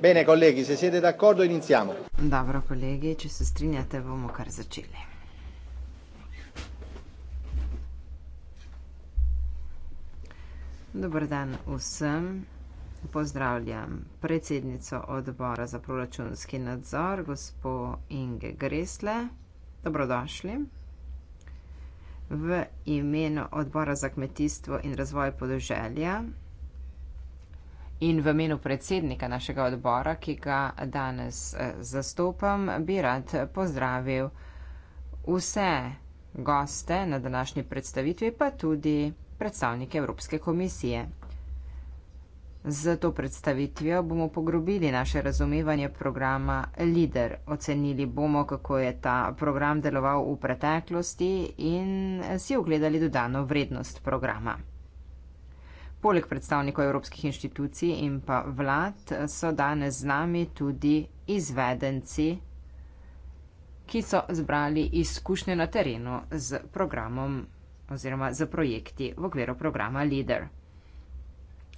Bene, colleghi, se siete d'accordo iniziamo. Dobro, colleghi, ci se strinjate, bomo kar začeli. Dobar dan vsem. Pozdravljam predsednico odbora za proračunski nadzor, gospo Inge Gresle. Dobrodošli. V imenu odbora za kmetijstvo in razvoj podeželja In v imenu predsednika našega odbora, ki ga danes eh, zastopam, bi rad pozdravil vse goste na današnji predstavitvi, pa tudi predstavnike Evropske komisije. Z to predstavitvijo bomo pogrubili naše razumevanje programa LIDER. Ocenili bomo, kako je ta program deloval v preteklosti in si ogledali dodano vrednost programa. Poleg predstavnikov evropskih inštitucij in pa vlad so danes z nami tudi izvedenci, ki so zbrali izkušnje na terenu z programom oziroma z projekti v okviru programa LEADER.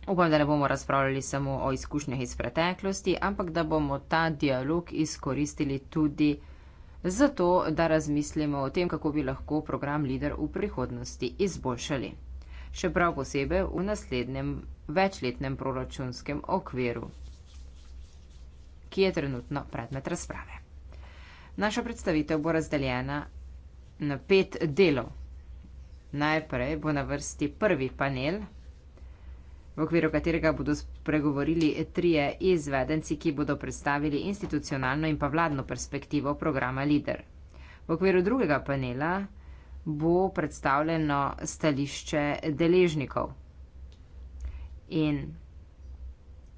Upam, da ne bomo razpravljali samo o izkušnjah iz preteklosti, ampak da bomo ta dialog izkoristili tudi zato, da razmislimo o tem, kako bi lahko program LEADER v prihodnosti izboljšali še prav posebej v naslednjem večletnem proračunskem okviru, ki je trenutno predmet razprave. Naša predstavitev bo razdeljena na pet delov. Najprej bo na vrsti prvi panel, v okviru katerega bodo spregovorili trije izvedenci, ki bodo predstavili institucionalno in pa vladno perspektivo programa LIDER. V okviru drugega panela bo predstavljeno stališče deležnikov. In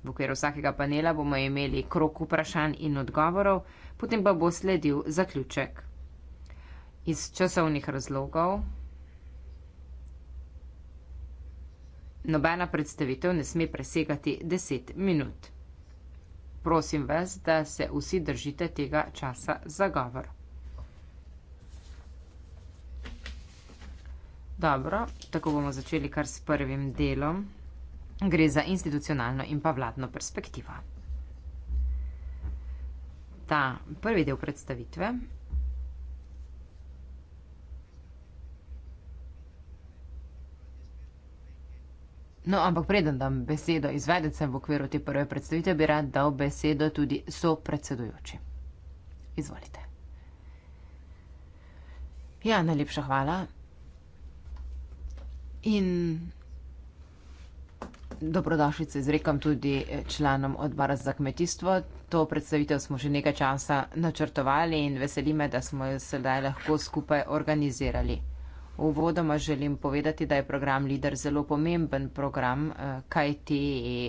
v okviru vsakega panela bomo imeli krok vprašanj in odgovorov, potem pa bo sledil zaključek. Iz časovnih razlogov nobena predstavitev ne sme presegati 10 minut. Prosim vas, da se vsi držite tega časa za govor. Dobro, tako bomo začeli kar s prvim delom. Gre za institucionalno in pa vladno perspektivo. Ta prvi del predstavitve. No, ampak preden dam besedo izvedencem v okviru te prve predstavitve, bi rad dal besedo tudi so predsedujoči. Izvolite. Ja, najlepša hvala. In dobrodošlice izrekam tudi eh, članom odbora za kmetijstvo. To predstavitev smo že nekaj časa načrtovali in veseli me, da smo jo sedaj lahko skupaj organizirali. Uvodoma želim povedati, da je program LIDER zelo pomemben program, eh, kaj ti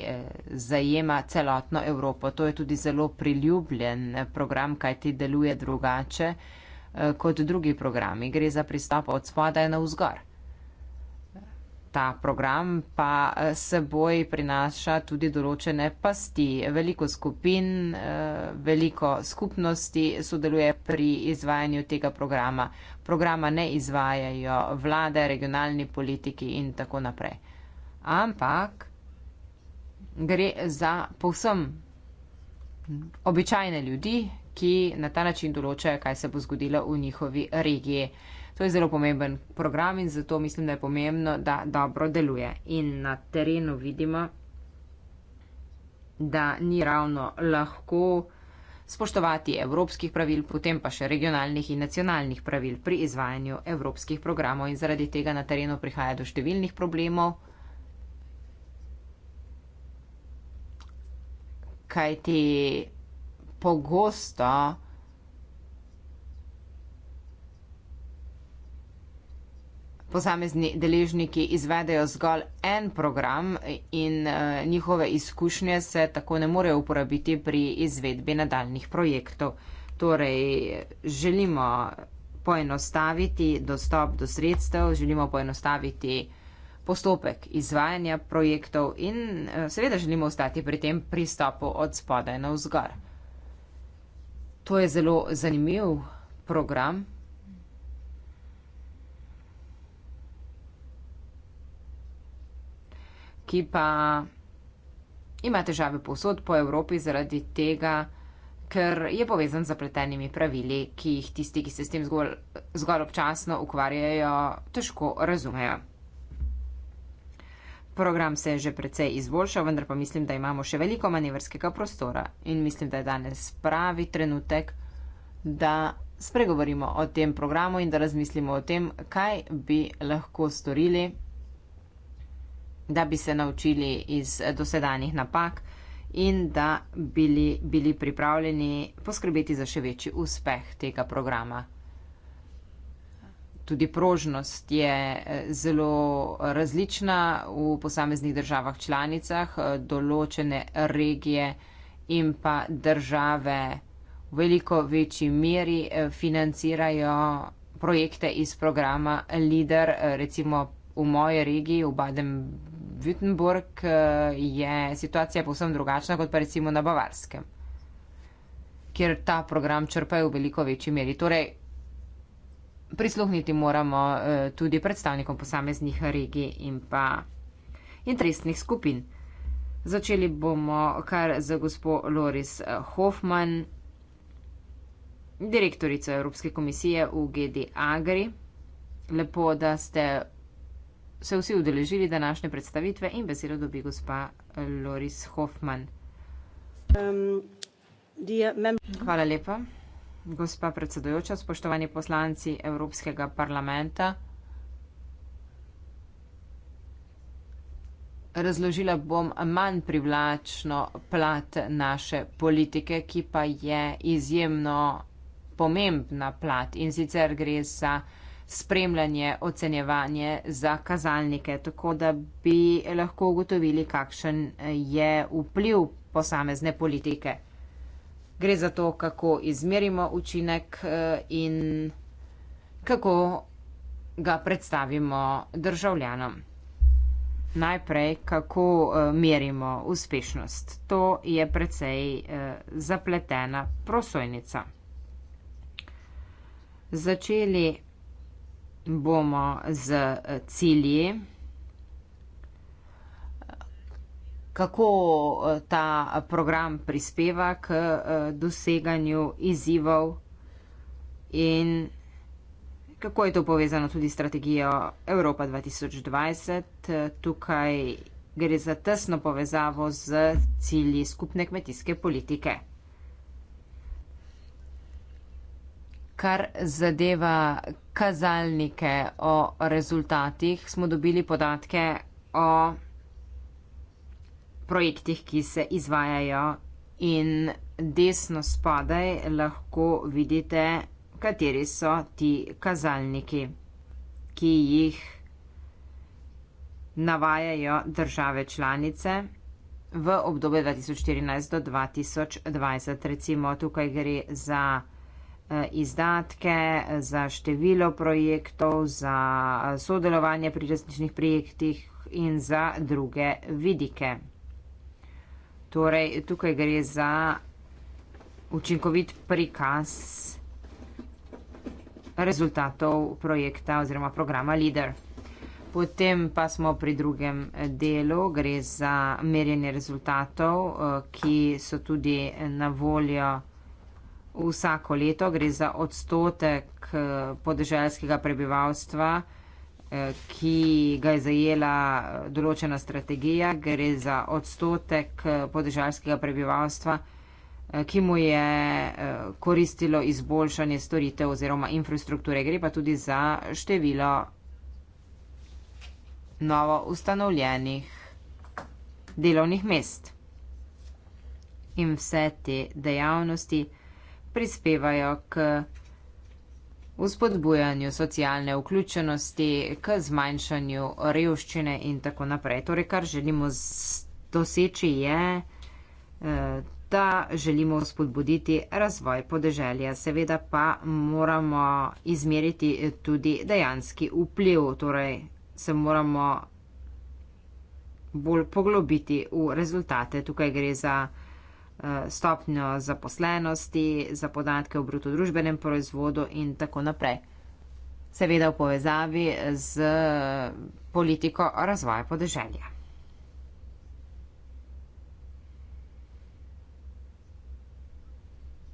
eh, zajema celotno Evropo. To je tudi zelo priljubljen program, kaj ti deluje drugače kot drugi programi. Gre za pristop od spodaj na vzgor ta program pa eh, seboj prinaša tudi določene pasti. Veliko skupin, eh, veliko skupnosti sodeluje pri izvajanju tega programa. Programa ne izvajajo vlade, regionalni politiki in tako naprej. Ampak gre za povsem običajne ljudi, ki na ta način določajo, kaj se bo zgodilo v njihovi regiji. To je zelo pomemben program in zato mislim, da je pomembno, da dobro deluje. In na terenu vidimo, da ni ravno lahko spoštovati evropskih pravil, potem pa še regionalnih in nacionalnih pravil pri izvajanju evropskih programov in zaradi tega na terenu prihaja do številnih problemov. Kaj ti pogosto posamezni deležniki izvedejo zgolj en program in eh, njihove izkušnje se tako ne morejo uporabiti pri izvedbi nadaljnih projektov. Torej, želimo poenostaviti dostop do sredstev, želimo poenostaviti postopek izvajanja projektov in eh, seveda želimo ostati pri tem pristopu od spodaj na vzgor. To je zelo zanimiv program. ki pa ima težave povsod po Evropi zaradi tega, ker je povezan z zapletenimi pravili, ki jih tisti, ki se s tem zgolj, zgolj občasno ukvarjajo, težko razumejo. Program se je že precej izboljšal, vendar pa mislim, da imamo še veliko manevrskega prostora in mislim, da je danes pravi trenutek, da spregovorimo o tem programu in da razmislimo o tem, kaj bi lahko storili da bi se naučili iz dosedanjih napak in da bili, bili pripravljeni poskrbeti za še večji uspeh tega programa. Tudi prožnost je eh, zelo različna v posameznih državah članicah, eh, določene regije in pa države v veliko večji meri eh, financirajo projekte iz programa LIDER, recimo v moji regiji, v Baden-Württemberg, eh, je situacija povsem drugačna kot pa recimo na Bavarskem, kjer ta program črpajo v veliko večji meri. Torej, prisluhniti moramo eh, tudi predstavnikom posameznih regij in pa interesnih skupin. Začeli bomo kar z gospo Loris eh, Hoffman, direktorico Evropske komisije v GD Agri. Lepo, da ste se vsi udeležili današnje predstavitve in besedo dobi gospa eh, Loris Hoffman. Um, Hvala lepa. Gospa predsedojoča, spoštovani poslanci Evropskega parlamenta. Razložila bom manj privlačno plat naše politike, ki pa je izjemno pomembna plat in sicer gre za spremljanje, ocenjevanje za kazalnike, tako da bi lahko ugotovili, kakšen eh, je vpliv posamezne politike. Gre za to, kako izmerimo učinek eh, in kako ga predstavimo državljanom. Najprej, kako eh, merimo uspešnost. To je precej zapletena prosojnica. Začeli bomo z eh, cilji. Kako eh, ta program prispeva k eh, doseganju izzivov in kako je to povezano tudi s strategijo Evropa 2020. Tukaj gre za tesno povezavo z cilji skupne kmetijske politike. kar zadeva kazalnike o rezultatih, smo dobili podatke o projektih, ki se izvajajo in desno spodaj lahko vidite, kateri so ti kazalniki, ki jih navajajo države članice v obdobju 2014 do 2020. Recimo tukaj gre za Eh, izdatke, eh, za število projektov, za eh, sodelovanje pri različnih projektih in za druge vidike. Torej, tukaj gre za učinkovit prikaz rezultatov projekta oziroma programa LEADER. Potem pa smo pri drugem delu, gre za merjenje rezultatov, ki so tudi na voljo vsako leto, gre za odstotek eh, podeželskega prebivalstva, eh, ki ga je zajela eh, določena strategija, gre za odstotek podeželskega prebivalstva, ki mu je koristilo izboljšanje storitev oziroma infrastrukture. Gre pa tudi za število novo ustanovljenih delovnih mest. In vse te dejavnosti, prispevajo k vzpodbujanju socialne vključenosti, k zmanjšanju revščine in tako naprej. Torej, kar želimo doseči je, eh, da želimo vzpodbuditi razvoj podeželja. Seveda pa moramo izmeriti tudi dejanski vpliv, torej se moramo bolj poglobiti v rezultate. Tukaj gre za Eh, stopnjo zaposlenosti, za podatke o brutodružbenem proizvodu in tako naprej. Seveda v povezavi z politiko razvoja podeželja.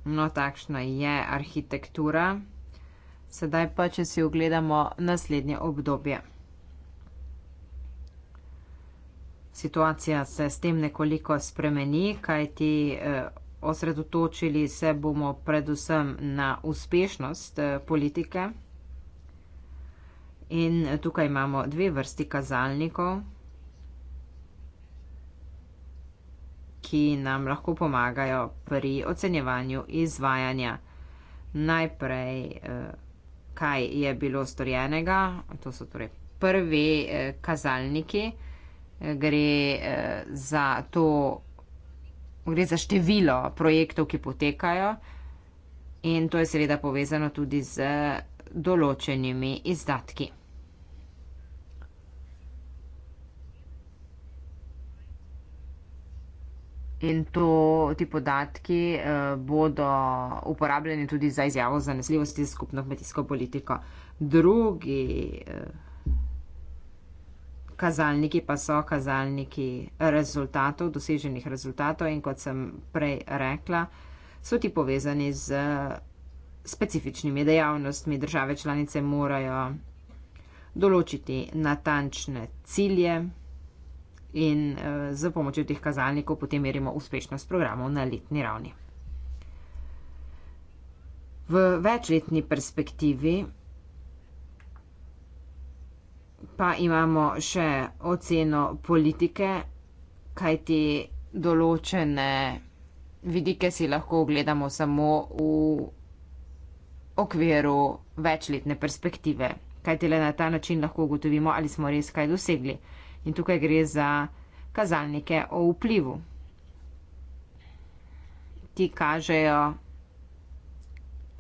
No, takšna je arhitektura. Sedaj pa, če si ogledamo naslednje obdobje. situacija se s tem nekoliko spremeni, kajti eh, osredotočili se bomo predvsem na uspešnost eh, politike. In tukaj imamo dve vrsti kazalnikov, ki nam lahko pomagajo pri ocenjevanju izvajanja. Najprej, eh, kaj je bilo storjenega, to so torej prvi kazalniki gre eh, za to, gre za število projektov, ki potekajo in to je seveda povezano tudi z določenimi izdatki. In to, ti podatki eh, bodo uporabljeni tudi za izjavo zanesljivosti za skupno kmetijsko politiko. Drugi eh, kazalniki pa so kazalniki rezultatov, doseženih rezultatov in kot sem prej rekla, so ti povezani z specifičnimi dejavnostmi. Države članice morajo določiti natančne cilje in eh, z pomočjo teh kazalnikov potem merimo uspešnost programov na letni ravni. V večletni perspektivi pa imamo še oceno politike, kajti določene vidike si lahko ogledamo samo v okviru večletne perspektive, kajti le na ta način lahko ugotovimo, ali smo res kaj dosegli. In tukaj gre za kazalnike o vplivu. Ti kažejo,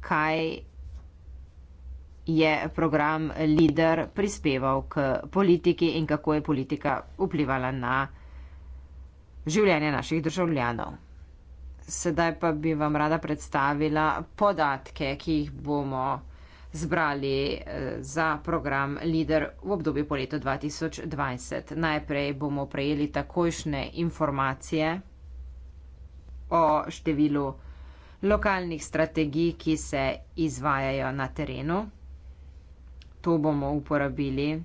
kaj je program Lider prispeval k politiki in kako je politika vplivala na življenje naših državljanov. Sedaj pa bi vam rada predstavila podatke, ki jih bomo zbrali eh, za program Lider v obdobju po letu 2020. Najprej bomo prejeli takojšne informacije o številu lokalnih strategij, ki se izvajajo na terenu to bomo uporabili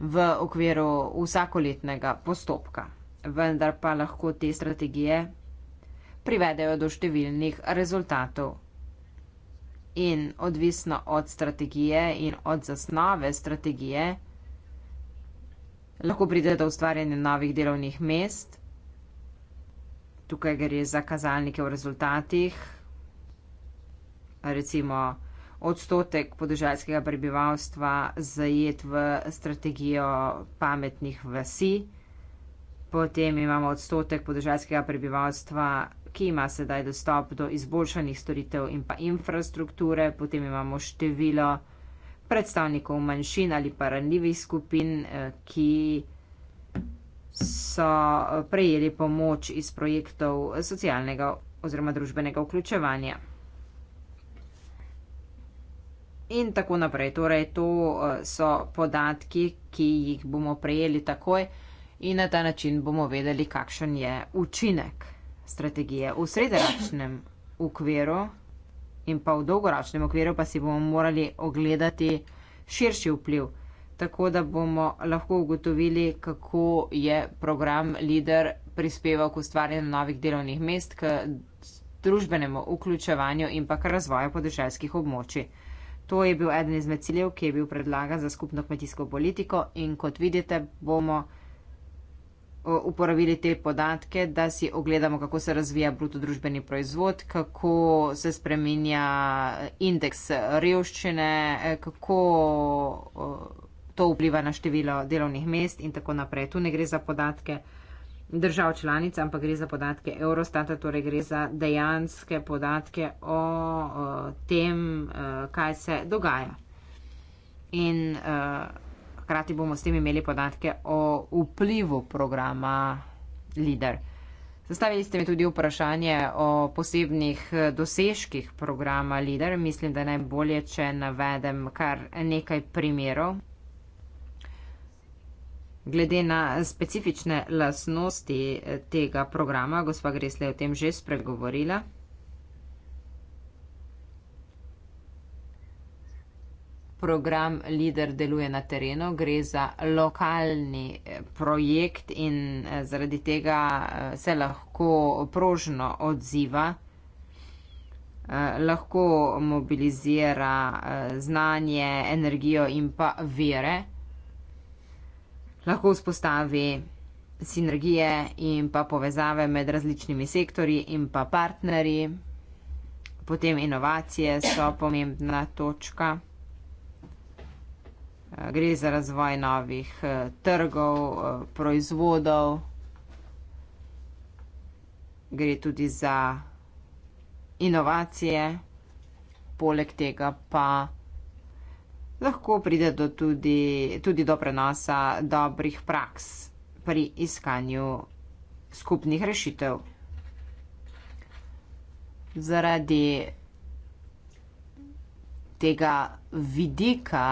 v okviru vsakoletnega postopka. Vendar pa lahko te strategije privedejo do številnih rezultatov. In odvisno od strategije in od zasnove strategije, lahko pride do ustvarjanja novih delovnih mest. Tukaj gre za kazalnike v rezultatih, recimo odstotek podeželjskega prebivalstva zajet v strategijo pametnih vasi, potem imamo odstotek podeželjskega prebivalstva, ki ima sedaj dostop do izboljšanih storitev in pa infrastrukture, potem imamo število predstavnikov manjšin ali pa ranljivih skupin, eh, ki so eh, prejeli pomoč iz projektov socialnega oziroma družbenega vključevanja in tako naprej. Torej, to eh, so podatki, ki jih bomo prejeli takoj in na ta način bomo vedeli, kakšen je učinek strategije v srednjeročnem okviru in pa v dolgoročnem okviru pa si bomo morali ogledati širši vpliv, tako da bomo lahko ugotovili, kako je program LIDER prispeval k ustvarjanju novih delovnih mest, k družbenemu vključevanju in pa k razvoju podeželskih območij. To je bil eden izmed ciljev, ki je bil predlagan za skupno kmetijsko politiko in kot vidite, bomo uporabili te podatke, da si ogledamo, kako se razvija brutodružbeni proizvod, kako se spreminja indeks revščine, kako to vpliva na število delovnih mest in tako naprej. Tu ne gre za podatke držav članic, ampak gre za podatke Eurostata, torej gre za dejanske podatke o, o tem, e, kaj se dogaja. In e, hkrati bomo s tem imeli podatke o vplivu programa LIDER. Zastavili ste mi tudi vprašanje o posebnih dosežkih programa LIDER. Mislim, da je najbolje, če navedem kar nekaj primerov. Glede na specifične lasnosti eh, tega programa, gospa Gresle je o tem že spregovorila. Program Leader deluje na terenu, gre za lokalni eh, projekt in eh, zaradi tega se lahko prožno odziva, lahko mobilizira znanje, energijo in pa vire lahko vzpostavi sinergije in pa povezave med različnimi sektorji in pa partnerji. Potem inovacije so pomembna točka. Gre za razvoj novih eh, trgov, eh, proizvodov. Gre tudi za inovacije, poleg tega pa lahko pride do tudi, tudi do prenosa dobrih praks pri iskanju skupnih rešitev. Zaradi tega vidika,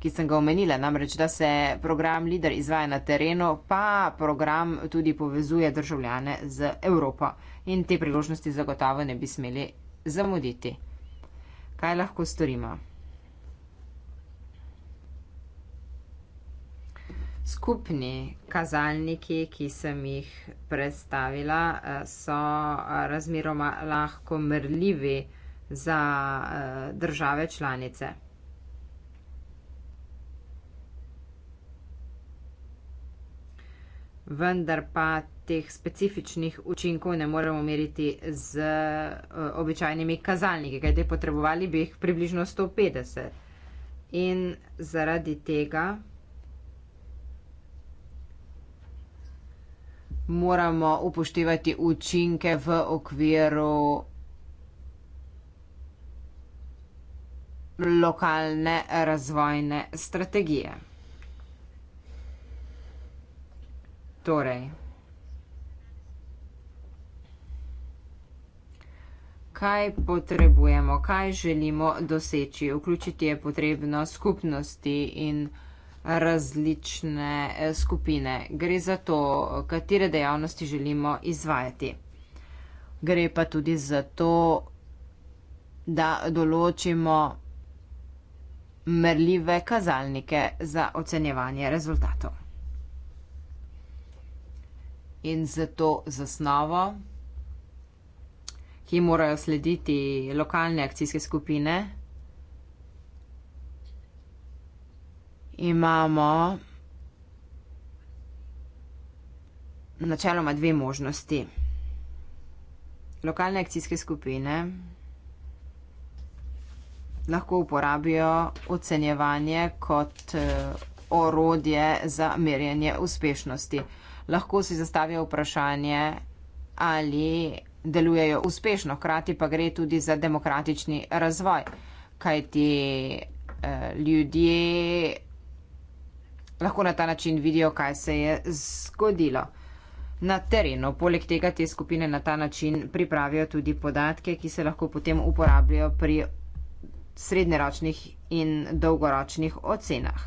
ki sem ga omenila, namreč, da se program LIDER izvaja na terenu, pa program tudi povezuje državljane z Evropo in te priložnosti zagotovo ne bi smeli zamuditi. Kaj lahko storimo? Skupni kazalniki, ki sem jih predstavila, eh, so eh, razmeroma lahko mrljivi za eh, države članice. Vendar pa teh specifičnih učinkov ne moremo meriti z običajnimi kazalniki, kajte potrebovali bi jih približno 150. In zaradi tega. moramo upoštevati učinke v okviru lokalne razvojne strategije. Torej, kaj potrebujemo, kaj želimo doseči? Vključiti je potrebno skupnosti in različne eh, skupine. Gre za to, katere dejavnosti želimo izvajati. Gre pa tudi za to, da določimo merljive kazalnike za ocenjevanje rezultatov. In za to zasnovo, ki morajo slediti lokalne akcijske skupine, imamo načeloma dve možnosti. Lokalne akcijske skupine lahko uporabijo ocenjevanje kot eh, orodje za merjanje uspešnosti. Lahko si zastavijo vprašanje, ali delujejo uspešno, hkrati pa gre tudi za demokratični razvoj, kajti eh, ljudje lahko na ta način vidijo, kaj se je zgodilo. Na terenu, poleg tega, te skupine na ta način pripravijo tudi podatke, ki se lahko potem uporabljajo pri srednjeročnih in dolgoročnih ocenah.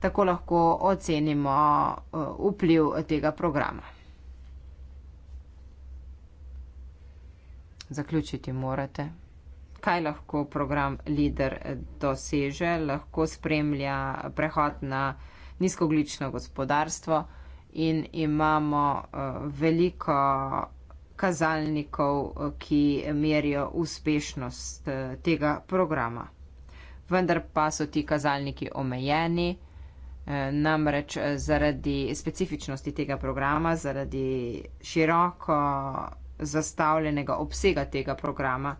Tako lahko ocenimo uh, vpliv tega programa. Zaključiti morate kaj lahko program LIDER doseže, lahko spremlja prehod na nizkoglično gospodarstvo in imamo eh, veliko kazalnikov, eh, ki merijo uspešnost eh, tega programa. Vendar pa so ti kazalniki omejeni, namreč zaradi specifičnosti tega programa, zaradi široko zastavljenega obsega tega programa,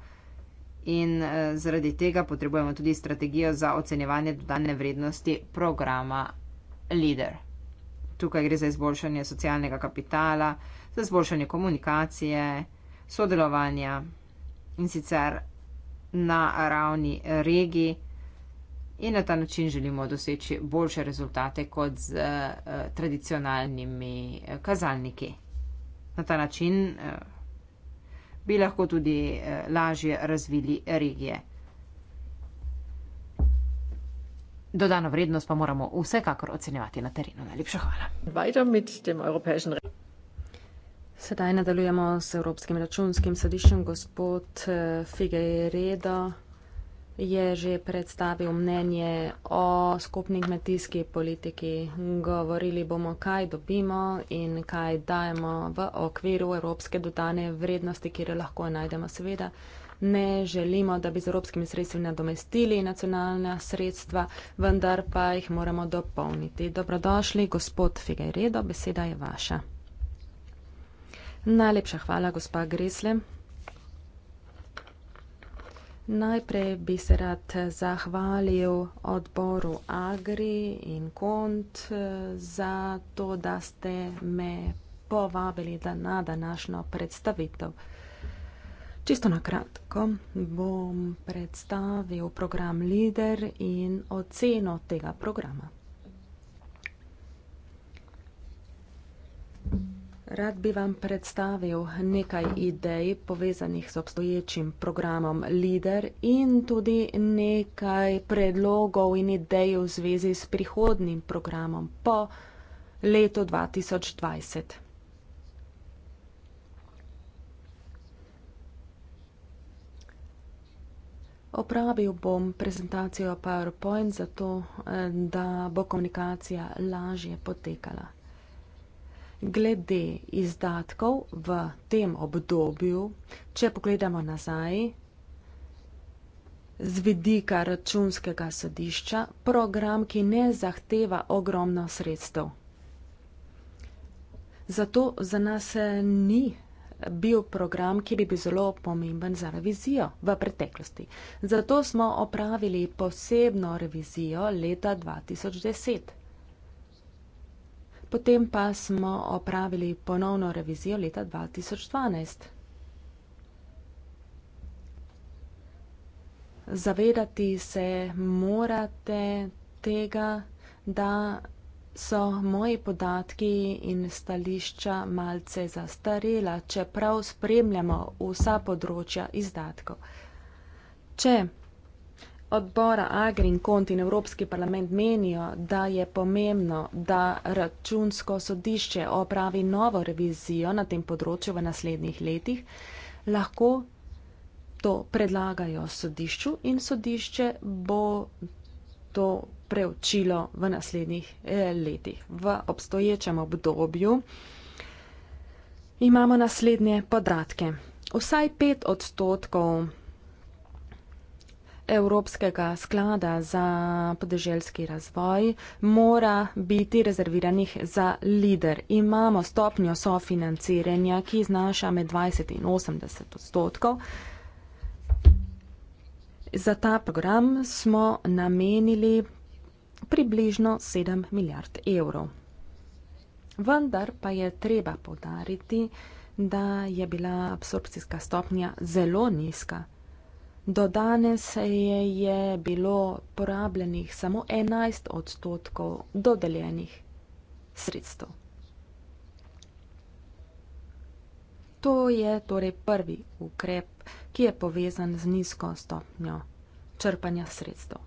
in eh, zaradi tega potrebujemo tudi strategijo za ocenjevanje dodane vrednosti programa LEADER. Tukaj gre za izboljšanje socialnega kapitala, za izboljšanje komunikacije, sodelovanja in sicer na ravni regiji in na ta način želimo doseči boljše rezultate kot z eh, tradicionalnimi eh, kazalniki. Na ta način. Eh, bi lahko tudi eh, lažje razvili regije. Dodano vrednost pa moramo vsekakor ocenjevati na terenu. Najlepša hvala. Sedaj nadaljujemo s Evropskim računskim sodiščem gospod eh, Figej Reda je že predstavil mnenje o skupni kmetijski politiki. Govorili bomo, kaj dobimo in kaj dajemo v okviru evropske dodane vrednosti, kjer lahko najdemo seveda. Ne želimo, da bi z evropskimi sredstvi nadomestili nacionalna sredstva, vendar pa jih moramo dopolniti. Dobrodošli, gospod Figeredo, beseda je vaša. Najlepša hvala, gospa Gresle. Najprej bi se rad zahvalil odboru Agri in Kont eh, za to, da ste me povabili na današnjo predstavitev. Čisto na kratko bom predstavil program Lider in oceno tega programa. Rad bi vam predstavil nekaj idej povezanih s obstoječim programom LIDER in tudi nekaj predlogov in idej v zvezi s prihodnim programom po letu 2020. Opravil bom prezentacijo PowerPoint zato, eh, da bo komunikacija lažje potekala glede izdatkov v tem obdobju, če pogledamo nazaj, z vidika računskega sodišča, program, ki ne zahteva ogromno sredstev. Zato za nas eh, ni bil program, ki bi bil zelo pomemben za revizijo v preteklosti. Zato smo opravili posebno revizijo leta 2010 potem pa smo opravili ponovno revizijo leta 2012. Zavedati se morate tega, da so moji podatki in stališča malce zastarela, čeprav spremljamo vsa področja izdatkov. Če Odbora Agri in Konti in Evropski parlament menijo, da je pomembno, da računsko sodišče opravi novo revizijo na tem področju v naslednjih letih. Lahko to predlagajo sodišču in sodišče bo to preučilo v naslednjih eh, letih. V obstoječem obdobju imamo naslednje podatke. Vsaj pet odstotkov Evropskega sklada za podeželski razvoj mora biti rezerviranih za lider. Imamo stopnjo sofinanciranja, ki znaša med 20 in 80 odstotkov. Za ta program smo namenili približno 7 milijard evrov. Vendar pa je treba podariti, da je bila absorpcijska stopnja zelo nizka. Do danes je bilo porabljenih samo 11 odstotkov dodeljenih sredstev. To je torej prvi ukrep, ki je povezan z nizko stopnjo črpanja sredstev.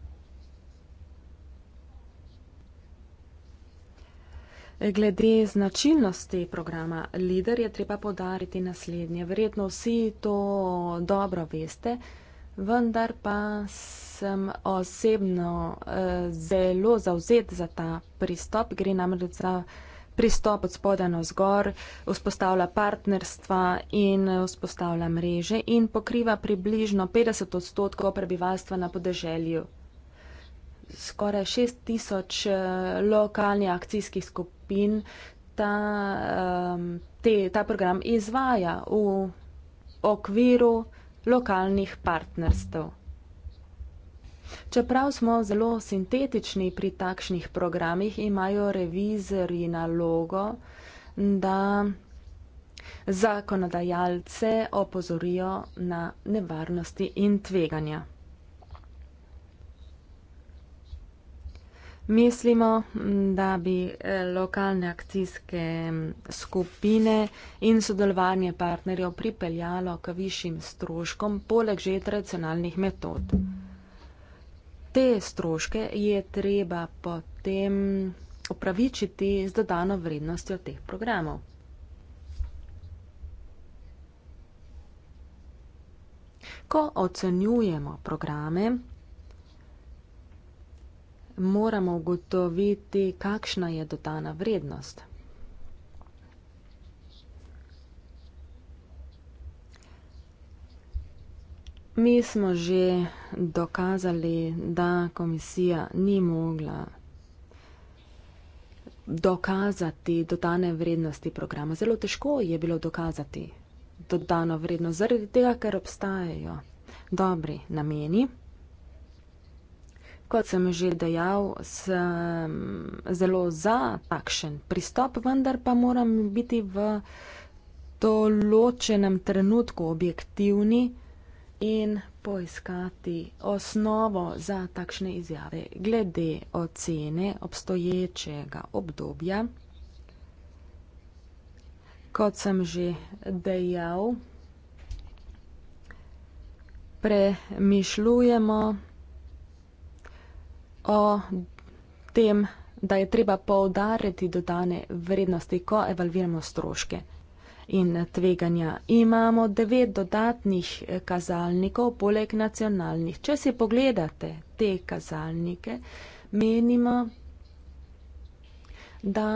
Glede značilnosti programa LIDER je treba podariti naslednje. Verjetno vsi to dobro veste vendar pa sem osebno uh, zelo zauzet za ta pristop. Gre namreč za pristop od spoda na zgor, vzpostavlja partnerstva in eh, vzpostavlja mreže in pokriva približno 50 odstotkov prebivalstva na podeželju. Skoraj 6 tisoč eh, lokalnih akcijskih skupin ta, um, te, ta program izvaja v okviru lokalnih partnerstv. Čeprav smo zelo sintetični pri takšnih programih, imajo revizori nalogo, da zakonodajalce opozorijo na nevarnosti in tveganja. Mislimo, da bi eh, lokalne akcijske skupine in sodelovanje partnerjev pripeljalo k višjim stroškom, poleg že tradicionalnih metod. Te stroške je treba potem upravičiti z dodano vrednostjo teh programov. Ko ocenjujemo programe, moramo ugotoviti, kakšna je dodana vrednost. Mi smo že dokazali, da komisija ni mogla dokazati dodane vrednosti programa. Zelo težko je bilo dokazati dodano vrednost, zaradi tega, ker obstajajo dobri nameni. Kot sem že dejal, sem zelo za takšen pristop, vendar pa moram biti v določenem trenutku objektivni in poiskati osnovo za takšne izjave. Glede ocene obstoječega obdobja, kot sem že dejal, premišljujemo, o tem, da je treba poudariti dodane vrednosti, ko evalviramo stroške in tveganja. Imamo devet dodatnih kazalnikov poleg nacionalnih. Če si pogledate te kazalnike, menimo, da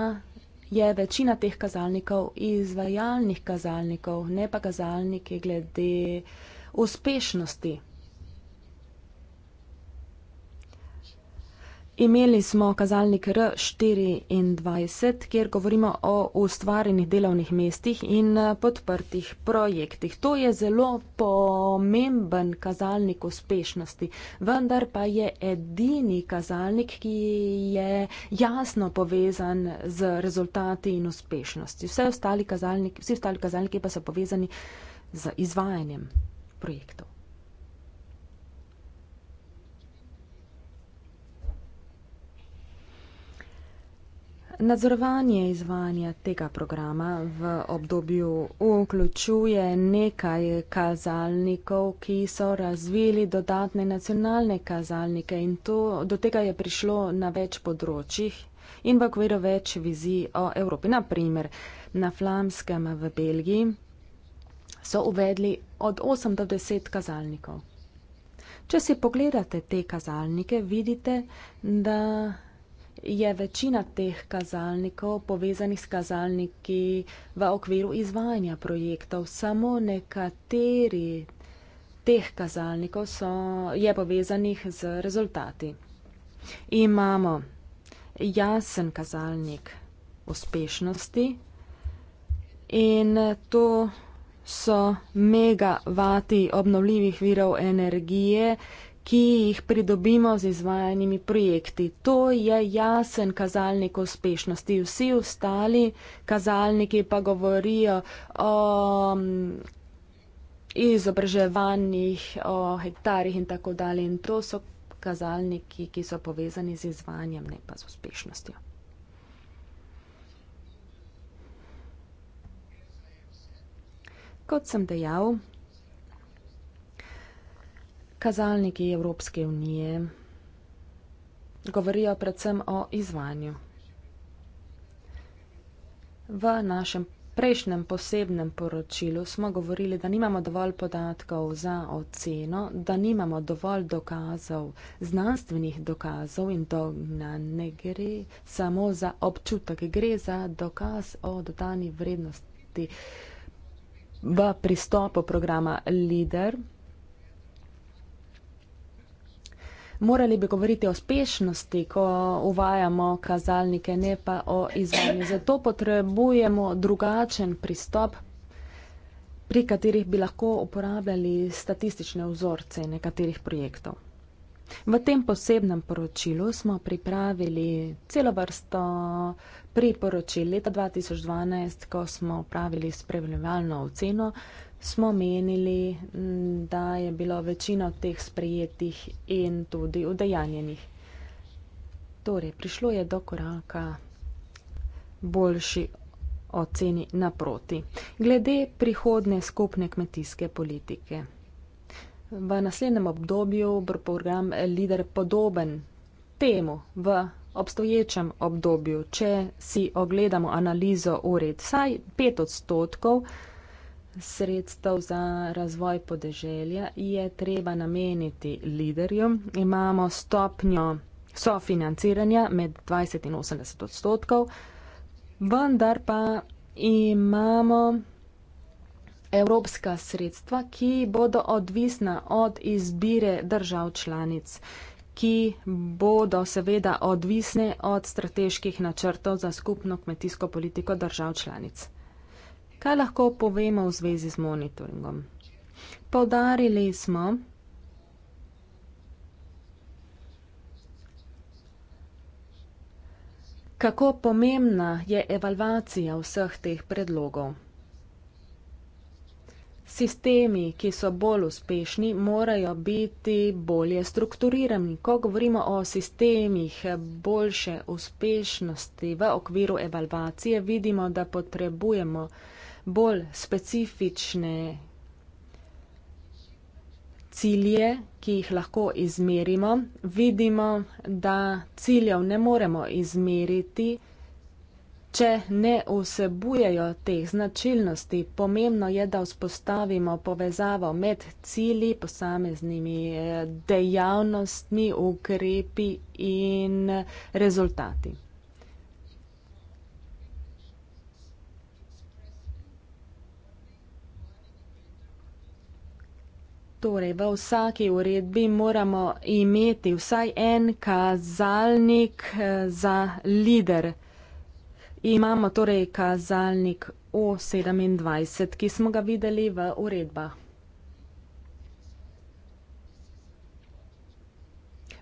je večina teh kazalnikov izvajalnih kazalnikov, ne pa kazalnike glede uspešnosti Imeli smo kazalnik R24, kjer govorimo o ustvarjenih delovnih mestih in eh, podprtih projektih. To je zelo pomemben kazalnik uspešnosti, vendar pa je edini kazalnik, ki je jasno povezan z rezultati in uspešnosti. Vse ostali kazalniki, vsi ostali kazalniki pa so povezani z izvajanjem projektov. Nadzorovanje izvajanja tega programa v obdobju vključuje nekaj kazalnikov, ki so razvili dodatne nacionalne kazalnike in to, do tega je prišlo na več področjih in v okviru več vizij o Evropi. Naprimer, na Flamskem v Belgiji so uvedli od 8 do 10 kazalnikov. Če si pogledate te kazalnike, vidite, da je večina teh kazalnikov povezanih s kazalniki v okviru izvajanja projektov. Samo nekateri teh kazalnikov so, je povezanih z rezultati. Imamo jasen kazalnik uspešnosti in to so megavati obnovljivih virov energije, ki jih pridobimo z izvajanimi projekti. To je jasen kazalnik uspešnosti. Vsi ostali kazalniki pa govorijo o mm, izobraževanjih, o hektarjih in tako dalje. In to so kazalniki, ki so povezani z izvajanjem, ne pa z uspešnostjo. Kot sem dejal, kazalniki Evropske unije govorijo predvsem o izvanju. V našem prejšnjem posebnem poročilu smo govorili, da nimamo dovolj podatkov za oceno, da nimamo dovolj dokazov, znanstvenih dokazov in to ne gre samo za občutek, gre za dokaz o dodani vrednosti v pristopu programa LIDER. Morali bi govoriti o uspešnosti, ko uvajamo kazalnike, ne pa o izvajanju. Zato potrebujemo drugačen pristop, pri katerih bi lahko uporabljali statistične vzorce nekaterih projektov. V tem posebnem poročilu smo pripravili celo vrsto priporočil leta 2012, ko smo pravili spremljevalno oceno smo menili, da je bilo večino teh sprejetih in tudi udejanjenih. Torej, prišlo je do koraka boljši oceni naproti. Glede prihodne skupne kmetijske politike. V naslednjem obdobju bo program Lider podoben temu v obstoječem obdobju, če si ogledamo analizo ured, saj pet odstotkov sredstev za razvoj podeželja je treba nameniti liderjem. Imamo stopnjo sofinanciranja med 20 in 80 odstotkov, vendar pa imamo evropska sredstva, ki bodo odvisna od izbire držav članic, ki bodo seveda odvisne od strateških načrtov za skupno kmetijsko politiko držav članic. Kaj lahko povemo v zvezi z monitoringom? Povdarili smo, kako pomembna je evalvacija vseh teh predlogov. Sistemi, ki so bolj uspešni, morajo biti bolje strukturirani. Ko govorimo o sistemih boljše uspešnosti v okviru evalvacije, vidimo, da potrebujemo bolj specifične cilje, ki jih lahko izmerimo. Vidimo, da ciljev ne moremo izmeriti, če ne vsebujejo teh značilnosti. Pomembno je, da vzpostavimo povezavo med cilji, posameznimi eh, dejavnostmi, ukrepi in rezultati. Torej, v vsaki uredbi moramo imeti vsaj en kazalnik eh, za lider. Imamo torej kazalnik O27, ki smo ga videli v uredbah.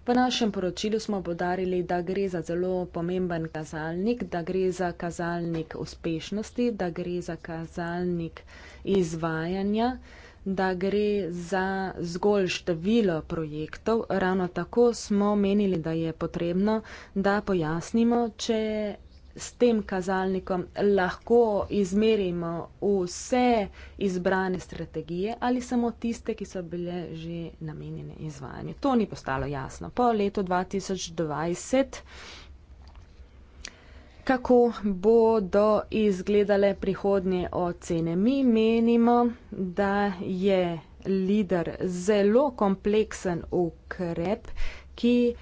V našem poročilu smo podarili, da gre za zelo pomemben kazalnik, da gre za kazalnik uspešnosti, da gre za kazalnik izvajanja da gre za zgolj število projektov. Ravno tako smo menili, da je potrebno, da pojasnimo, če s tem kazalnikom lahko izmerimo vse izbrane strategije ali samo tiste, ki so bile že namenjene izvajanju. To ni postalo jasno. Po letu 2020 kako bodo izgledale prihodnje ocene. Mi menimo, da je lider zelo kompleksen ukrep, ki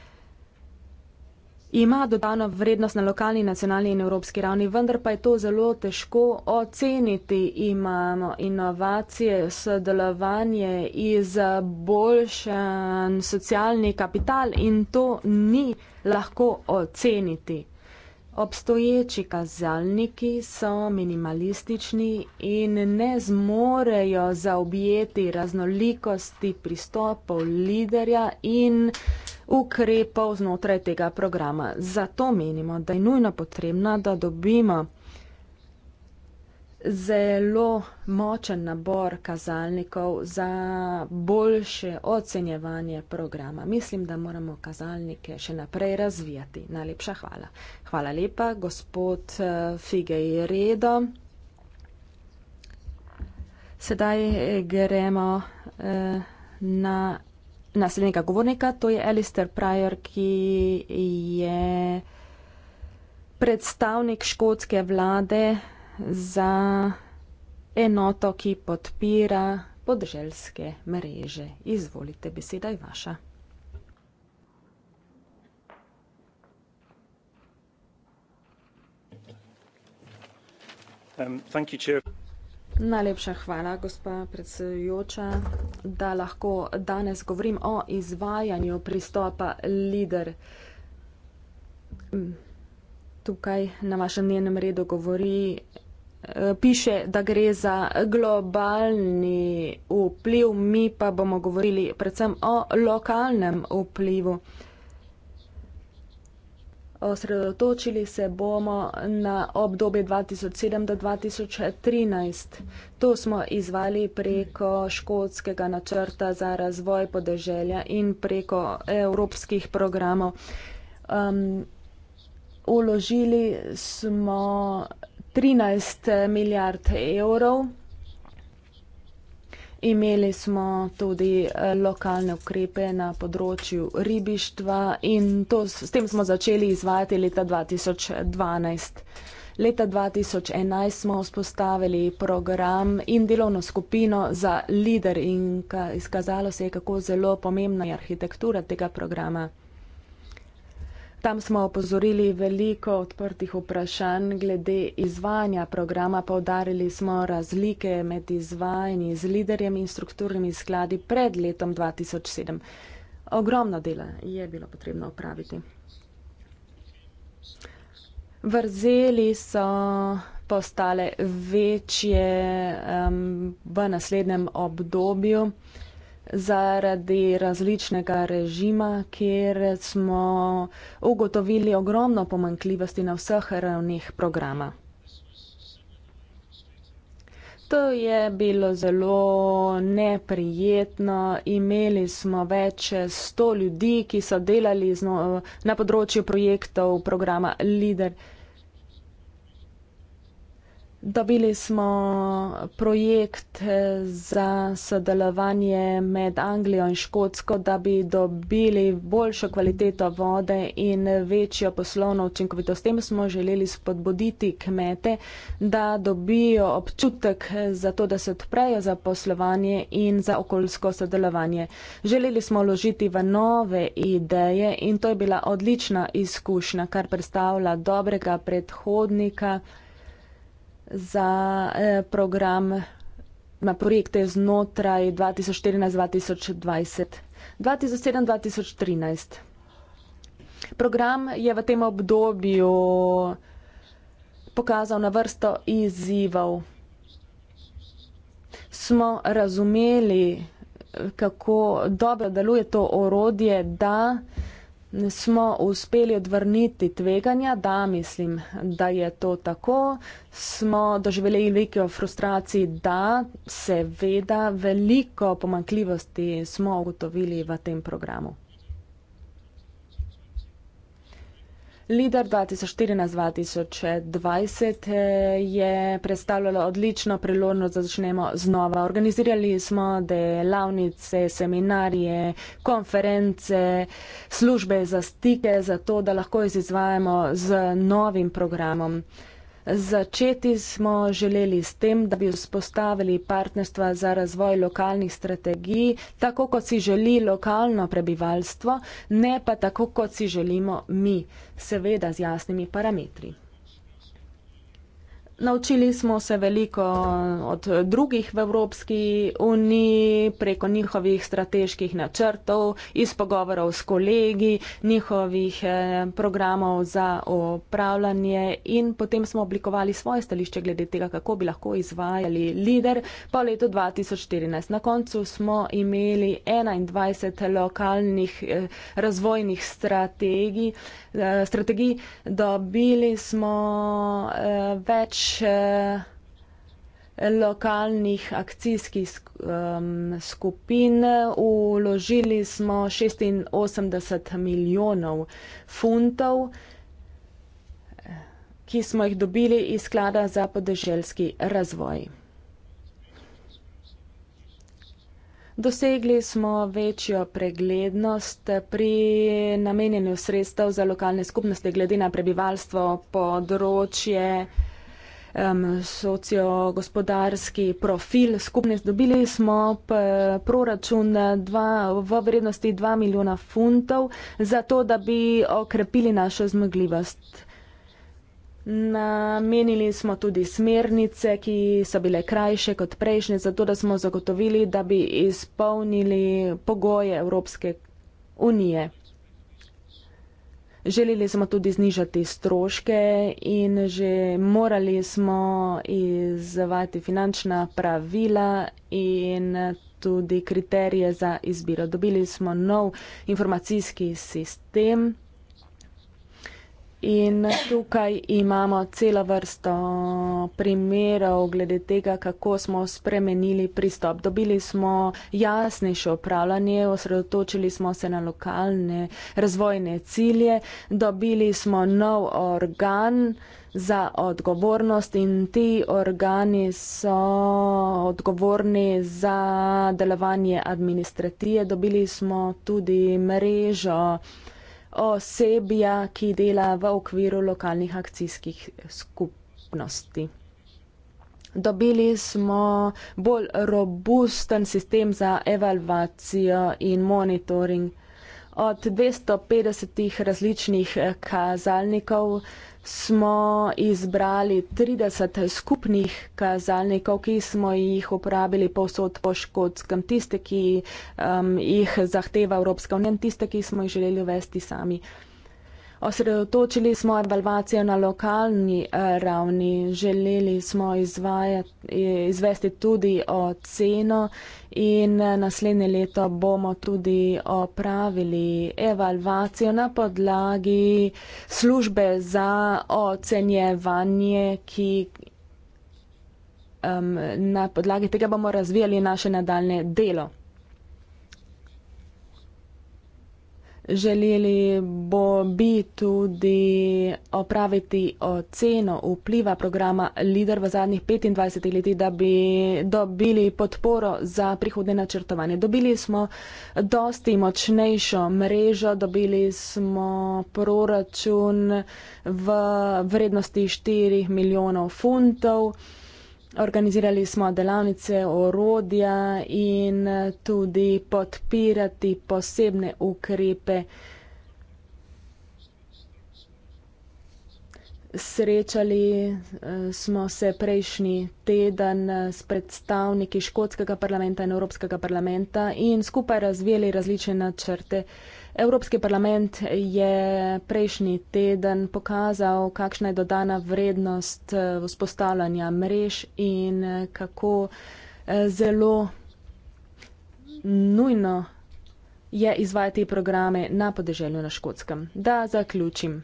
ima dodano vrednost na lokalni, nacionalni in evropski ravni, vendar pa je to zelo težko oceniti. Imamo inovacije, sodelovanje iz boljšen socialni kapital in to ni lahko oceniti. Obstoječi kazalniki so minimalistični in ne zmorejo zaobjeti raznolikosti pristopov liderja in ukrepov znotraj tega programa. Zato menimo, da je nujno potrebno, da dobimo zelo močen nabor kazalnikov za boljše ocenjevanje programa. Mislim, da moramo kazalnike še naprej razvijati. Najlepša hvala. Hvala lepa, gospod eh, Figej Redo. Sedaj eh, gremo eh, na naslednjega govornika, to je Alistair Pryor, ki je predstavnik škotske vlade za enoto, ki podpira podželske mreže. Izvolite, beseda je vaša. Um, Najlepša hvala, gospa predsedujoča, da lahko danes govorim o izvajanju pristopa LIDER. Mm, tukaj na vašem njenem redu govori Eh, piše, da gre za globalni vpliv, mi pa bomo govorili predvsem o lokalnem vplivu. Osredotočili se bomo na obdobje 2007 do 2013. To smo izvali preko škotskega načrta za razvoj podeželja in preko evropskih programov. Um, uložili smo 13 eh, milijard evrov. Imeli smo tudi eh, lokalne ukrepe na področju ribištva in to, s tem smo začeli izvajati leta 2012. Leta 2011 smo vzpostavili program in delovno skupino za lider in izkazalo se je, kako zelo pomembna je arhitektura tega programa. Tam smo opozorili veliko odprtih vprašanj glede izvanja programa, povdarili smo razlike med izvajanji z liderjem in strukturnimi skladi pred letom 2007. Ogromno dela je bilo potrebno upraviti. Vrzeli so postale večje um, v naslednjem obdobju zaradi različnega režima, kjer smo ugotovili ogromno pomankljivosti na vseh ravnih programa. To je bilo zelo neprijetno. Imeli smo več sto ljudi, ki so delali zno, na področju projektov programa Leader. Dobili smo projekt eh, za sodelovanje med Anglijo in Škotsko, da bi dobili boljšo kvaliteto vode in večjo poslovno učinkovitost. S tem smo želeli spodbuditi kmete, da dobijo občutek za to, da se odprejo za poslovanje in za okoljsko sodelovanje. Želeli smo ložiti v nove ideje in to je bila odlična izkušnja, kar predstavlja dobrega predhodnika za eh, program na projekte znotraj 2014-2020, 2007-2013. Program je v tem obdobju pokazal na vrsto izzivov. Smo razumeli, kako dobro deluje to orodje, da uh, smo uspeli odvrniti tveganja, da mislim, da je to tako, smo doživeli veliko frustracij, da seveda veliko pomankljivosti smo ugotovili v tem programu. Lider 2014-2020 eh, je predstavljalo odlično priložnost, da začnemo znova. Organizirali smo delavnice, seminarije, konference, službe za stike, zato da lahko jih izvajamo z novim programom. Začeti smo želeli s tem, da bi vzpostavili partnerstva za razvoj lokalnih strategij, tako kot si želi lokalno prebivalstvo, ne pa tako, kot si želimo mi, seveda z jasnimi parametri. Naučili smo se veliko od drugih v Evropski uniji, preko njihovih strateških načrtov, iz pogovorov s kolegi, njihovih eh, programov za upravljanje in potem smo oblikovali svoje stališče glede tega, kako bi lahko izvajali lider po letu 2014. Na koncu smo imeli 21 lokalnih eh, razvojnih strategij, eh, strategij dobili smo več Eh, lokalnih akcijskih skupin. Uložili smo 86 milijonov funtov, ki smo jih dobili iz sklada za podeželski razvoj. Dosegli smo večjo preglednost pri namenjenju sredstev za lokalne skupnosti glede na prebivalstvo področje um, sociogospodarski profil skupne. Dobili smo proračun dva, v vrednosti 2 milijona funtov za to, da bi okrepili našo zmogljivost. Namenili smo tudi smernice, ki so bile krajše kot prejšnje, zato da smo zagotovili, da bi izpolnili pogoje Evropske unije. Želeli smo tudi znižati stroške in že morali smo izvati finančna pravila in tudi kriterije za izbiro. Dobili smo nov informacijski sistem. In tukaj imamo celo vrsto primerov glede tega, kako smo spremenili pristop. Dobili smo jasnejše upravljanje, osredotočili smo se na lokalne razvojne cilje, dobili smo nov organ za odgovornost in ti organi so odgovorni za delovanje administracije. Dobili smo tudi mrežo osebja, ki dela v okviru lokalnih akcijskih skupnosti. Dobili smo bolj robusten sistem za evalvacijo in monitoring od 250 različnih eh, kazalnikov smo izbrali 30 skupnih kazalnikov, ki smo jih uporabili povsod po škotskem, tiste, ki um, jih zahteva Evropska unija, tiste, ki smo jih želeli uvesti sami. Osredotočili smo evalvacijo na lokalni eh, ravni, želeli smo izvajati, izvesti tudi oceno in eh, naslednje leto bomo tudi opravili evalvacijo na podlagi službe za ocenjevanje, ki um, na podlagi tega bomo razvijali naše nadaljne delo. Želeli bo bi tudi opraviti oceno vpliva programa LIDER v zadnjih 25 letih, da bi dobili podporo za prihodne načrtovanje. Dobili smo dosti močnejšo mrežo, dobili smo proračun v vrednosti 4 milijonov funtov organizirali smo delavnice orodja in tudi podpirati posebne ukrepe. Srečali eh, smo se prejšnji teden eh, s predstavniki Škotskega parlamenta in Evropskega parlamenta in skupaj razvijali različne načrte. Evropski parlament je prejšnji teden pokazal, kakšna je dodana vrednost eh, vzpostavljanja mrež in eh, kako eh, zelo nujno je izvajati programe na podeželju na Škotskem. Da zaključim.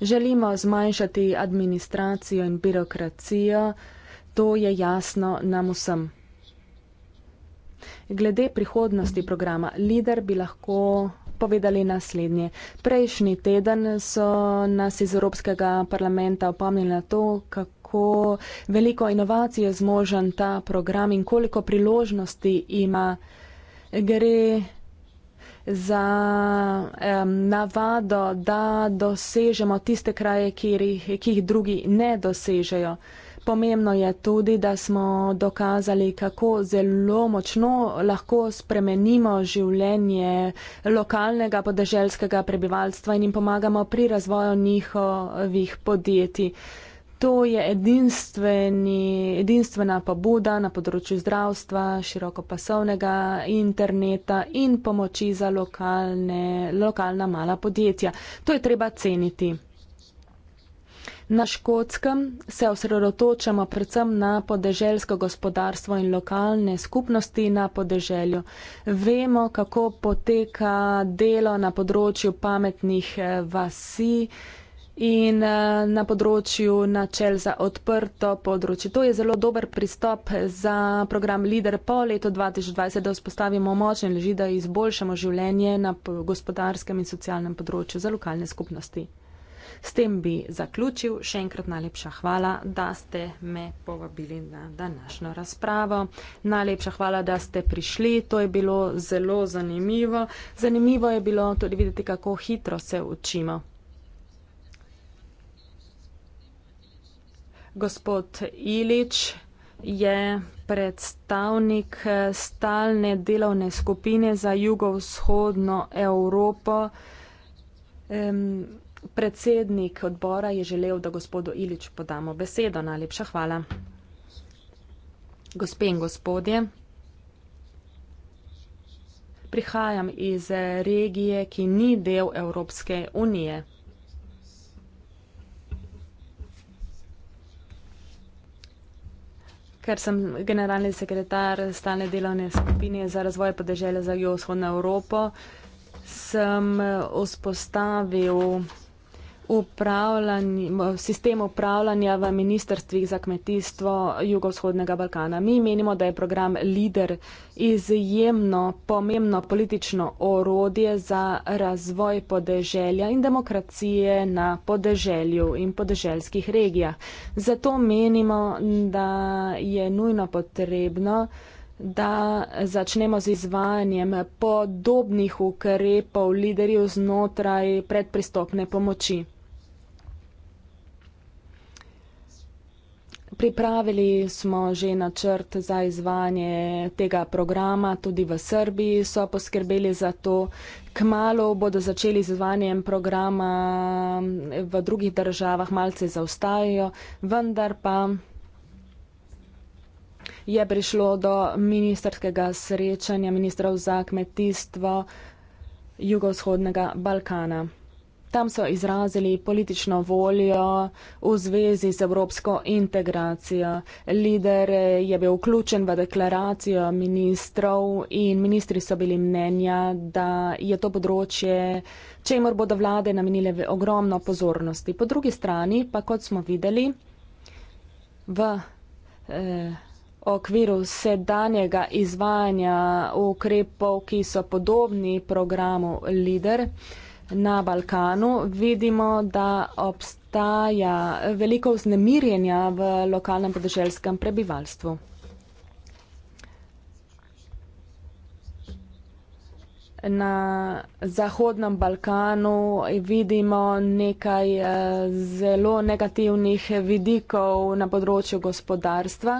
Želimo zmanjšati administracijo in birokracijo, to je jasno nam vsem. Glede prihodnosti programa LIDER bi lahko povedali naslednje. Prejšnji teden so nas iz Evropskega parlamenta opomnili na to, kako veliko inovacij je zmožen ta program in koliko priložnosti ima. Gre za um, navado, da dosežemo tiste kraje, ki jih, ki jih drugi ne dosežejo pomembno je tudi, da smo dokazali, kako zelo močno lahko spremenimo življenje lokalnega podeželskega prebivalstva in jim pomagamo pri razvoju njihovih podjetij. To je edinstvena pobuda na področju zdravstva, širokopasovnega interneta in pomoči za lokalne, lokalna mala podjetja. To je treba ceniti. Na škotskem se osredotočamo predvsem na podeželsko gospodarstvo in lokalne skupnosti na podeželju. Vemo, kako poteka delo na področju pametnih eh, vasi in eh, na področju načel za odprto področje. To je zelo dober pristop za program Leader po letu 2020, da vzpostavimo močne leži, da izboljšamo življenje na gospodarskem in socialnem področju za lokalne skupnosti. S tem bi zaključil. Še enkrat najlepša hvala, da ste me povabili na današnjo razpravo. Najlepša hvala, da ste prišli. To je bilo zelo zanimivo. Zanimivo je bilo tudi videti, kako hitro se učimo. Gospod Ilič je predstavnik stalne delovne skupine za jugovzhodno Evropo. Um, Predsednik odbora je želel, da gospodu Iliču podamo besedo. Najlepša hvala. Gospe in gospodje, prihajam iz regije, ki ni del Evropske unije. Ker sem generalni sekretar stalne delovne skupine za razvoj podeželja za jugovzhodno Evropo, sem vzpostavil sistem upravljanja v ministrstvih za kmetijstvo jugovzhodnega Balkana. Mi menimo, da je program LIDER izjemno pomembno politično orodje za razvoj podeželja in demokracije na podeželju in podeželskih regijah. Zato menimo, da je nujno potrebno da začnemo z izvajanjem podobnih ukrepov liderjev znotraj predpristopne pomoči. pripravili smo že načrt za izvajanje tega programa, tudi v Srbiji so poskrbeli za to. Kmalo bodo začeli z izvajanjem programa v drugih državah, malce zaostajajo, vendar pa je prišlo do ministerskega srečanja ministrov za kmetijstvo jugovzhodnega Balkana. Tam so izrazili politično voljo v zvezi z evropsko integracijo. Lider je bil vključen v deklaracijo ministrov in ministri so bili mnenja, da je to področje, če jim bodo vlade namenile ogromno pozornosti. Po drugi strani pa, kot smo videli, v eh, okviru sedanjega izvajanja ukrepov, ki so podobni programu LIDER, na Balkanu, vidimo, da obstaja veliko vznemirjenja v lokalnem podeželskem prebivalstvu. Na Zahodnem Balkanu vidimo nekaj eh, zelo negativnih vidikov na področju gospodarstva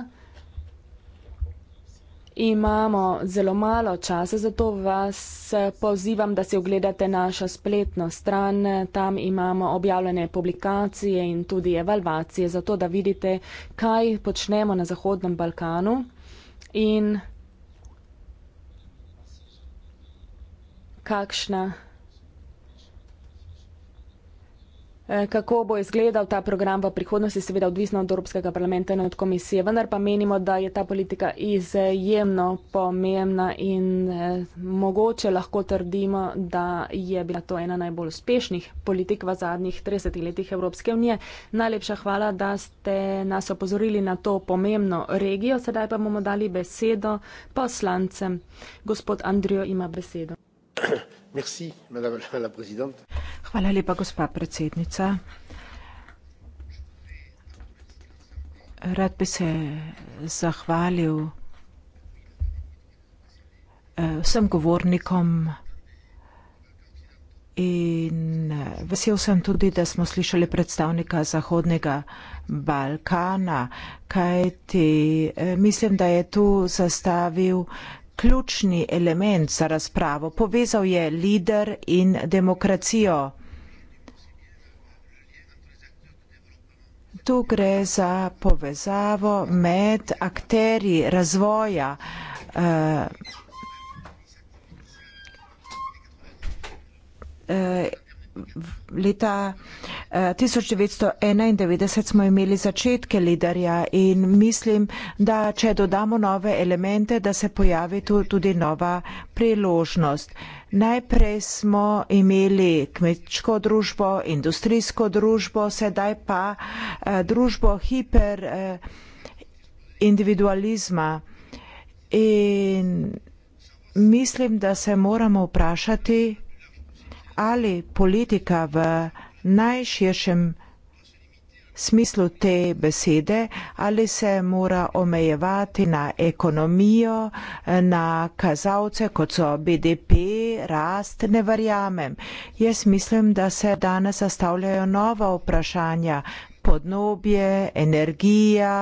imamo zelo malo časa, zato vas eh, pozivam, da si ogledate našo spletno stran. Tam imamo objavljene publikacije in tudi evalvacije, zato da vidite, kaj počnemo na Zahodnem Balkanu. In kakšna Eh, kako bo izgledal ta program v prihodnosti, seveda odvisno od Evropskega parlamenta in od komisije, vendar pa menimo, da je ta politika izjemno pomembna in eh, mogoče lahko trdimo, da je bila to ena najbolj uspešnih politik v zadnjih 30 letih Evropske unije. Najlepša hvala, da ste nas opozorili na to pomembno regijo. Sedaj pa bomo dali besedo poslancem. Gospod Andrijo ima besedo. Hvala lepa, gospa predsednica. Rad bi se zahvalil eh, vsem govornikom in eh, vesel sem tudi, da smo slišali predstavnika Zahodnega Balkana, kajti eh, mislim, da je tu zastavil ključni element za razpravo. Povezal je lider in demokracijo. Tu gre za povezavo med akteri razvoja eh, eh leta 1991 eh, smo imeli začetke liderja in mislim, da če dodamo nove elemente, da se pojavi tu tudi nova priložnost. Najprej smo imeli kmečko družbo, industrijsko družbo, sedaj pa eh, družbo hiperindividualizma. Eh, in mislim, da se moramo vprašati, ali politika v najširšem smislu te besede, ali se mora omejevati na ekonomijo, na kazalce, kot so BDP, rast, ne verjamem. Jaz mislim, da se danes zastavljajo nova vprašanja, podnobje, energija,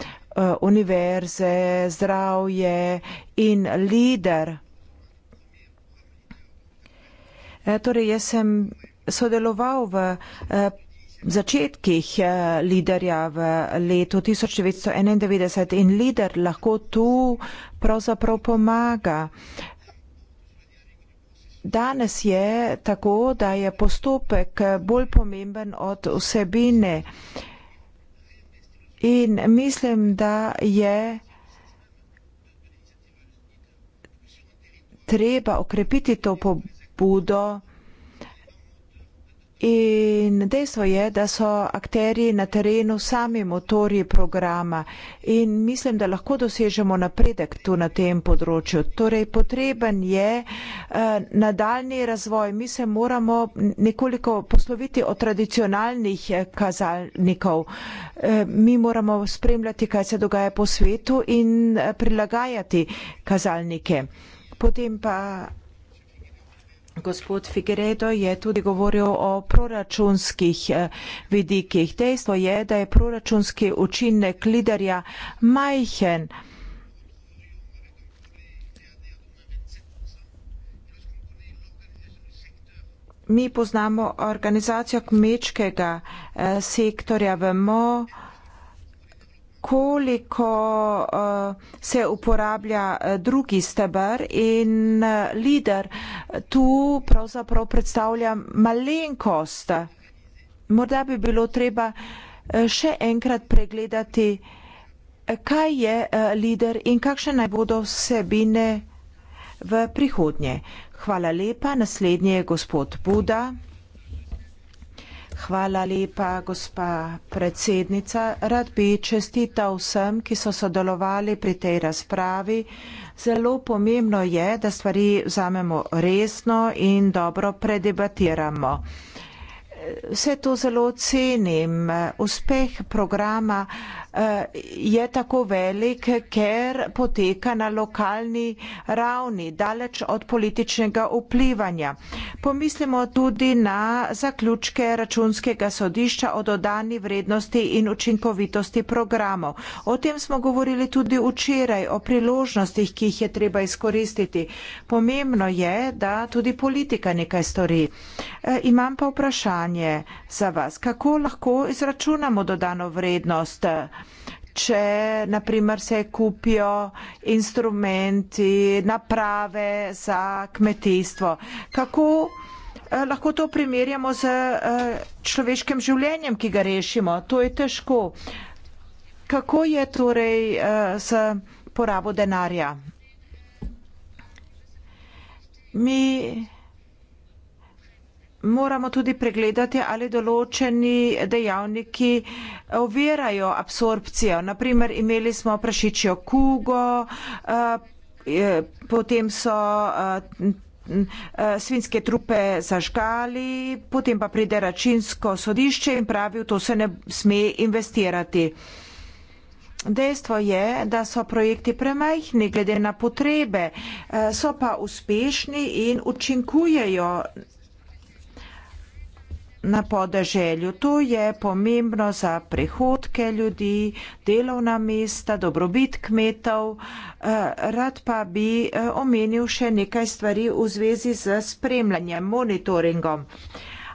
eh, univerze, zdravje in lider. Eh, torej, jaz sem sodeloval v eh, začetkih eh, liderja v letu 1991 in lider lahko tu pravzaprav pomaga. Danes je tako, da je postopek bolj pomemben od vsebine in mislim, da je treba okrepiti to pobudo spodbudo. In dejstvo je, da so akteri na terenu sami motorji programa in mislim, da lahko dosežemo napredek tu na tem področju. Torej, potreben je uh, eh, nadaljni razvoj. Mi se moramo nekoliko posloviti od tradicionalnih eh, kazalnikov. Uh, mi moramo spremljati, kaj se dogaja po svetu in uh, prilagajati kazalnike. Potem pa Gospod Figueredo je tudi govoril o proračunskih eh, vidikih. Dejstvo je, da je proračunski učinek liderja majhen. Mi poznamo organizacijo kmečkega eh, sektorja, vemo, koliko uh, se uporablja eh, drugi steber in uh, lider tu pravzaprav predstavlja malenkost. Morda bi bilo treba še enkrat pregledati, kaj je uh, lider in kakšne naj bodo vsebine v prihodnje. Hvala lepa, naslednji je gospod Buda. Hvala lepa, gospa predsednica. Rad bi čestital vsem, ki so sodelovali pri tej razpravi. Zelo pomembno je, da stvari vzamemo resno in dobro predebatiramo. Vse to zelo cenim. Uspeh programa. Eh, je tako velik, ker poteka na lokalni ravni, daleč od političnega vplivanja. Pomislimo tudi na zaključke računskega sodišča o dodani vrednosti in učinkovitosti programov. O tem smo govorili tudi včeraj, o priložnostih, ki jih je treba izkoristiti. Pomembno je, da tudi politika nekaj stori. Eh, imam pa vprašanje za vas. Kako lahko izračunamo dodano vrednost? če naprimer se kupijo instrumenti, naprave za kmetijstvo. Kako eh, lahko to primerjamo z eh, človeškim življenjem, ki ga rešimo? To je težko. Kako je torej eh, s porabo denarja? Mi moramo tudi pregledati, ali določeni dejavniki ovirajo absorpcijo. Naprimer, imeli smo prašičjo kugo, eh, eh, potem so eh, svinske trupe zažgali, potem pa pride račinsko sodišče in pravi, v to se ne sme investirati. Dejstvo je, da so projekti premajhni glede na potrebe, so pa uspešni in učinkujejo na podeželju. To je pomembno za prehodke ljudi, delovna mesta, dobrobit kmetov. Eh, rad pa bi eh, omenil še nekaj stvari v zvezi z spremljanjem, monitoringom.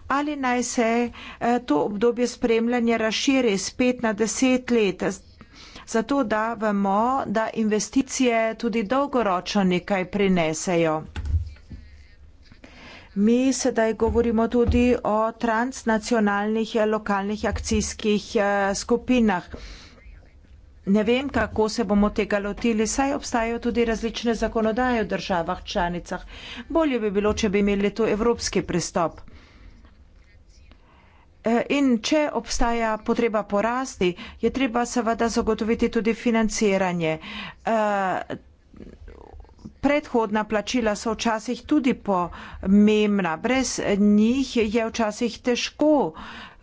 Ali naj se eh, to obdobje spremljanja razširi z pet na deset let? Zato da vemo, da investicije tudi dolgoročno nekaj prinesejo. Mi sedaj govorimo tudi o transnacionalnih eh, lokalnih akcijskih eh, skupinah. Ne vem, kako se bomo tega lotili, saj obstajajo tudi različne zakonodaje v državah članicah. Bolje bi bilo, če bi imeli tu evropski pristop. Eh, in če obstaja potreba porasti, je treba seveda zagotoviti tudi financiranje predhodna plačila so včasih tudi pomembna. Brez njih je včasih težko,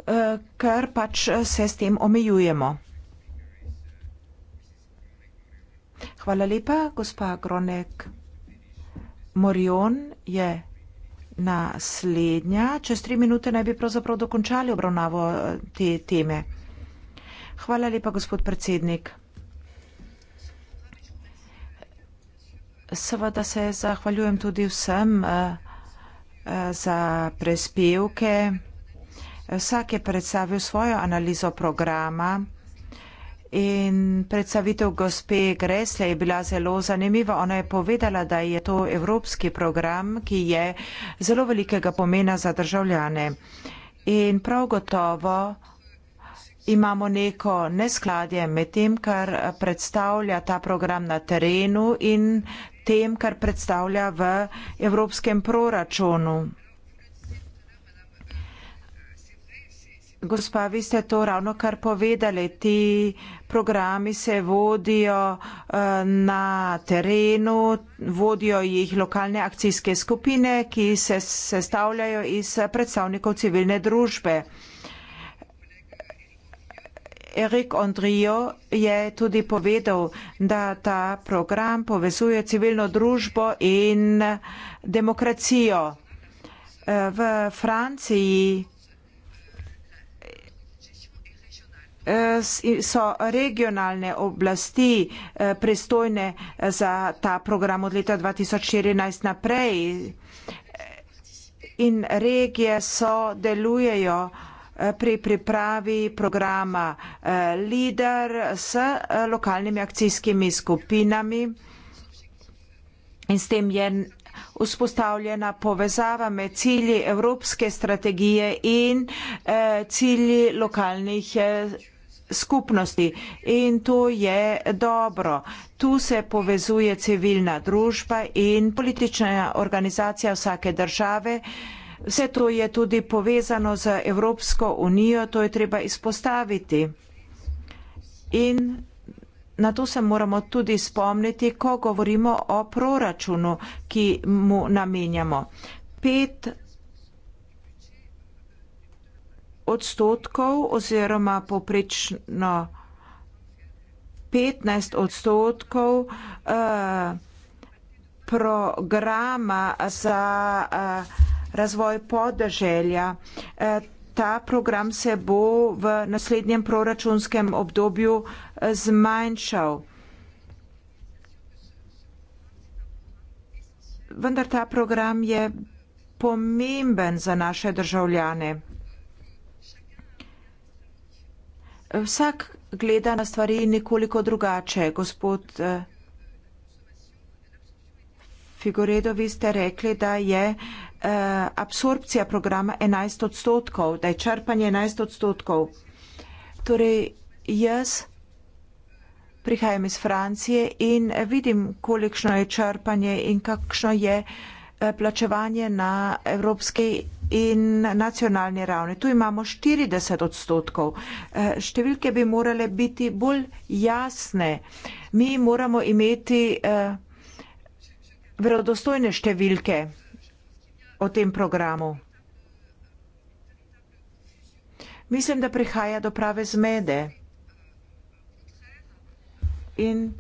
eh, ker pač se s tem omejujemo. Hvala lepa, gospa Gronek. Morion je naslednja. Čez tri minute naj bi pravzaprav dokončali obravnavo eh, te teme. Hvala lepa, gospod predsednik. Seveda se zahvaljujem tudi vsem eh, eh, za prespevke. Vsak je predstavil svojo analizo programa in predstavitev gospe Gresle je bila zelo zanimiva. Ona je povedala, da je to evropski program, ki je zelo velikega pomena za državljane. In prav gotovo imamo neko neskladje med tem, kar predstavlja ta program na terenu in tem, kar predstavlja v evropskem proračunu. Gospa, vi ste to ravno kar povedali. Ti programi se vodijo eh, na terenu, vodijo jih lokalne akcijske skupine, ki se sestavljajo iz predstavnikov civilne družbe. Erik Ondrijo je tudi povedal, da ta program povezuje civilno družbo in demokracijo. V Franciji eh, so regionalne oblasti eh, pristojne eh, za ta program od leta 2014 naprej in regije so delujejo pri pripravi programa eh, LIDER s eh, lokalnimi akcijskimi skupinami in s tem je vzpostavljena povezava med cilji evropske strategije in eh, cilji lokalnih skupnosti in to je dobro. Tu se povezuje civilna družba in politična organizacija vsake države, Vse to je tudi povezano z Evropsko unijo, to je treba izpostaviti. In na to se moramo tudi spomniti, ko govorimo o proračunu, ki mu namenjamo. Pet odstotkov oziroma poprečno 15 odstotkov eh, programa za eh, razvoj podeželja. E, ta program se bo v naslednjem proračunskem obdobju e, zmanjšal. Vendar ta program je pomemben za naše državljane. Vsak gleda na stvari nekoliko drugače. Gospod e, Figuredovi ste rekli, da je uh, uh, absorpcija programa 11 odstotkov, da je črpanje 11 odstotkov. Torej, jaz prihajam iz Francije in vidim, kolikšno je črpanje in kakšno je eh, plačevanje na evropski in nacionalni ravni. Tu imamo 40 odstotkov. Eh, številke bi morale biti bolj jasne. Mi moramo imeti verodostojne številke o tem programu. Mislim, da prihaja do prave zmede. In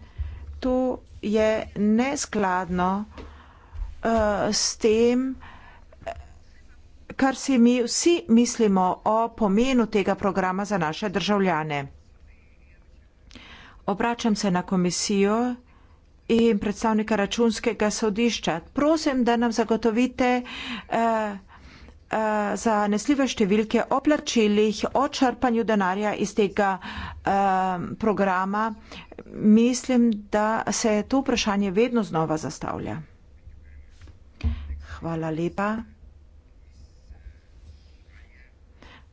tu je neskladno uh, s tem, kar si mi vsi mislimo o pomenu tega programa za naše državljane. Obračam se na komisijo in predstavnika računskega sodišča. Prosim, da nam zagotovite eh, eh, zanesljive številke o plačilih, o črpanju denarja iz tega eh, programa. Mislim, da se to vprašanje vedno znova zastavlja. Hvala lepa.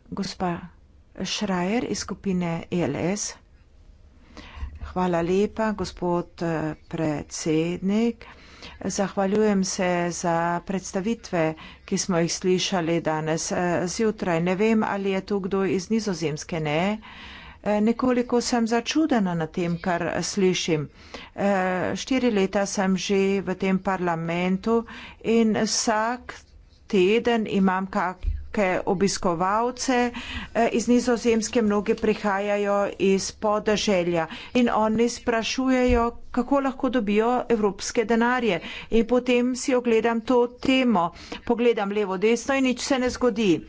Gospa Šrajer iz skupine ELS. Hvala lepa. Hvala lepa, gospod eh, predsednik. Zahvaljujem se za predstavitve, ki smo jih slišali danes eh, zjutraj. Ne vem, ali je tu kdo iz nizozemske, ne. Eh, nekoliko sem začudena na tem, kar slišim. Štiri leta sem že v tem parlamentu in vsak teden imam kak velike obiskovalce. Eh, iz nizozemske mnogi prihajajo iz podeželja in oni sprašujejo, kako lahko dobijo evropske denarje. In potem si ogledam to temo, pogledam levo, desno in nič se ne zgodi.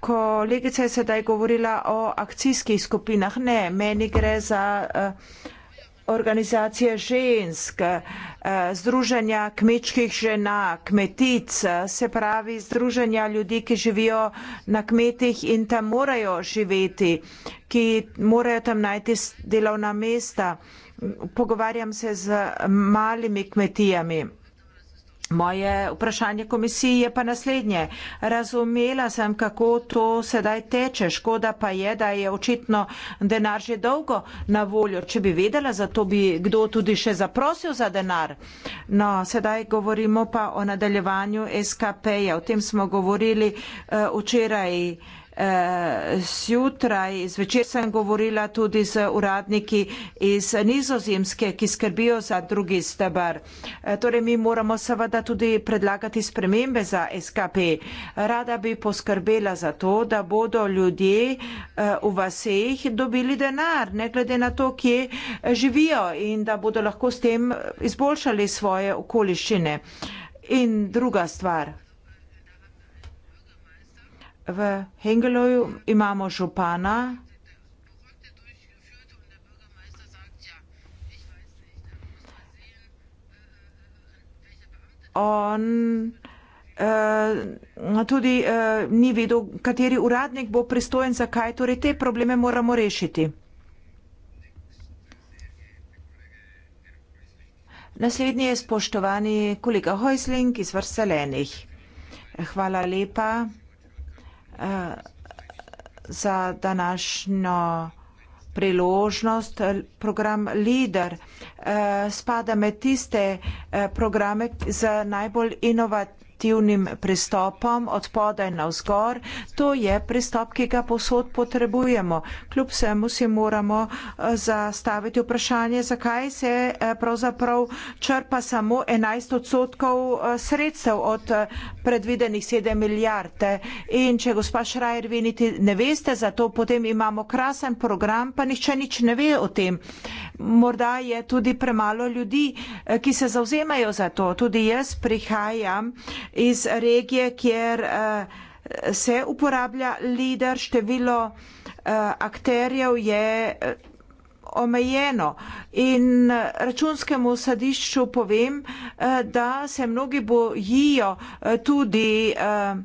Kolegica je sedaj govorila o akcijskih skupinah. Ne, meni gre za. Uh, organizacije žensk, eh, združenja kmečkih žena, kmetic, se pravi združenja ljudi, ki živijo na kmetih in tam morajo živeti, ki morajo tam najti delovna mesta. Pogovarjam se z malimi kmetijami. Moje vprašanje komisiji je pa naslednje. Razumela sem, kako to sedaj teče. Škoda pa je, da je očitno denar že dolgo na voljo. Če bi vedela, zato bi kdo tudi še zaprosil za denar. No, sedaj govorimo pa o nadaljevanju SKP-ja. O tem smo govorili uh, včeraj. Sjutraj, zvečer sem govorila tudi z uradniki iz nizozemske, ki skrbijo za drugi stebar. E, torej, mi moramo seveda tudi predlagati spremembe za SKP. Rada bi poskrbela za to, da bodo ljudje e, v vaseh dobili denar, ne glede na to, kje e, živijo in da bodo lahko s tem izboljšali svoje okoliščine. In druga stvar v Hengeloju imamo župana. On uh, tudi uh, ni vedel, kateri uradnik bo pristojen za kaj, torej te probleme moramo rešiti. Naslednji je spoštovani kolega Hojsling iz Vrselenih. Hvala lepa. Eh, za današnjo priložnost. Program LIDER eh, spada med tiste eh, programe z najbolj inovativnimi kolektivnim pristopom od podaj na vzgor. To je pristop, ki ga posod potrebujemo. Kljub vsemu si moramo eh, zastaviti vprašanje, zakaj se eh, pravzaprav črpa samo 11 odstotkov eh, sredstev od predvidenih 7 milijarde. In če gospa Šrajer, vi niti ne veste za to, potem imamo krasen program, pa nihče nič ne ve o tem. Morda je tudi premalo ljudi, ki se zauzemajo za to. Tudi jaz prihajam iz regije, kjer uh, se uporablja lider, število uh, akterjev je eh, omejeno. In računskemu sadišču povem, uh, da se mnogi bojijo uh, tudi. Uh,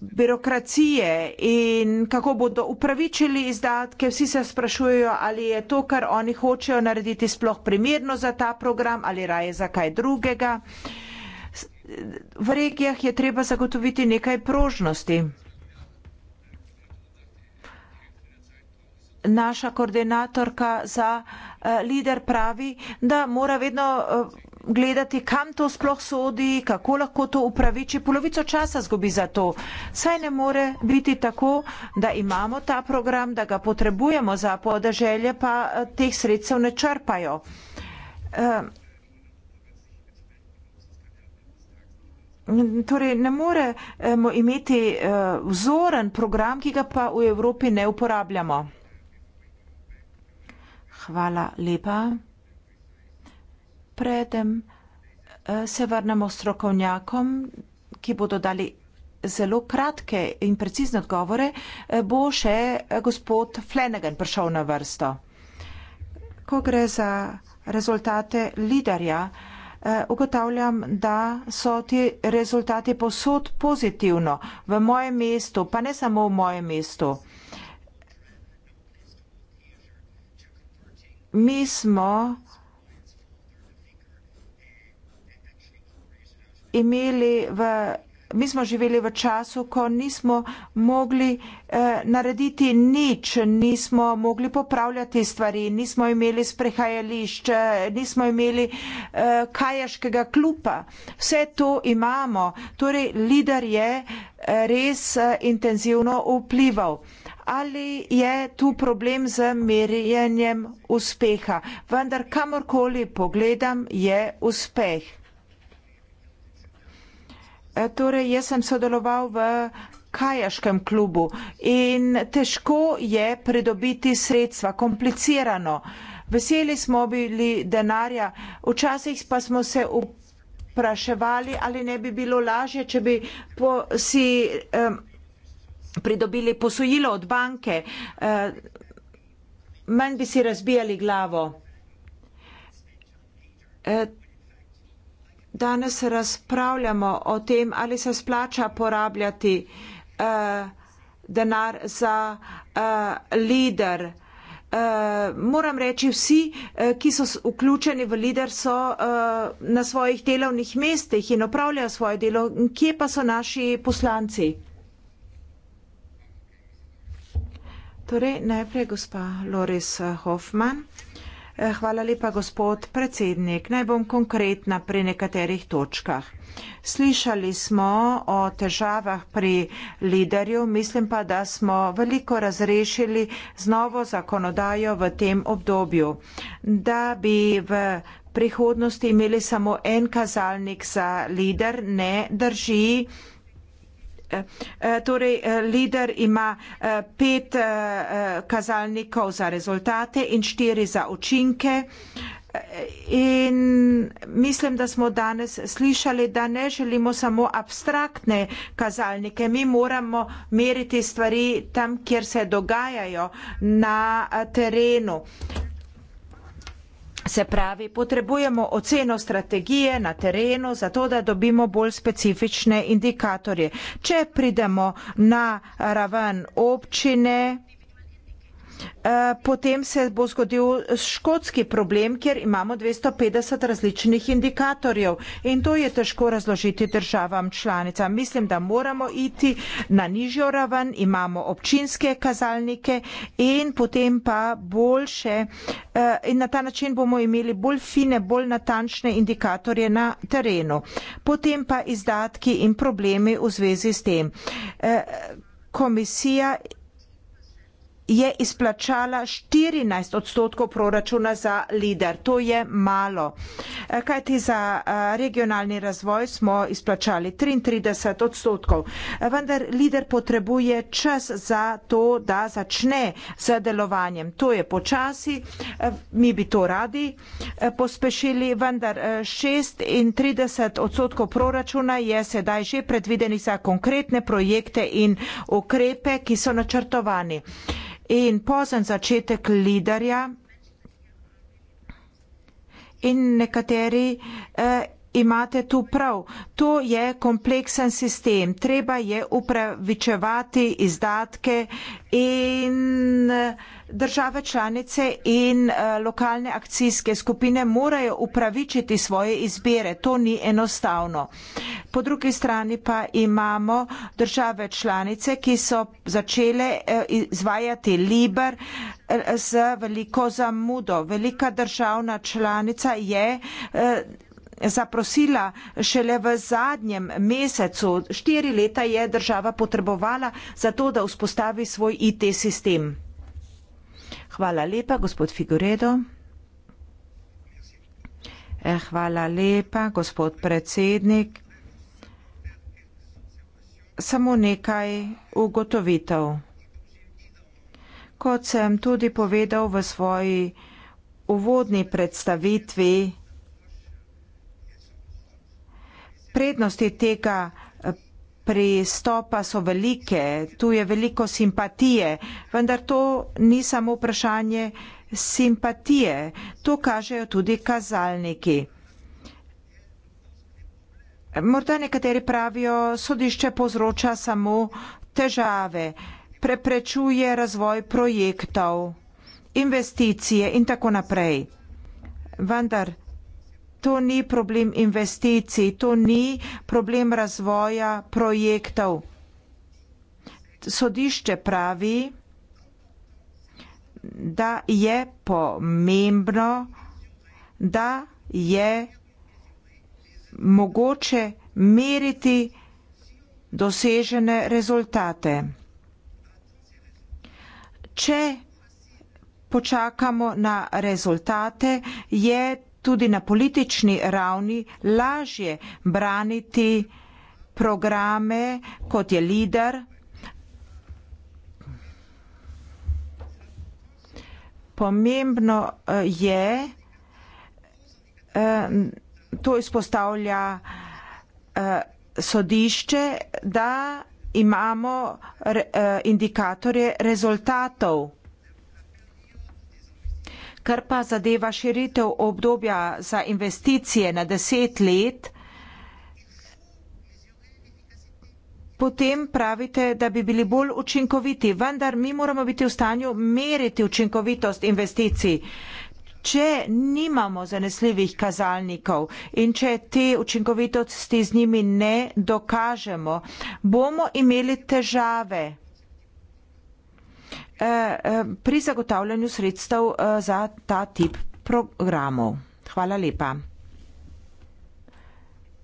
birokracije in kako bodo upravičili izdatke. Vsi se sprašujejo, ali je to, kar oni hočejo narediti, sploh primerno za ta program ali raje za kaj drugega. Uh, v regijah je treba zagotoviti nekaj prožnosti. Naša koordinatorka za eh, lider pravi, da mora vedno eh, gledati, kam to sploh sodi, kako lahko to upraviči, polovico časa zgubi za to. Saj ne more biti tako, da imamo ta program, da ga potrebujemo za podeželje, pa eh, teh sredstev ne črpajo. Torej, ne moremo imeti eh, vzoren program, ki ga pa v Evropi ne uporabljamo. Hvala lepa. Predem eh, se vrnemo strokovnjakom, ki bodo dali zelo kratke in precizne odgovore, eh, bo še gospod Flanagan prišel na vrsto. Ko gre za rezultate liderja, Eh, ugotavljam, da so ti rezultati posod pozitivno v mojem mestu, pa ne samo v mojem mestu. Mi smo imeli v mi smo živeli v času, ko nismo mogli eh, narediti nič, nismo mogli popravljati stvari, nismo imeli sprehajališče, eh, nismo imeli eh, kajaškega klupa. Vse to imamo. Torej, lider je eh, res eh, intenzivno vplival. Ali je tu problem z merjenjem uspeha? Vendar kamorkoli pogledam, je uspeh. Eh, torej, jaz sem sodeloval v kajaškem klubu in težko je pridobiti sredstva, komplicirano. Veseli smo bili denarja, včasih pa smo se upraševali, ali ne bi bilo lažje, če bi po, si um, pridobili posojilo od banke, um, manj bi si razbijali glavo. Um, danes razpravljamo o tem, ali se splača porabljati uh, denar za uh, lider. Uh, moram reči, vsi, uh, ki so vključeni v lider, so uh, na svojih delovnih mestih in opravljajo svoje delo. Kje pa so naši poslanci? Torej, najprej gospa Loris Hoffman. Hvala lepa, gospod predsednik. Naj bom konkretna pri nekaterih točkah. Slišali smo o težavah pri liderju, mislim pa, da smo veliko razrešili z novo zakonodajo v tem obdobju, da bi v prihodnosti imeli samo en kazalnik za lider, ne drži. Eh, eh, torej, eh, lider ima pet kazalnikov za rezultate in štiri za učinke. In mislim, da smo danes slišali, da ne želimo samo abstraktne kazalnike. Mi moramo meriti stvari tam, kjer se dogajajo na terenu. Se pravi, potrebujemo oceno strategije na terenu, zato da dobimo bolj specifične indikatorje. Če pridemo na raven občine, Eh, potem se bo zgodil škotski problem, kjer imamo 250 različnih indikatorjev in to je težko razložiti državam članicam. Mislim, da moramo iti na nižjo raven, imamo občinske kazalnike in potem pa boljše eh, in na ta način bomo imeli bolj fine, bolj natančne indikatorje na terenu. Potem pa izdatki in problemi v zvezi s tem. Eh, komisija je izplačala 14 odstotkov proračuna za lider. To je malo. Eh, kajti za eh, regionalni razvoj smo izplačali 33 odstotkov. Eh, vendar lider potrebuje čas za to, da začne z delovanjem. To je počasi. Mi bi to radi pospešili, vendar 36 odstotkov proračuna je sedaj že predvidenih za konkretne projekte in ukrepe, ki so načrtovani in pozen začetek lidarja in nekateri eh, imate tu prav. To je kompleksen sistem. Treba je upravičevati izdatke in eh, države članice in eh, lokalne akcijske skupine morajo upravičiti svoje izbire. To ni enostavno. Po drugi strani pa imamo države članice, ki so začele eh, izvajati liber eh, z veliko zamudo. Velika državna članica je zaprosila šele v zadnjem mesecu, štiri leta je država potrebovala za to, da vzpostavi svoj IT sistem. Hvala lepa, gospod Figuredo. E, hvala lepa, gospod predsednik. Samo nekaj ugotovitev. Kot sem tudi povedal v svoji uvodni predstavitvi, prednosti tega pristopa so velike, tu je veliko simpatije, vendar to ni samo vprašanje simpatije, to kažejo tudi kazalniki. Morda nekateri pravijo, sodišče povzroča samo težave, preprečuje razvoj projektov, investicije in tako naprej. Vendar to ni problem investicij, to ni problem razvoja projektov. Sodišče pravi, da je pomembno, da je mogoče meriti dosežene rezultate. Če počakamo na rezultate, je tudi na politični ravni lažje braniti programe, kot je lider. Pomembno eh, je, eh, to izpostavlja eh, sodišče, da imamo indikatorje rezultatov. Kar pa zadeva širitev obdobja za investicije na deset let, potem pravite, da bi bili bolj učinkoviti, vendar mi moramo biti v stanju meriti učinkovitost investicij. Če nimamo zanesljivih kazalnikov in če te učinkovitosti z njimi ne dokažemo, bomo imeli težave. Eh, eh, pri zagotavljanju sredstev eh, za ta tip programov. Hvala lepa.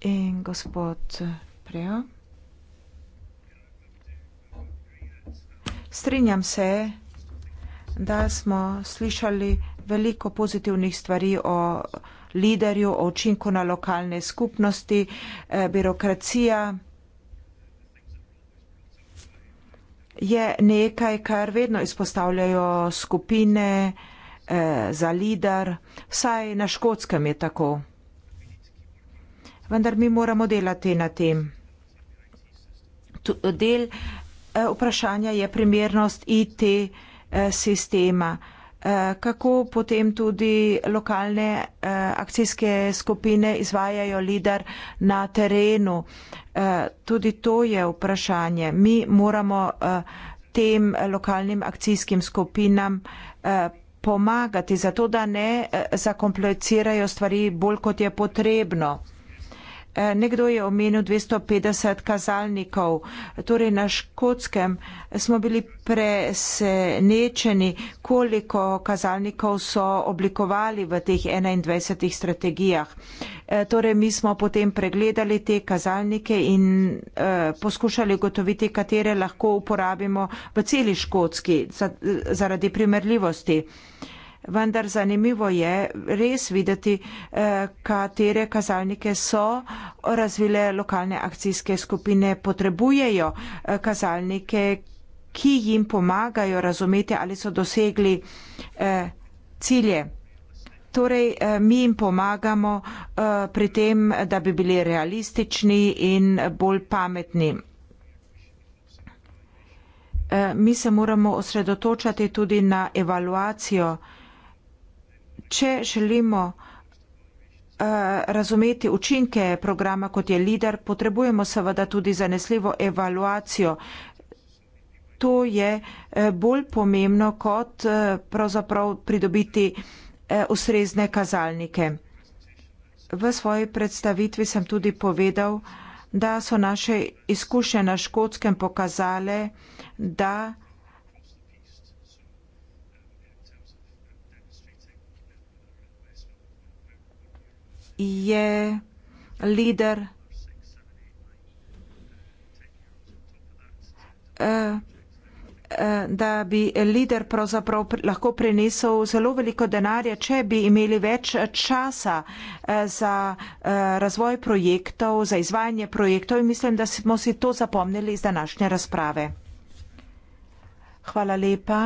In gospod Prejo. Strinjam se, da smo slišali veliko pozitivnih stvari o liderju, o učinku na lokalne skupnosti, eh, birokracija. je nekaj, kar vedno izpostavljajo skupine eh, za lider, saj na škotskem je tako. Vendar mi moramo delati na tem. Del eh, vprašanja je primernost IT eh, sistema. Eh, kako potem tudi lokalne eh, akcijske skupine izvajajo lidar na terenu. Eh, tudi to je vprašanje. Mi moramo tem lokalnim akcijskim skupinam pomagati, zato da ne zakomplicirajo stvari bolj, kot je potrebno. Eh, nekdo je omenil 250 kazalnikov. Torej na škotskem smo bili presenečeni, koliko kazalnikov so oblikovali v teh 21 strategijah. Eh, torej mi smo potem pregledali te kazalnike in eh, poskušali ugotoviti, katere lahko uporabimo v celi škotski zaradi primerljivosti vendar zanimivo je res videti, eh, katere kazalnike so razvile lokalne akcijske skupine, potrebujejo eh, kazalnike, ki jim pomagajo razumeti, ali so dosegli eh, cilje. Torej, mi jim pomagamo pri tem, da bi bili realistični in bolj pametni. Mi se moramo osredotočati tudi na evaluacijo če želimo eh, razumeti učinke programa, kot je lider, potrebujemo seveda tudi zanesljivo evaluacijo. To je eh, bolj pomembno, kot eh, pravzaprav pridobiti ustrezne kazalnike. V svoji predstavitvi sem tudi povedal, da so naše izkušnje na škotskem pokazale, da je leader eh, eh, da bi lider pravzaprav lahko prenesel zelo veliko denarja, če bi imeli več časa eh, za razvoj projektov, za izvajanje projektov in mislim, da smo si to zapomnili iz današnje razprave. Hvala lepa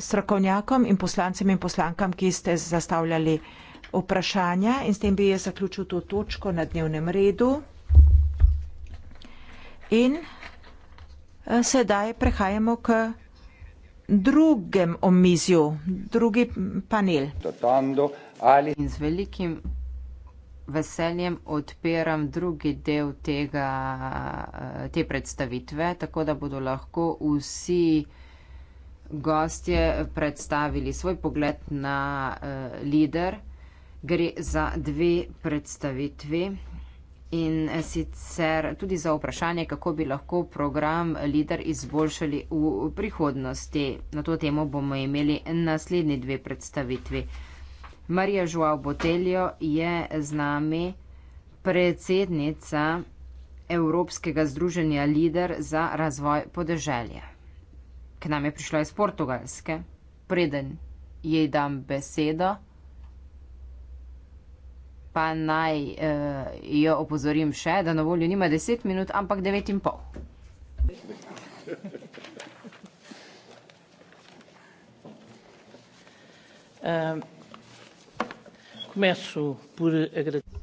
strokovnjakom in poslancem in poslankam, ki ste zastavljali vprašanje vprašanja in s tem bi jaz zaključil to točko na dnevnem redu. In eh, sedaj prehajamo k drugem omizju, drugi panel. In z velikim veseljem odpiram drugi del tega, eh, te predstavitve, tako da bodo lahko vsi gostje predstavili svoj pogled na uh, lider gre za dve predstavitvi in sicer tudi za vprašanje, kako bi lahko program LIDER izboljšali v prihodnosti. Na to temo bomo imeli naslednji dve predstavitvi. Marija Žuav Botelio je z nami predsednica Evropskega združenja LIDER za razvoj podeželja. K nam je prišla iz Portugalske. Preden jej dam besedo pa naj uh, jo opozorim še, da na voljo nima 10 minut, ampak 9 in pol. Ehm, começo por agradecer.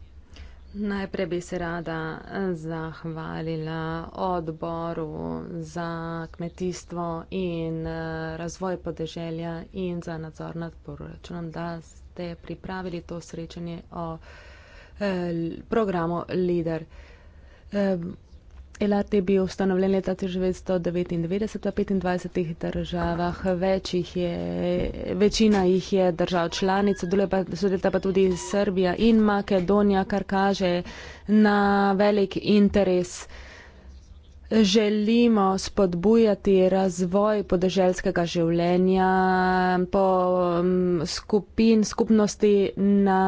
Najprej bi se rada eh, zahvalila odboru za kmetijstvo in eh, razvoj podeželja in za nadzor nad poračunom, da ste pripravili to srečanje o eh, programu LIDER. Eh, Elat je bil ustanovljen leta 1999 v 25 državah, več jih je, večina jih je držav članic, sodelujeta pa tudi Srbija in Makedonija, kar kaže na velik interes želimo spodbujati razvoj podeželskega življenja po skupin, skupnosti na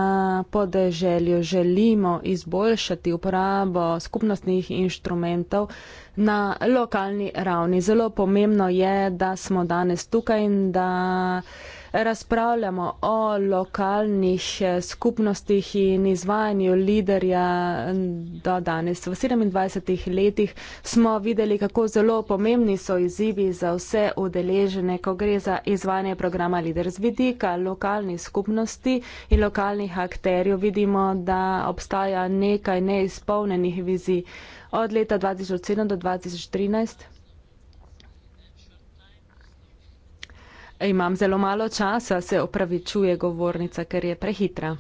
podeželju. Želimo izboljšati uporabo skupnostnih inštrumentov na lokalni ravni. Zelo pomembno je, da smo danes tukaj in da razpravljamo o lokalnih eh, skupnostih in izvajanju liderja do danes. V 27 letih smo videli, kako zelo pomembni so izzivi za vse udeležene, ko gre za izvajanje programa Lider z vidika lokalnih skupnosti in lokalnih akterjev. Vidimo, da obstaja nekaj neizpolnenih vizij od leta 2007 do 2013. Imam zelo malo časa, se opravičuje govornica, ker je prehitra.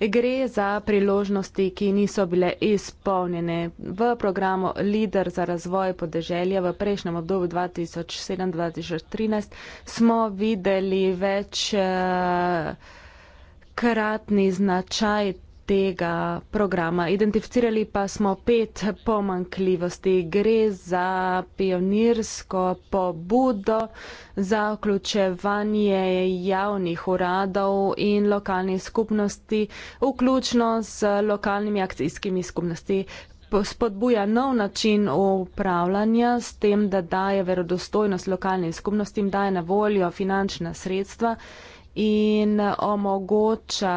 Gre za priložnosti, ki niso bile izpolnjene v programu Lider za razvoj podeželja v prejšnjem obdobju 2007-2013. Smo videli večkratni eh, uh, značaj tega programa. Identificirali pa smo pet pomankljivosti. Gre za pionirsko pobudo za vključevanje javnih uradov in lokalnih skupnosti, vključno z lokalnimi akcijskimi skupnosti. Spodbuja nov način upravljanja s tem, da daje verodostojnost lokalnim skupnostim, daje na voljo finančna sredstva in omogoča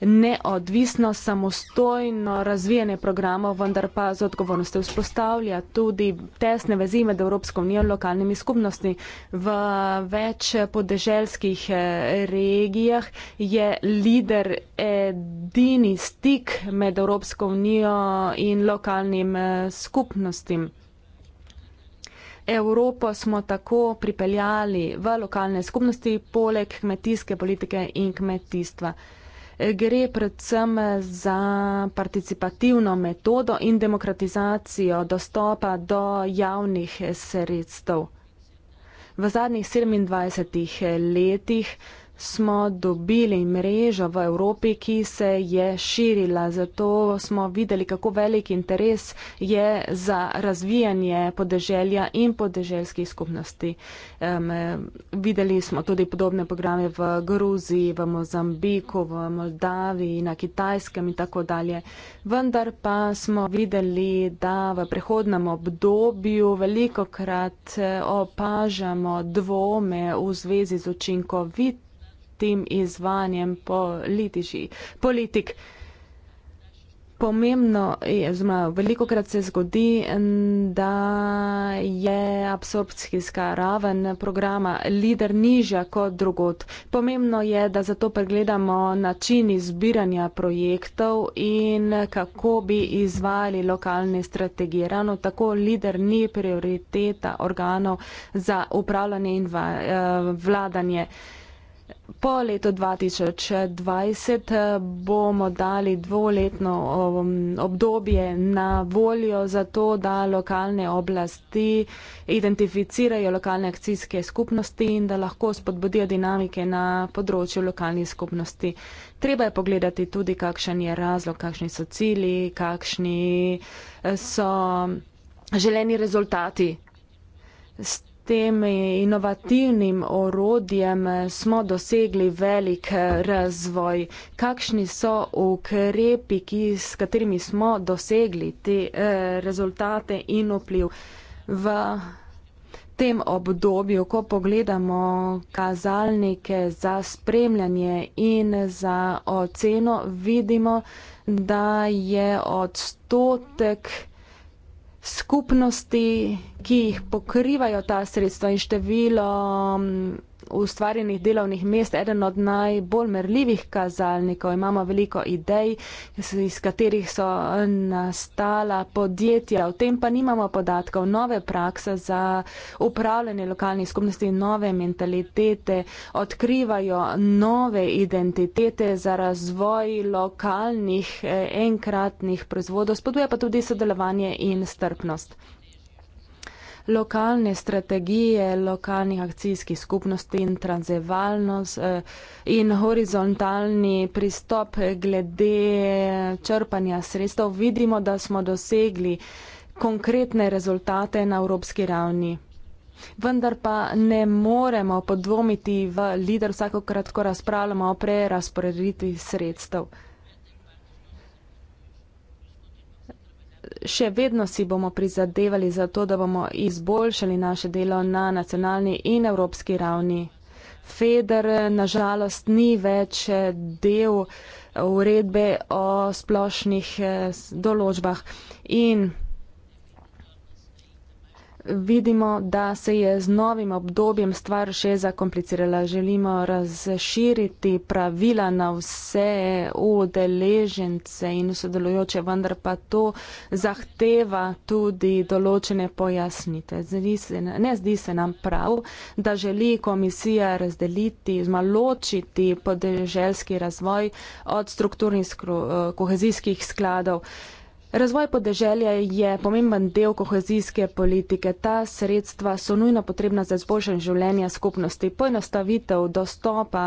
neodvisno, samostojno razvijanje programov, vendar pa z odgovornostjo vzpostavlja tudi tesne vezi med Evropsko unijo in lokalnimi skupnostmi. V več podeželskih eh, regijah je lider edini stik med Evropsko unijo in lokalnim eh, skupnostim. Evropo smo tako pripeljali v lokalne skupnosti poleg kmetijske politike in kmetijstva gre predvsem za participativno metodo in demokratizacijo dostopa do javnih sredstev. V zadnjih 27 letih smo dobili mrežo v Evropi, ki se je širila. Zato smo videli, kako velik interes je za razvijanje podeželja in podeželskih skupnosti. Um, videli smo tudi podobne programe v Gruziji, v Mozambiku, v Moldaviji, na Kitajskem in tako dalje. Vendar pa smo videli, da v prehodnem obdobju velikokrat opažamo dvome v zvezi z učinkovitostjo tem izvanjem politiki. politik. Pomembno je, zma, veliko krat se zgodi, da je absorpcijska raven programa lider nižja kot drugot. Pomembno je, da zato pregledamo način izbiranja projektov in kako bi izvali lokalne strategije. Ravno tako lider ni prioriteta organov za upravljanje in eh, vladanje. Po letu 2020 eh, bomo dali dvoletno um, obdobje na voljo za to, da lokalne oblasti identificirajo lokalne akcijske skupnosti in da lahko spodbudijo dinamike na področju lokalnih skupnosti. Treba je pogledati tudi, kakšen je razlog, kakšni so cili, kakšni eh, so želeni rezultati tem inovativnim orodjem smo dosegli velik razvoj. Kakšni so ukrepi, ki, s katerimi smo dosegli te eh, rezultate in vpliv v tem obdobju, ko pogledamo kazalnike za spremljanje in za oceno, vidimo, da je odstotek skupnosti, ki jih pokrivajo ta sredstva in število mm, ustvarjenih delovnih mest eden od najbolj merljivih kazalnikov. Imamo veliko idej, iz katerih so nastala podjetja. V tem pa nimamo podatkov. Nove prakse za upravljanje lokalnih skupnosti, nove mentalitete odkrivajo nove identitete za razvoj lokalnih eh, enkratnih proizvodov, spodbuja pa tudi sodelovanje in strpnost lokalne strategije, lokalnih akcijskih skupnosti in transevalnost eh, in horizontalni pristop glede črpanja sredstev, vidimo, da smo dosegli konkretne rezultate na evropski ravni. Vendar pa ne moremo podvomiti v lider, vsakokrat, ko razpravljamo o prerasporeditvi sredstev. še vedno si bomo prizadevali za to, da bomo izboljšali naše delo na nacionalni in evropski ravni. FEDER nažalost ni več eh, del uredbe o splošnih eh, določbah in vidimo, da se je z novim obdobjem stvar še zakomplicirala. Želimo razširiti pravila na vse udeležence in sodelujoče, vendar pa to zahteva tudi določene pojasnite. Ne zdi se nam prav, da želi komisija razdeliti, zmaločiti podeželski razvoj od strukturnih eh, kohezijskih skladov. Razvoj podeželja je pomemben del kohezijske politike. Ta sredstva so nujno potrebna za izboljšanje življenja skupnosti, poenostavitev dostopa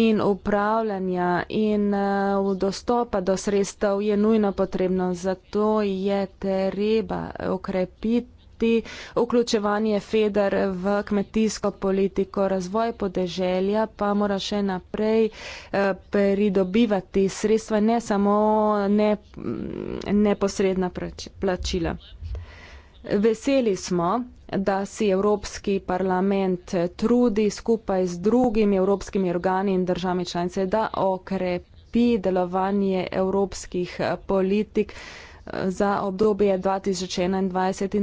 in upravljanja in eh, dostopa do sredstev je nujno potrebno. Zato je treba okrepiti ti vključevanje FEDER v kmetijsko politiko, razvoj podeželja pa mora še naprej eh, pridobivati sredstva, ne samo ne, neposredna plačila. Veseli smo, da si Evropski parlament trudi skupaj z drugimi evropskimi organi in državami članice, da okrepi delovanje evropskih politik za obdobje 2021 in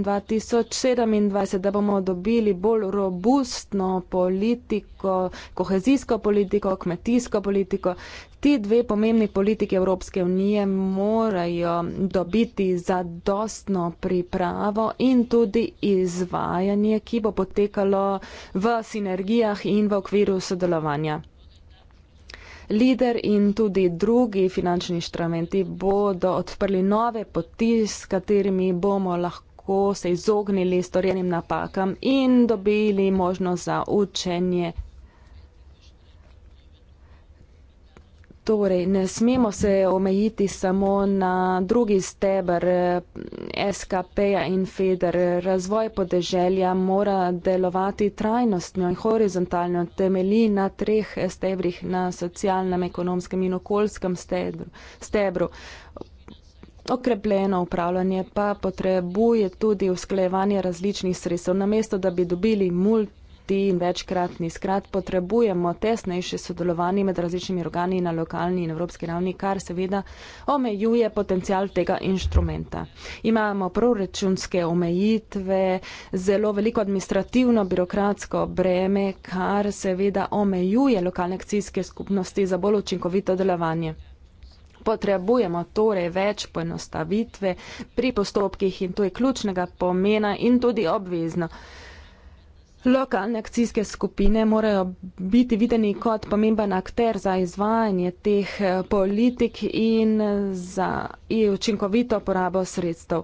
2027, da bomo dobili bolj robustno politiko, kohezijsko politiko, kmetijsko politiko. Ti dve pomembni politiki Evropske unije morajo dobiti zadostno pripravo in tudi izvajanje, ki bo potekalo v sinergijah in v okviru sodelovanja. Lider in tudi drugi finančni inštrumenti bodo odprli nove poti, s katerimi bomo lahko se izognili storjenim napakam in dobili možnost za učenje Torej, ne smemo se omejiti samo na drugi stebr eh, SKP-ja in FEDER. Razvoj podeželja mora delovati trajnostno in horizontalno, temelji na treh eh, stebrih, na socialnem, ekonomskem in okoljskem stebru. Okrepljeno upravljanje pa potrebuje tudi usklejevanje različnih sredstev, namesto da bi dobili multi ti in večkratni. Skrat potrebujemo tesnejše sodelovanje med različnimi organi na lokalni in evropski ravni, kar seveda omejuje potencial tega inštrumenta. Imamo proračunske omejitve, zelo veliko administrativno, birokratsko breme, kar seveda omejuje lokalne akcijske skupnosti za bolj učinkovito delovanje. Potrebujemo torej več poenostavitve pri postopkih in to je ključnega pomena in tudi obvezno. Lokalne akcijske skupine morajo biti videni kot pomemben akter za izvajanje teh eh, politik in eh, za učinkovito porabo sredstev.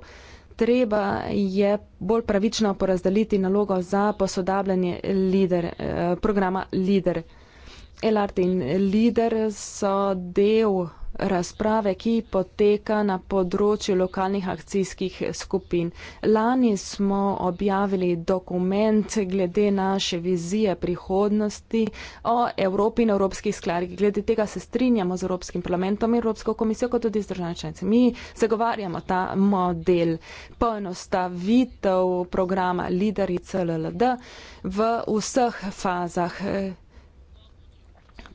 Treba je bolj pravično porazdeliti nalogo za posodabljanje lider, eh, programa LIDER. LRT in LIDER so del razprave, ki poteka na področju lokalnih akcijskih skupin. Lani smo objavili dokument glede naše vizije prihodnosti o Evropi in evropskih skladih. Glede tega se strinjamo z Evropskim parlamentom in Evropsko komisijo, kot tudi z državami članicami. Mi zagovarjamo ta model poenostavitev programa Lideri CLLD v vseh fazah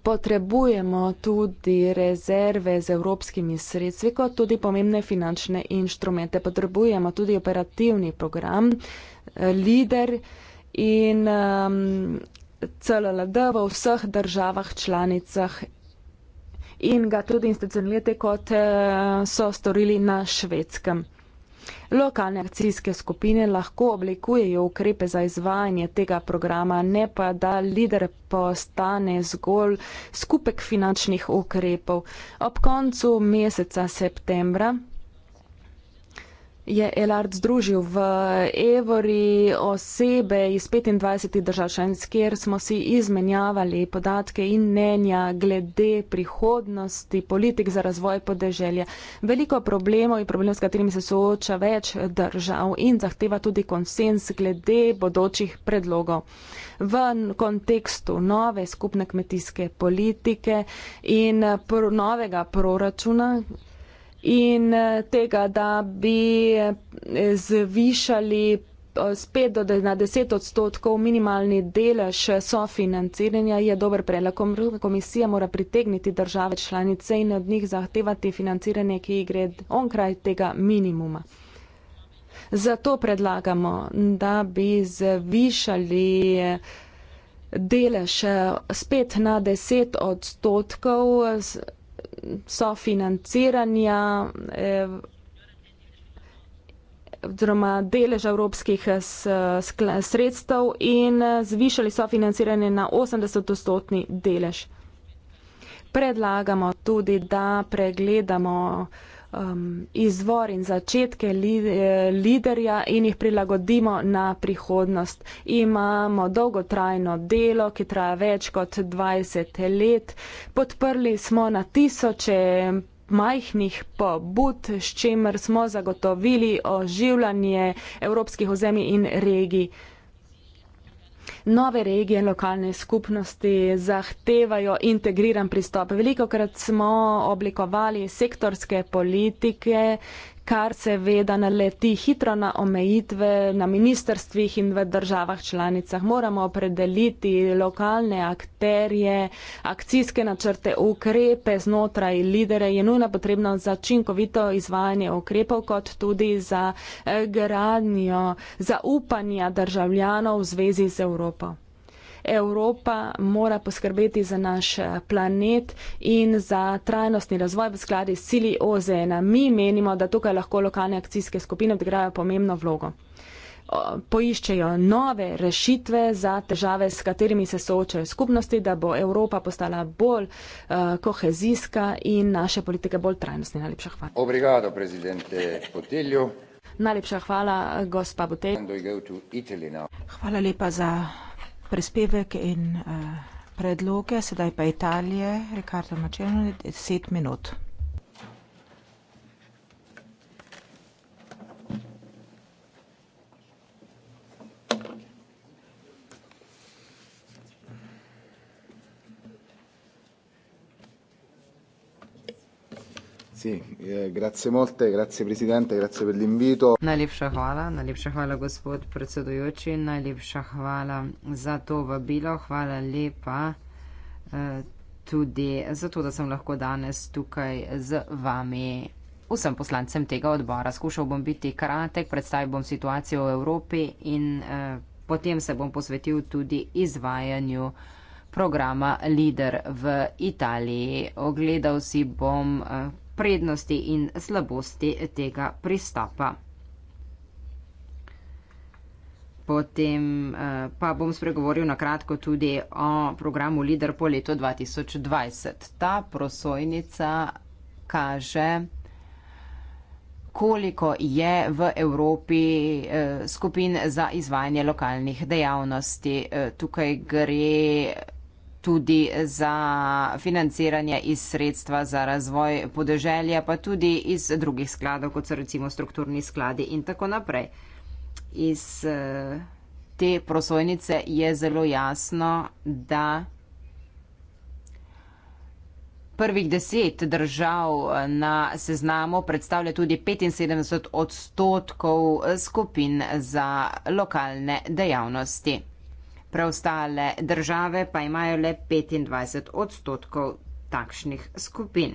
potrebujemo tudi rezerve z evropskimi sredstvi, kot tudi pomembne finančne inštrumente. Potrebujemo tudi operativni program eh, LIDER in um, ehm, CLLD v vseh državah članicah in ga tudi institucionalite, kot eh, so storili na švedskem. Lokalne akcijske skupine lahko oblikujejo ukrepe za izvajanje tega programa, ne pa da lider postane zgolj skupek finančnih ukrepov. Ob koncu meseca septembra je Elard združil v Evori osebe iz 25 držav članic, kjer smo si izmenjavali podatke in mnenja glede prihodnosti politik za razvoj podeželja. Veliko problemov je problem, s katerimi se sooča več držav in zahteva tudi konsens glede bodočih predlogov. V kontekstu nove skupne kmetijske politike in pr novega proračuna, in eh, tega, da bi eh, zvišali eh, spet do na 10 odstotkov minimalni delež sofinanciranja je dober predlog. Komisija mora pritegniti države članice in od njih zahtevati financiranje, ki gre onkraj tega minimuma. Zato predlagamo, da bi zvišali delež spet na 10 odstotkov sofinanciranja eh, oziroma delež evropskih eh, sredstev in eh, zvišali sofinanciranje na 80-odstotni delež. Predlagamo tudi, da pregledamo um, izvor in začetke eh, liderja in jih prilagodimo na prihodnost. Imamo dolgotrajno delo, ki traja več kot 20 let. Podprli smo na tisoče majhnih pobud, s čimer smo zagotovili oživljanje evropskih ozemi in regij nove regije in lokalne skupnosti zahtevajo integriran pristop. Veliko krat smo oblikovali sektorske politike, kar seveda naleti hitro na omejitve na ministerstvih in v državah članicah. Moramo opredeliti lokalne akterje, akcijske načrte, ukrepe znotraj lidere. Je nujno potrebno za činkovito izvajanje ukrepov, kot tudi za eh, gradnjo zaupanja državljanov v zvezi z Evropo. Evropa mora poskrbeti za naš eh, planet in za trajnostni razvoj v skladi s cili OZN. Mi menimo, da tukaj lahko lokalne akcijske skupine odigrajo pomembno vlogo. Poiščejo nove rešitve za težave, s katerimi se soočajo skupnosti, da bo Evropa postala bolj uh, kohezijska in naše politike bolj trajnostne. Najlepša hvala. Obrigado, prezidente Potelju. Najlepša hvala, gospa Botelj. Hvala lepa za prispevek in, eh, predloge, sedaj pa Italije, Riccardo Macelloni, deset minut. Sì, eh, grazie molte, grazie Presidente, grazie per l'invito. Najlepša hvala, najlepša hvala gospod predsedujoči, najlepša hvala za to vabilo, hvala lepa eh, tudi za to, da sem lahko danes tukaj z vami. Vsem poslancem tega odbora skušal bom biti kratek, predstavil bom situacijo v Evropi in eh, potem se bom posvetil tudi izvajanju programa Leader v Italiji. Ogledal si bom. Eh, prednosti in slabosti tega pristopa. Potem eh, pa bom spregovoril na kratko tudi o programu Lider po letu 2020. Ta prosojnica kaže, koliko je v Evropi eh, skupin za izvajanje lokalnih dejavnosti. Eh, tukaj gre tudi za financiranje iz sredstva za razvoj podeželja, pa tudi iz drugih skladov, kot so recimo strukturni skladi in tako naprej. Iz eh, te prosojnice je zelo jasno, da prvih deset držav eh, na seznamu predstavlja tudi 75 odstotkov eh, skupin za lokalne dejavnosti preostale države pa imajo le 25 odstotkov takšnih skupin.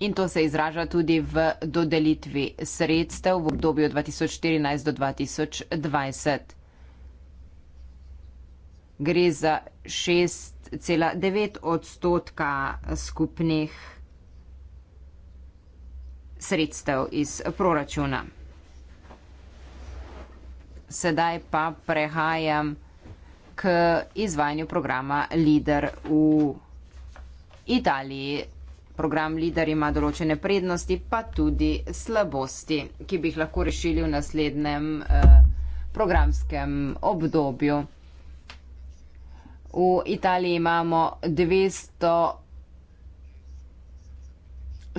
In to se izraža tudi v dodelitvi sredstev v obdobju 2014 do 2020. Gre za 6,9 odstotka skupnih sredstev iz proračuna. Sedaj pa prehajam k izvajanju programa LIDER v Italiji. Program LIDER ima določene prednosti, pa tudi slabosti, ki bi jih lahko rešili v naslednjem eh, programskem obdobju. V Italiji imamo 200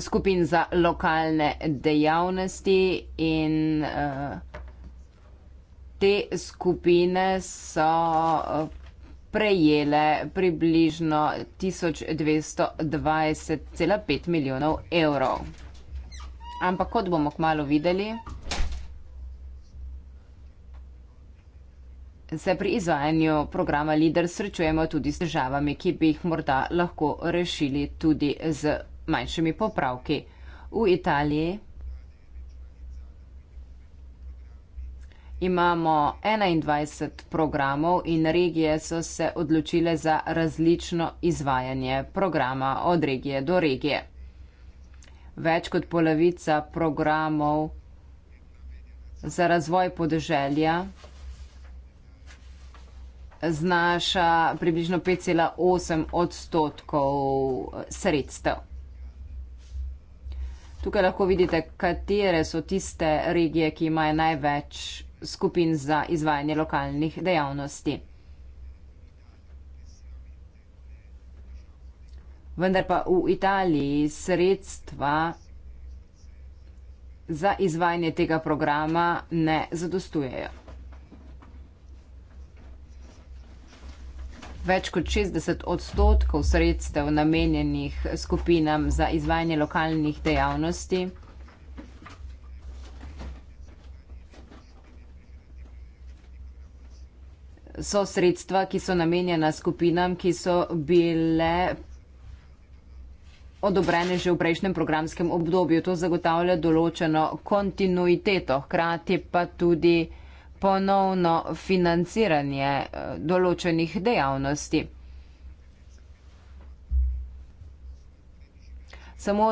skupin za lokalne dejavnosti in eh, te skupine so eh, prejele približno 1220,5 milijonov evrov. Ampak kot bomo kmalo videli, se pri izvajanju programa LIDER srečujemo tudi s državami, ki bi jih morda lahko rešili tudi z manjšimi popravki. V Italiji. imamo 21 programov in regije so se odločile za različno izvajanje programa od regije do regije. Več kot polovica programov za razvoj podeželja znaša približno 5,8 odstotkov sredstev. Tukaj lahko vidite, katere so tiste regije, ki imajo največ skupin za izvajanje lokalnih dejavnosti. Vendar pa v Italiji sredstva za izvajanje tega programa ne zadostujejo. Več kot 60 odstotkov sredstev namenjenih skupinam za izvajanje lokalnih dejavnosti so sredstva, ki so namenjena skupinam, ki so bile odobrene že v prejšnjem programskem obdobju. To zagotavlja določeno kontinuiteto, hkrati pa tudi ponovno financiranje eh, določenih dejavnosti. Samo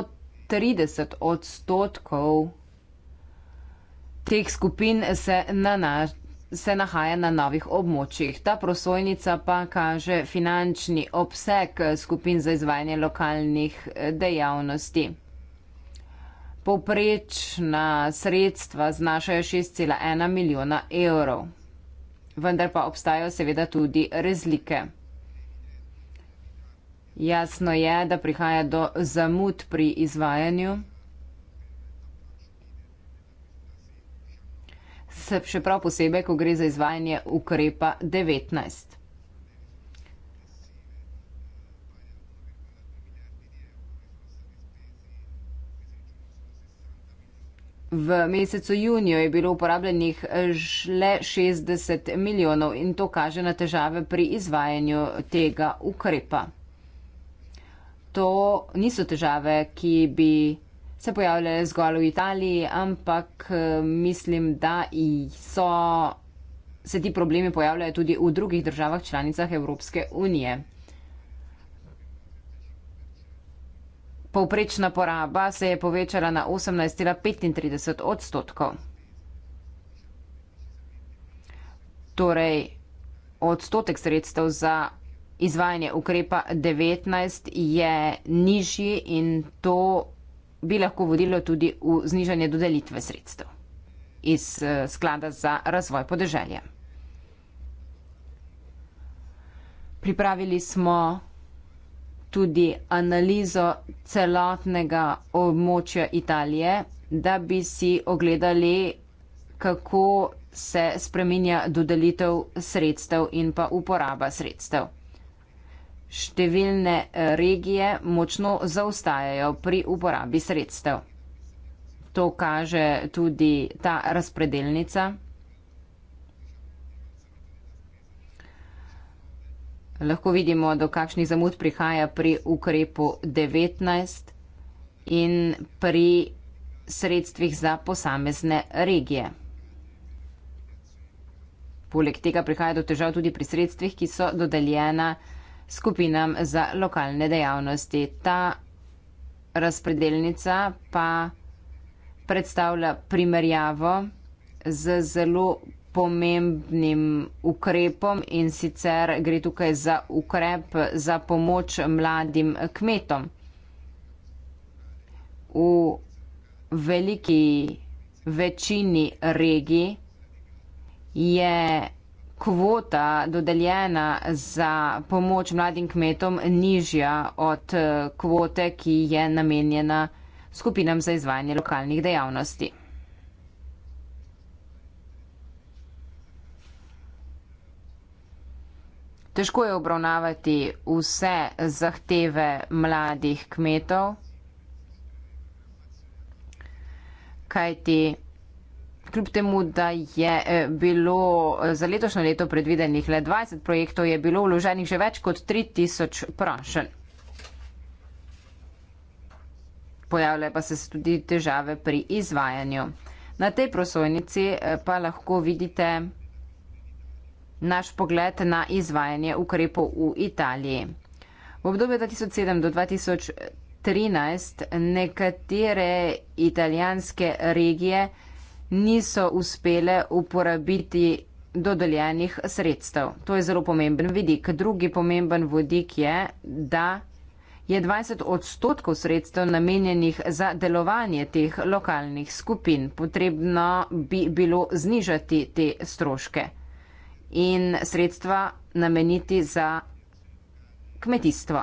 30 odstotkov teh skupin se nanaša se nahaja na novih območjih. Ta prosojnica pa kaže finančni obseg skupin za izvajanje lokalnih eh, dejavnosti. Povprečna sredstva znašajo 6,1 milijona evrov, vendar pa obstajajo seveda tudi razlike. Jasno je, da prihaja do zamud pri izvajanju. se še prav posebej, ko gre za izvajanje ukrepa 19. V mesecu junijo je bilo uporabljenih le 60 milijonov in to kaže na težave pri izvajanju tega ukrepa. To niso težave, ki bi se pojavljajo zgolj v Italiji, ampak eh, mislim, da so, se ti problemi pojavljajo tudi v drugih državah članicah Evropske unije. Povprečna poraba se je povečala na 18,35 odstotkov. Torej, odstotek sredstev za izvajanje ukrepa 19 je nižji in to bi lahko vodilo tudi v znižanje dodelitve sredstev iz eh, sklada za razvoj podeželja. Pripravili smo tudi analizo celotnega območja Italije, da bi si ogledali, kako se spreminja dodelitev sredstev in pa uporaba sredstev številne eh, regije močno zaostajajo pri uporabi sredstev. To kaže tudi ta razpredelnica. Lahko vidimo, do kakšnih zamud prihaja pri ukrepu 19 in pri sredstvih za posamezne regije. Poleg tega prihaja do težav tudi pri sredstvih, ki so dodeljena regije skupinam za lokalne dejavnosti. Ta razpredelnica pa predstavlja primerjavo z zelo pomembnim ukrepom in sicer gre tukaj za ukrep za pomoč mladim kmetom. V veliki večini regij je kvota dodeljena za pomoč mladim kmetom nižja od eh, kvote, ki je namenjena skupinam za izvajanje lokalnih dejavnosti. Težko je obravnavati vse zahteve mladih kmetov, kajti kljub temu, da je eh, bilo eh, za letošnje leto predvidenih le 20 projektov, je bilo vloženih že več kot 3000 prošen. Pojavljajo pa se tudi težave pri izvajanju. Na tej prosojnici eh, pa lahko vidite naš pogled na izvajanje ukrepov v Italiji. V obdobju 2007 do 2013 nekatere italijanske regije niso uspele uporabiti dodeljenih sredstev. To je zelo pomemben vidik. Drugi pomemben vodik je, da je 20 odstotkov sredstev namenjenih za delovanje teh lokalnih skupin. Potrebno bi bilo znižati te stroške in sredstva nameniti za kmetijstvo.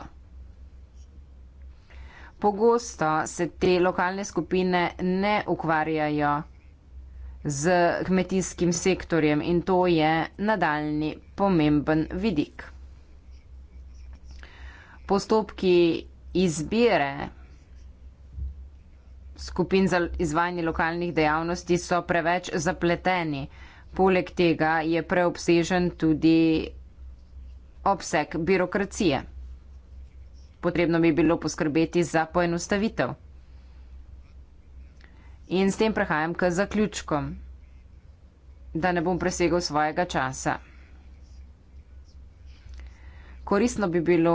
Pogosto se te lokalne skupine ne ukvarjajo z kmetijskim sektorjem in to je nadaljni pomemben vidik. Postopki izbire skupin za izvajanje lokalnih dejavnosti so preveč zapleteni. Poleg tega je preobsežen tudi obseg birokracije. Potrebno bi bilo poskrbeti za poenostavitev. In s tem prehajam k zaključkom, da ne bom presegel svojega časa. Koristno bi bilo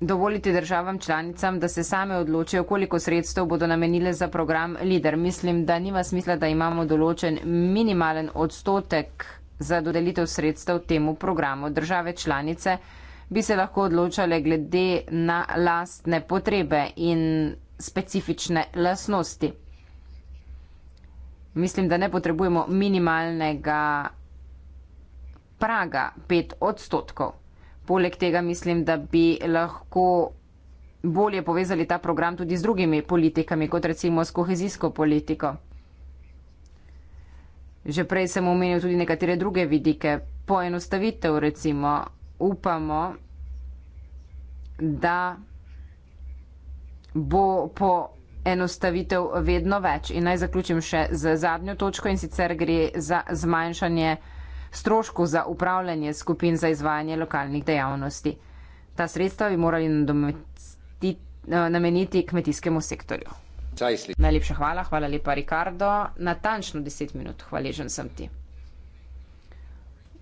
dovoliti državam članicam, da se same odločijo, koliko sredstev bodo namenile za program LIDER. Mislim, da nima smisla, da imamo določen minimalen odstotek za dodelitev sredstev temu programu. Države članice bi se lahko odločale glede na lastne potrebe in specifične lasnosti. Mislim, da ne potrebujemo minimalnega praga 5 odstotkov. Poleg tega mislim, da bi lahko bolje povezali ta program tudi z drugimi politikami, kot recimo s kohezijsko politiko. Že prej sem omenil tudi nekatere druge vidike. Poenostavitev recimo upamo, da bo po enostavitev vedno več. In naj zaključim še z zadnjo točko in sicer gre za zmanjšanje stroškov za upravljanje skupin za izvajanje lokalnih dejavnosti. Ta sredstva bi morali nadometi, eh, nameniti kmetijskemu sektorju. Cajsli. Najlepša hvala, hvala lepa Ricardo. Natančno 10 minut, hvaležen sem ti.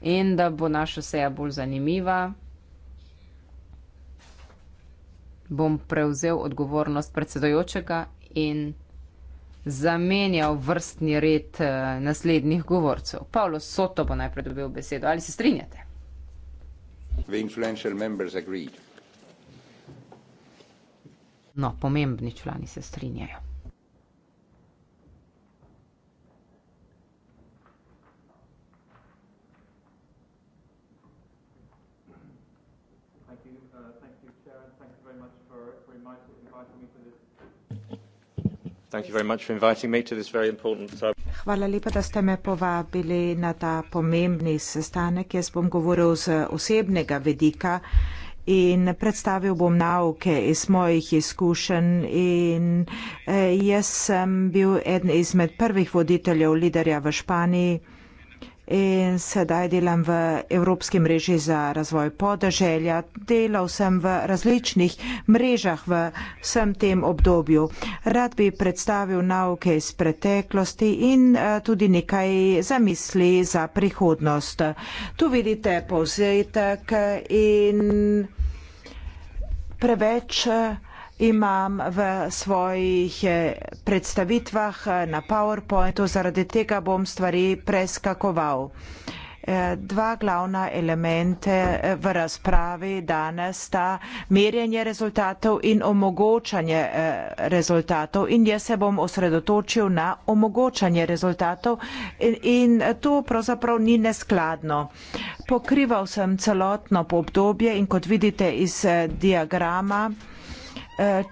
In da bo naša seja bolj zanimiva bom prevzel odgovornost predsedojočega in zamenjal vrstni red eh, naslednjih govorcev. Pavlo Soto bo najprej dobil besedo. Ali se strinjate? No, pomembni člani se strinjajo. Hvala lepa, da ste me povabili na ta pomembni sestanek. Jaz bom govoril z osebnega vedika in predstavil bom nauke iz mojih izkušenj. In eh, jaz sem bil eden izmed prvih voditeljev, liderja v Španiji in sedaj delam v Evropski mreži za razvoj podeželja. Delal sem v različnih mrežah v vsem tem obdobju. Rad bi predstavil nauke iz preteklosti in eh, tudi nekaj zamisli za prihodnost. Tu vidite povzetek in preveč eh, imam v svojih eh, predstavitvah eh, na PowerPointu, zaradi tega bom stvari preskakoval. Eh, dva glavna elemente v razpravi danes sta merjenje rezultatov in omogočanje rezultatov in jaz se bom osredotočil na omogočanje rezultatov in, in to pravzaprav ni neskladno. Pokrival sem celotno obdobje in kot vidite iz diagrama, Eh,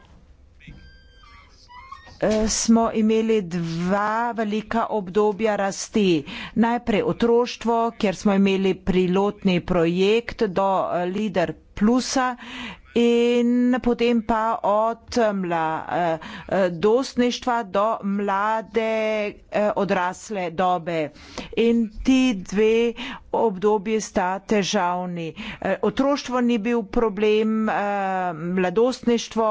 eh, smo imeli dva velika obdobja rasti. Najprej otroštvo, kjer smo imeli pilotni projekt do eh, Lider Plusa in potem pa od mladostništva eh, eh, do mlade eh, odrasle dobe. In ti dve obdobje sta težavni. Otroštvo ni bil problem, mladostništvo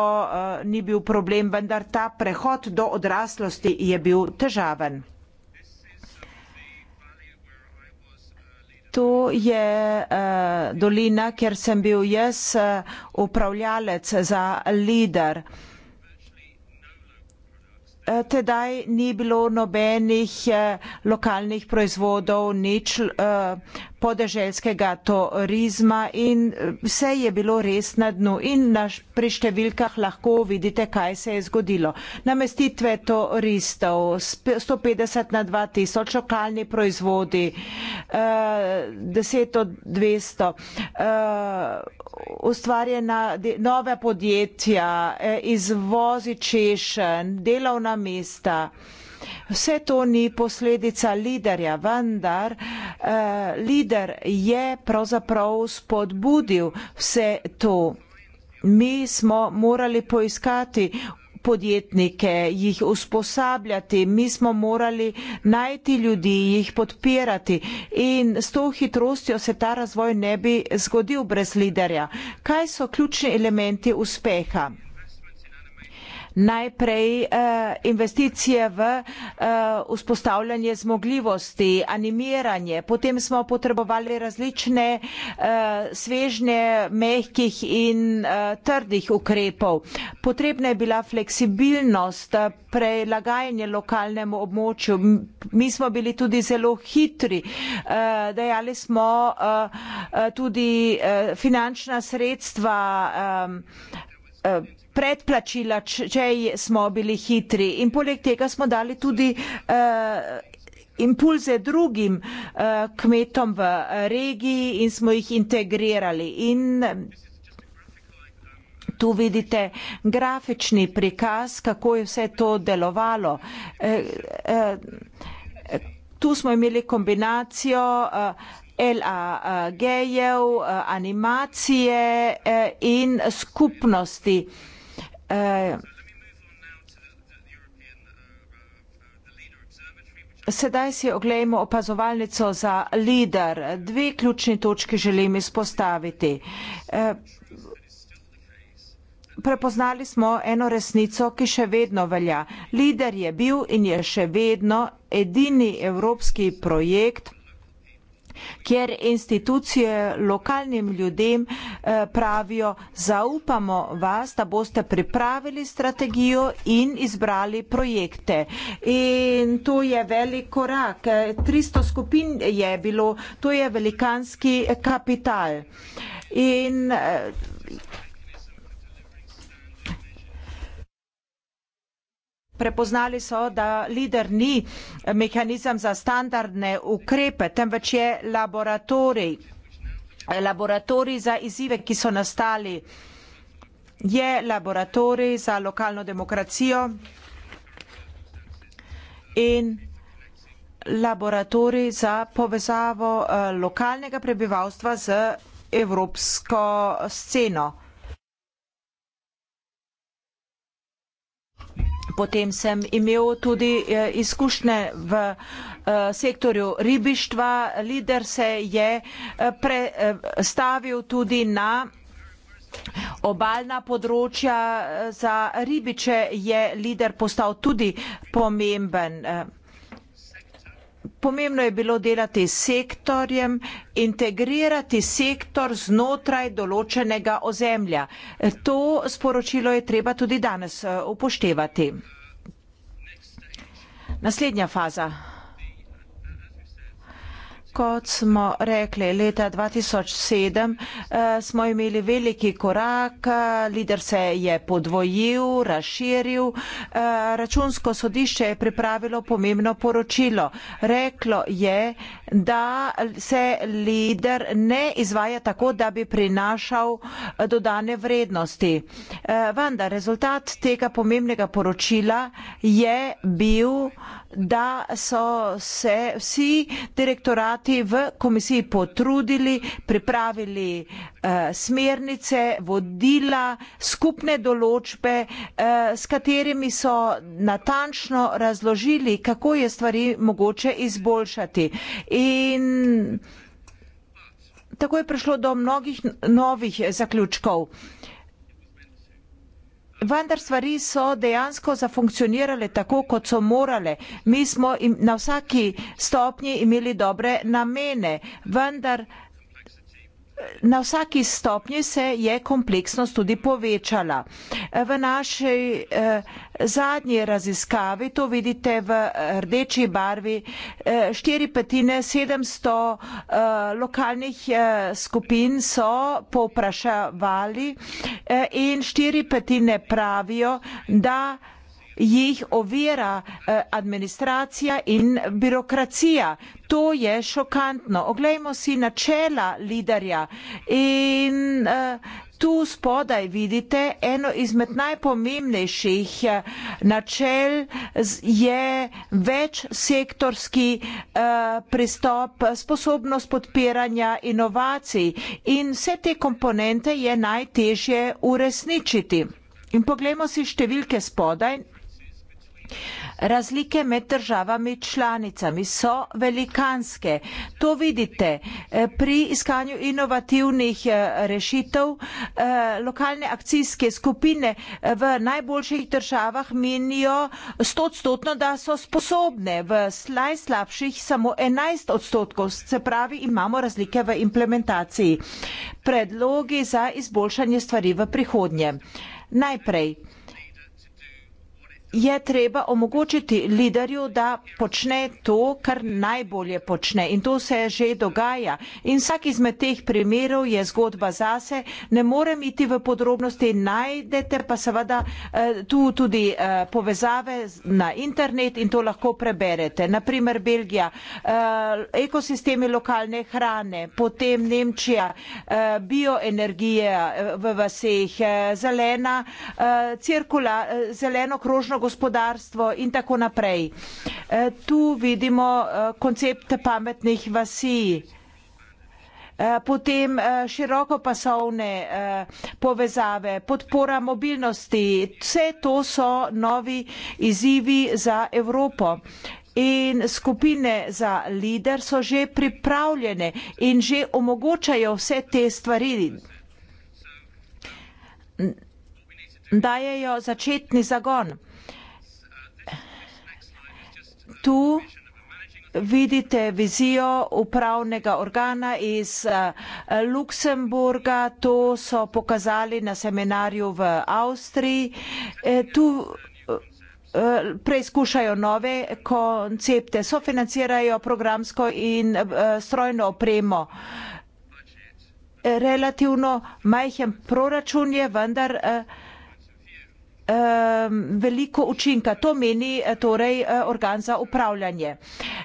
ni bil problem, vendar ta prehod do odraslosti je bil težaven. to je uh, dolina, kjer sem bil jaz uh, upravljalec za lider. Eh, tedaj ni bilo nobenih eh, lokalnih proizvodov, nič eh, podeželskega turizma in eh, vse je bilo res na dnu in na, pri številkah lahko vidite, kaj se je zgodilo. Namestitve turistov, 150 na 2000, lokalni proizvodi, eh, 10 od 200, eh, ustvarjena nove podjetja, eh, izvozi češen, delovna mesta. Eh, Vse to ni posledica liderja, vendar eh, lider je pravzaprav spodbudil vse to. Mi smo morali poiskati podjetnike, jih usposabljati, mi smo morali najti ljudi, jih podpirati in s to hitrostjo se ta razvoj ne bi zgodil brez liderja. Kaj so ključni elementi uspeha? najprej eh, investicije v eh, vzpostavljanje zmogljivosti, animiranje, potem smo potrebovali različne eh, svežne, mehkih in eh, trdih ukrepov. Potrebna je bila fleksibilnost, prelagajanje lokalnemu območju. Mi smo bili tudi zelo hitri, eh, dajali smo eh, eh, tudi eh, finančna sredstva. Eh, eh, predplačila, če smo bili hitri. In poleg tega smo dali tudi uh, impulze drugim uh, kmetom v eh, regiji in smo jih integrirali. In tu vidite grafični prikaz, kako je vse to delovalo. Uh, uh, tu smo imeli kombinacijo. Uh, LA gejev, animacije in skupnosti. Eh, sedaj si oglejmo opazovalnico za LIDAR. Dve ključni točki želim izpostaviti. Eh, prepoznali smo eno resnico, ki še vedno velja. LIDAR je bil in je še vedno edini evropski projekt, kjer institucije lokalnim ljudem eh, pravijo, zaupamo vas, da boste pripravili strategijo in izbrali projekte. In to je velik korak. 300 skupin je bilo, to je velikanski kapital. In eh, prepoznali so, da lider ni mehanizem za standardne ukrepe, temveč je laboratorij, laboratorij za izzive, ki so nastali, je laboratorij za lokalno demokracijo in laboratorij za povezavo eh, lokalnega prebivalstva z evropsko sceno. Potem sem imel tudi eh, izkušnje v eh, sektorju ribištva. Lider se je eh, prestavil tudi na obaljna področja. Za ribiče je lider postal tudi pomemben pomembno je bilo delati s sektorjem, integrirati sektor znotraj določenega ozemlja. To sporočilo je treba tudi danes eh, upoštevati. Naslednja faza. Kot smo rekli, leta 2007 eh, smo imeli veliki korak, eh, lider se je podvojil, razširil, eh, računsko sodišče je pripravilo pomembno poročilo. Reklo je, da se lider ne izvaja tako, da bi prinašal eh, dodane vrednosti. Eh, vendar rezultat tega pomembnega poročila je bil da so se vsi direktorati v komisiji potrudili, pripravili eh, smernice, vodila, skupne določbe, eh, s katerimi so natančno razložili, kako je stvari mogoče izboljšati. In tako je prišlo do mnogih novih zaključkov. Eh, vendar stvari so dejansko zafunkcionirale tako, kot so morale. Mi smo na vsaki stopnji imeli dobre namene, vendar Na vsaki stopnji se je kompleksnost tudi povečala. V naši eh, zadnji raziskavi, to vidite v rdeči barvi, eh, štiri petine, sedemsto eh, lokalnih skupin so povpraševali in štiri petine pravijo, da jih ovira eh, administracija in birokracija. To je šokantno. Oglejmo si načela liderja in eh, tu spodaj vidite eno izmed najpomembnejših eh, načel je več sektorski pristop, sposobnost podpiranja inovacij in vse te komponente je najtežje uresničiti. In poglejmo si številke spodaj. Razlike med državami članicami so velikanske. To vidite eh, pri iskanju inovativnih eh, rešitev. Eh, lokalne akcijske skupine v najboljših državah menijo 100 odstotno, da so sposobne, v najslabših samo 11 odstotkov, se pravi, imamo razlike v implementaciji. Predlogi za izboljšanje stvari v prihodnje. Najprej je treba omogočiti liderju, da počne to, kar najbolje počne. In to se že dogaja. In vsak izmed teh primerov je zgodba zase. Ne morem iti v podrobnosti, najdete pa seveda eh, tu tudi eh, povezave na internet in to lahko preberete. Naprimer Belgija, eh, ekosistemi lokalne hrane, potem Nemčija, bioenergija v vseh, zelena, cirkula, zeleno krožno gospodarstvo in tako naprej. E, tu vidimo e, koncept pametnih vasi, e, potem širokopasovne povezave, podpora mobilnosti. Vse to so novi izzivi za Evropo. In skupine za lider so že pripravljene in že omogočajo vse te stvari. Dajejo začetni zagon tu vidite vizijo upravnega organa iz eh, Luksemburga, to so pokazali na seminarju v Avstriji. Eh, tu eh, preizkušajo nove koncepte, sofinancirajo programsko in strojno opremo. Relativno majhen proračun je vendar Ehm, veliko učinka. To meni eh, torej eh, organ za upravljanje.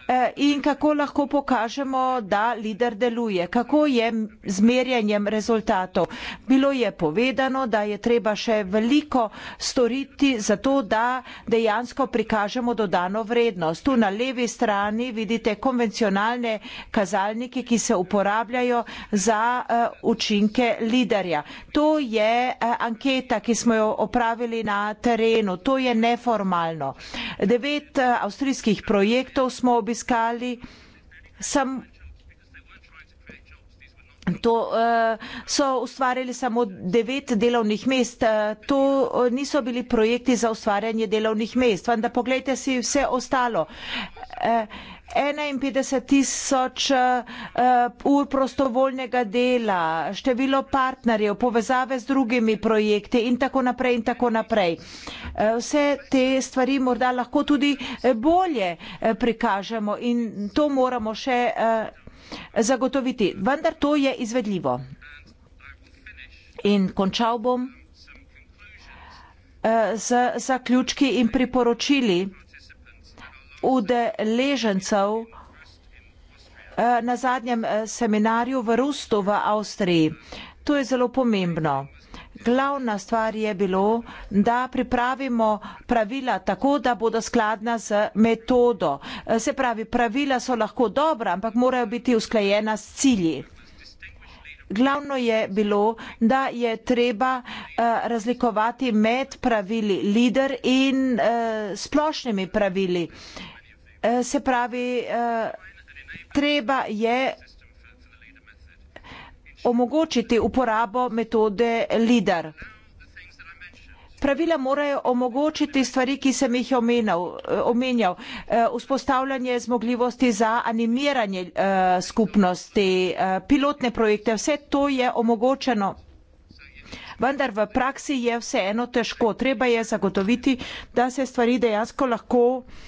Eh, in kako lahko pokažemo, da lider deluje? Kako je z merjanjem rezultatov? Bilo je povedano, da je treba še veliko storiti za to, da dejansko prikažemo dodano vrednost. Tu na levi strani vidite konvencionalne kazalnike, ki se uporabljajo za učinke liderja. To je anketa, ki smo jo opravili na na terenu. To je neformalno. Devet eh, avstrijskih projektov smo obiskali. Sam To uh, so ustvarili samo devet delovnih mest. Uh, to uh, niso bili projekti za ustvarjanje delovnih mest. Vendar pogledajte si vse ostalo. Uh, 51 tisoč uh, ur prostovoljnega dela, število partnerjev, povezave z drugimi projekti in tako naprej in tako naprej. Uh, vse te stvari morda lahko tudi eh, bolje uh, prikažemo in to moramo še uh, zagotoviti. Vendar to je izvedljivo. In končal bom z zaključki in priporočili udeležencev eh, na zadnjem eh, seminarju v Rustu v Avstriji. To je zelo pomembno. Glavna stvar je bilo, da pripravimo pravila tako, da bodo skladna z metodo. Eh, se pravi, pravila so lahko dobra, ampak morajo biti usklajena s cilji. Glavno je bilo, da je treba uh, razlikovati med pravili lider in uh, splošnimi pravili. Uh, se pravi, uh, treba je omogočiti uporabo metode lider pravila morajo omogočiti stvari, ki sem jih omenal, eh, omenjal. Eh, vzpostavljanje zmogljivosti za animiranje eh, skupnosti, pilotne projekte, vse to je omogočeno. Vendar v praksi je vseeno težko. Treba je zagotoviti, da se stvari dejansko lahko uh,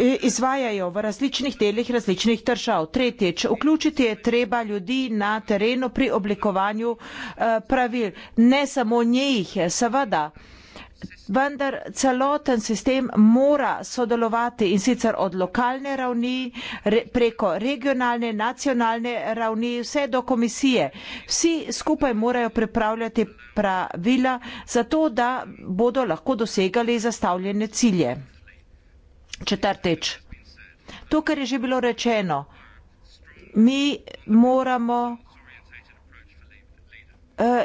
izvajajo v različnih delih različnih držav. Tretjič, vključiti je treba ljudi na terenu pri oblikovanju eh, pravil, ne samo njih, seveda. Vendar celoten sistem mora sodelovati in sicer od lokalne ravni re, preko regionalne, nacionalne ravni, vse do komisije. Vsi skupaj morajo pripravljati pravila, zato da bodo lahko dosegali zastavljene cilje. Četrtič, to, kar je že bilo rečeno, mi moramo uh,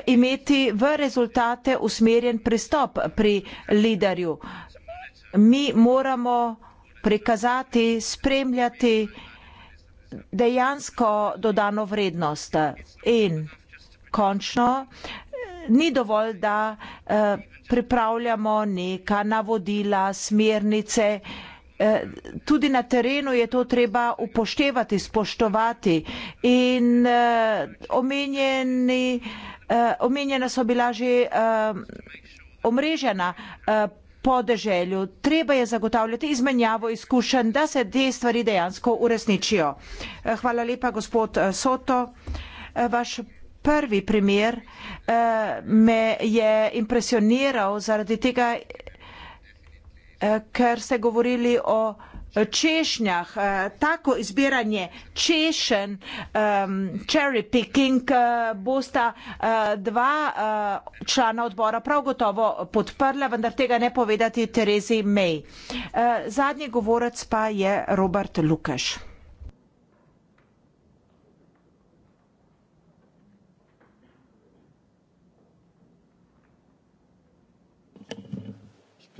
imeti v rezultate usmerjen pristop pri liderju. Mi moramo prikazati, spremljati dejansko dodano vrednost in končno eh, ni dovolj, da uh, pripravljamo neka navodila, smernice, uh, Eh, tudi na terenu je to treba upoštevati, spoštovati. In eh, omenjeni, eh, omenjena so bila že omrežena podeželju. Treba je zagotavljati izmenjavo izkušenj, da se te stvari dejansko uresničijo. Hvala lepa, gospod Soto. Vaš prvi primer me je impresioniral zaradi tega, Eh, ker ste govorili o češnjah, eh, tako izbiranje češen, um, cherry picking, eh, bosta dva člana odbora prav gotovo podprla, vendar tega ne povedati Terezi May. Zadnji govorec pa je Robert Lukaš.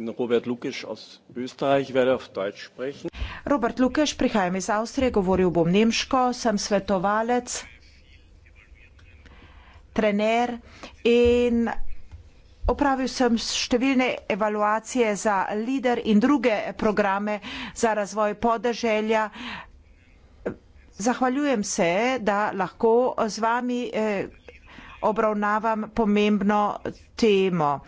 Robert Lukesch aus Österreich, werde auf Deutsch sprechen. Robert Lukesch, prihajam iz Avstrije, govoril bom nemško, sem svetovalec, trener in opravil sem številne evaluacije za LIDER in druge programe za razvoj podeželja. Zahvaljujem se, da lahko z vami eh, obravnavam pomembno temo.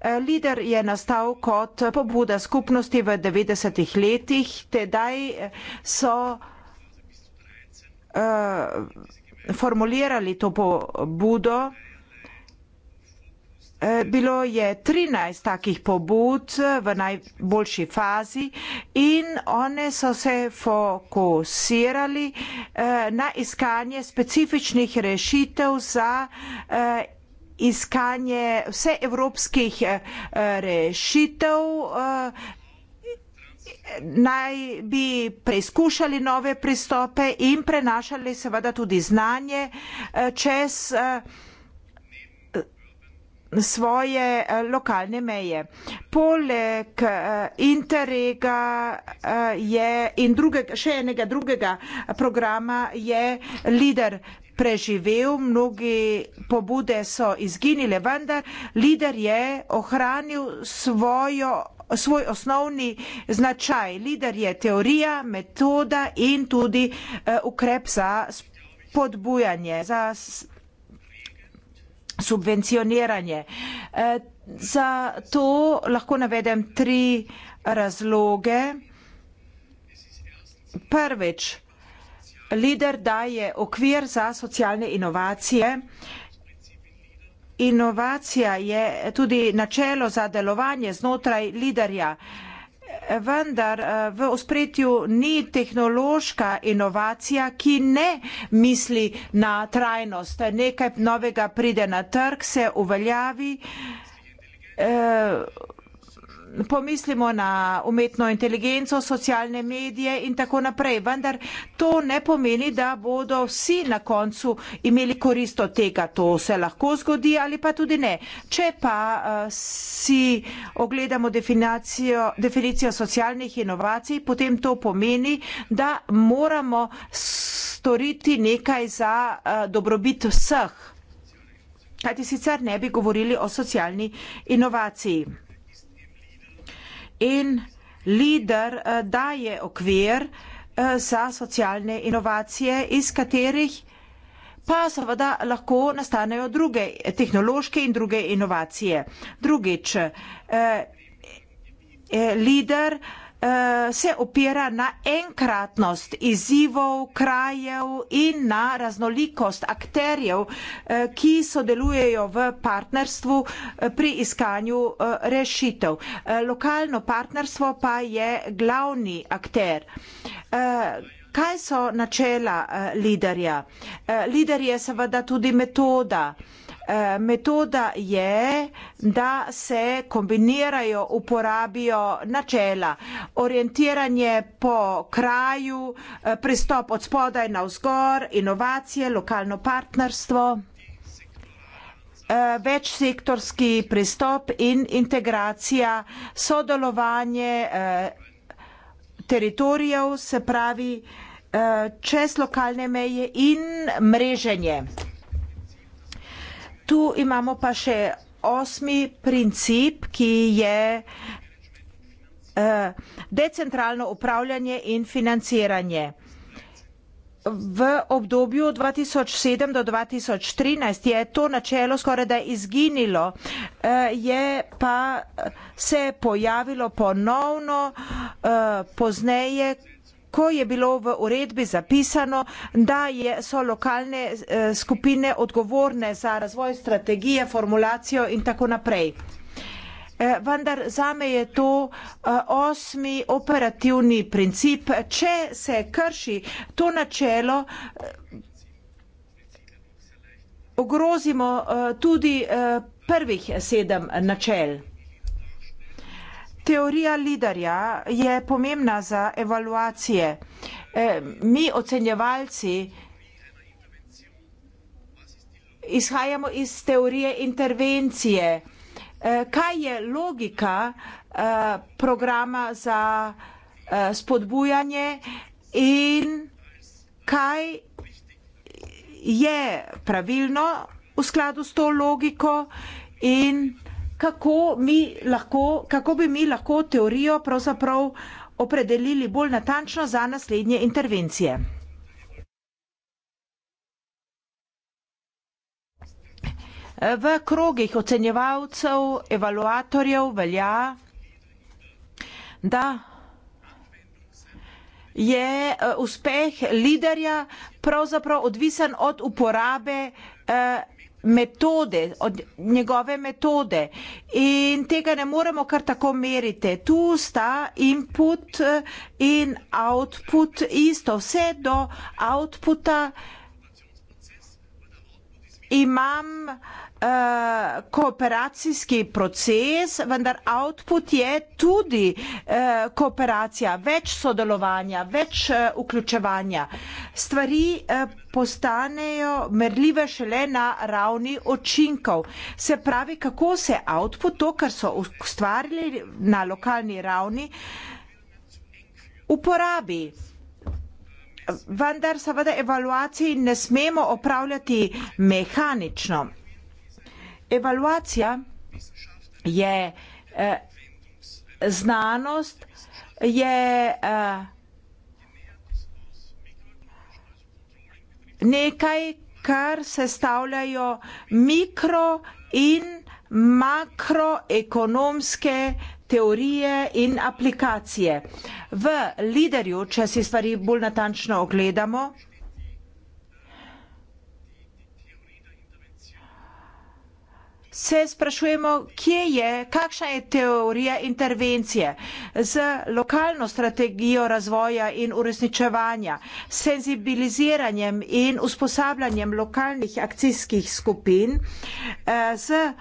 E, lider je nastal kot pobuda skupnosti v 90-ih letih, tedaj so uh, formulirali to pobudo. Eh, bilo je 13 takih pobud eh, v najboljši fazi in one so se fokusirali eh, na iskanje specifičnih rešitev za iskanje vse evropskih rešitev. Naj bi preizkušali nove pristope in prenašali seveda tudi znanje čez svoje eh, lokalne meje. Poleg eh, Interrega eh, je in drugega, še enega drugega programa je Lider preživel, mnogi pobude so izginile, vendar Lider je ohranil svojo svoj osnovni značaj. Lider je teorija, metoda in tudi uh, ukrep za spodbujanje, za subvencioniranje. E, za to lahko navedem tri razloge. Prvič, LIDER daje okvir za socialne inovacije. Inovacija je tudi načelo za delovanje znotraj LIDERja vendar eh, v ospretju ni tehnološka inovacija, ki ne misli na trajnost. Nekaj novega pride na trg, se uveljavi. Eh, pomislimo na umetno inteligenco, socialne medije in tako naprej. Vendar to ne pomeni, da bodo vsi na koncu imeli korist od tega. To se lahko zgodi ali pa tudi ne. Če pa eh, si ogledamo definicijo, definicijo socialnih inovacij, potem to pomeni, da moramo storiti nekaj za eh, dobrobit vseh. Kajti sicer ne bi govorili o socialni inovaciji in lider eh, daje okvir eh, za socialne inovacije, iz katerih pa seveda lahko nastanejo druge tehnološke in druge inovacije. Drugič, eh, lider eh, uh, se opira na enkratnost izzivov, krajev in na raznolikost akterjev, uh, ki sodelujejo v partnerstvu uh, pri iskanju uh, rešitev. Uh, lokalno partnerstvo pa je glavni akter. Uh, kaj so načela uh, liderja? Uh, lider je seveda tudi metoda. Eh, metoda je, da se kombinirajo, uporabijo načela orientiranje po kraju, eh, pristop od spodaj na vzgor, inovacije, lokalno partnerstvo, eh, večsektorski pristop in integracija, sodelovanje teritorijev, se pravi čez lokalne meje in mreženje. Tu imamo pa še osmi princip, ki je eh, decentralno upravljanje in financiranje. V obdobju 2007 do 2013 je to načelo skoraj da izginilo, eh, je pa se pojavilo ponovno eh, pozneje, ko je bilo v uredbi zapisano, da je, so lokalne eh, skupine odgovorne za razvoj strategije, formulacijo in tako naprej. Eh, vendar za me je to eh, osmi operativni princip. Če se krši to načelo, eh, ogrozimo tudi prvih sedem načel. Teorija liderja je pomembna za evaluacije. E, mi ocenjevalci izhajamo iz teorije intervencije. E, kaj je logika e, programa za spodbujanje in kaj je pravilno v skladu s to logiko in kaj je pravilno? kako, lahko, kako bi mi lahko teorijo pravzaprav opredelili bolj natančno za naslednje intervencije. V krogih ocenjevalcev, evaluatorjev velja, da je eh, uspeh liderja pravzaprav odvisen od uporabe eh, metode, od njegove metode in tega ne moremo kar tako meriti. Tu sta input eh, in output isto, vse do outputa imam Eh, kooperacijski proces, vendar output je tudi uh, kooperacija, več sodelovanja, več uh, vključevanja. Stvari uh, postanejo merljive šele na ravni očinkov. Se pravi, kako se output, to, kar so ustvarili na lokalni ravni, uporabi. Vendar seveda evaluaciji ne smemo opravljati mehanično. Evaluacija je eh, znanost, je eh, nekaj, kar sestavljajo mikro in makroekonomske teorije in aplikacije. V liderju, če si stvari bolj natančno ogledamo, se sprašujemo, kje je, kakšna je teorija intervencije z lokalno strategijo razvoja in uresničevanja, senzibiliziranjem in usposabljanjem lokalnih akcijskih skupin, eh, z eh,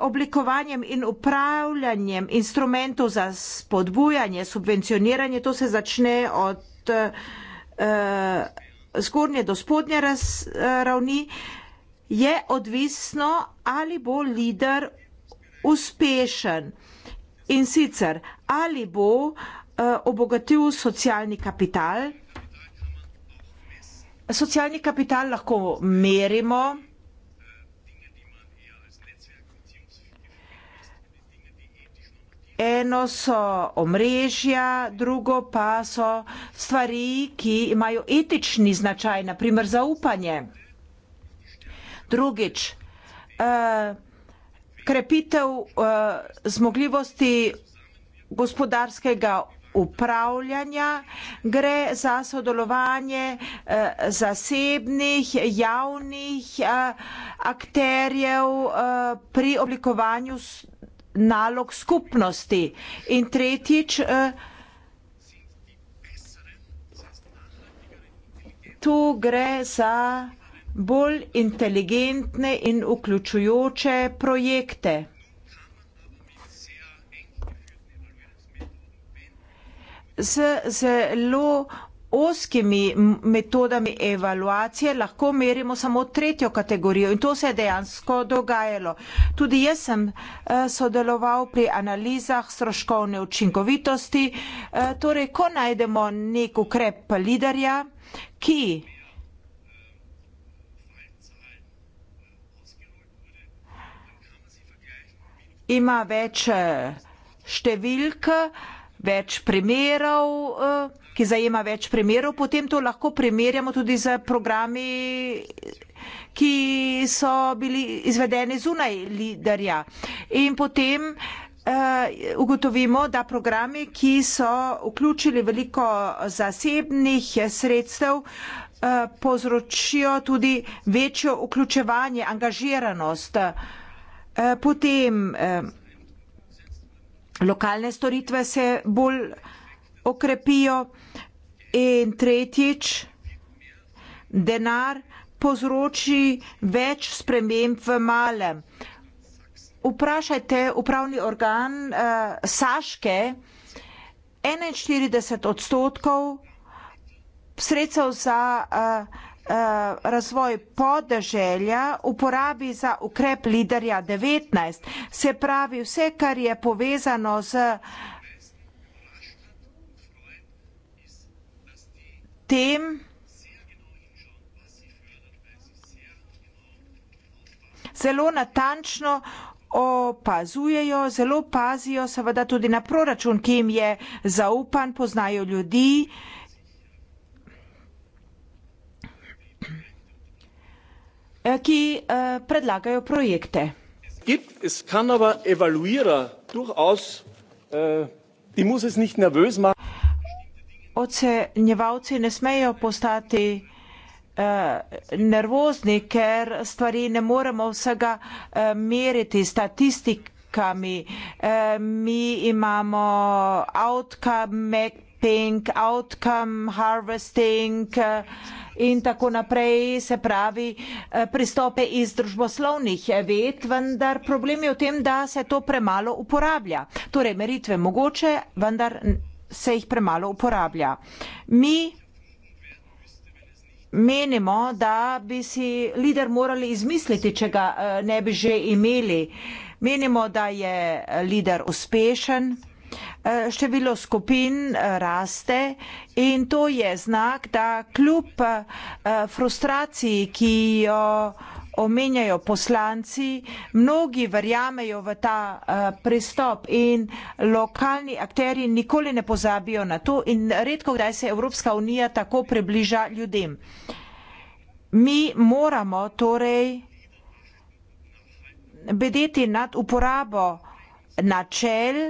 oblikovanjem in upravljanjem instrumentov za spodbujanje, subvencioniranje, to se začne od eh, zgornje do spodnje raz, ravni je odvisno, ali bo voditelj uspešen in sicer ali bo uh, obogatil socialni kapital. Socialni kapital lahko merimo. Eno so omrežja, drugo pa so stvari, ki imajo etični značaj, naprimer zaupanje. Drugič, eh, krepitev eh, zmogljivosti gospodarskega upravljanja, gre za sodelovanje eh, zasebnih, javnih akterjev pri oblikovanju nalog skupnosti. In tretjič, tu gre za bolj inteligentne in vključujoče projekte. Z zelo oskimi metodami evaluacije lahko merimo samo tretjo kategorijo in to se je dejansko dogajalo. Tudi jaz sem eh, sodeloval pri analizah stroškovne učinkovitosti, eh, torej ko najdemo nek ukrep liderja, ki ima več eh, številk, več primerov, eh, ki zajema več primerov, potem to lahko primerjamo tudi z programi, ki so bili izvedeni zunaj liderja. In potem eh, ugotovimo, da programi, ki so vključili veliko zasebnih sredstev, povzročijo tudi večjo vključevanje, angažiranost vsega. Eh, potem eh, lokalne storitve se bolj okrepijo in tretjič denar povzroči več sprememb v malem. Vprašajte upravni organ eh, Saške, 41 odstotkov sredstev za Eh, razvoj podeželja uporabi za ukrep liderja 19, se pravi vse, kar je povezano z tem, zelo natančno opazujejo, zelo pazijo seveda tudi na proračun, ki jim je zaupan, poznajo ljudi Eh, ki eh, predlagajo projekte. Eh, Ocenjevalci ne smejo postati nervozni, ker stvari ne moremo vsega meriti statistikami. Mi imamo outcome, harvesting, outcome harvesting uh, in tako naprej, se pravi, uh, pristope iz družboslovnih eh, ved, vendar problem je v tem, da se to premalo uporablja. Torej, meritve mogoče, vendar se jih premalo uporablja. Mi menimo, da bi si lider morali izmisliti, če ga ne bi že imeli. Menimo, da je lider uspešen. Eh, število skupin eh, raste in to je znak, da kljub eh, frustraciji, ki jo omenjajo poslanci, mnogi verjamejo v ta pristop in lokalni akteri nikoli ne pozabijo na to in redko kdaj se Evropska unija tako približa ljudem. Mi moramo torej bedeti nad uporabo načel,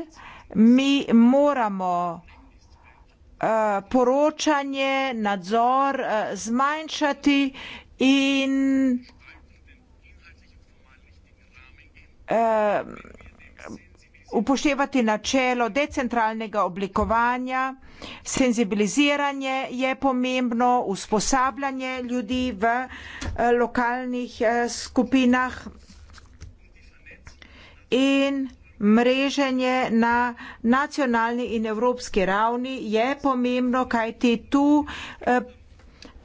mi moramo eh, poročanje, nadzor eh, zmanjšati in eh, upoštevati načelo decentralnega oblikovanja, senzibiliziranje je pomembno, usposabljanje ljudi v lokalnih skupinah in mreženje na nacionalni in evropski ravni je pomembno, kaj ti tu eh,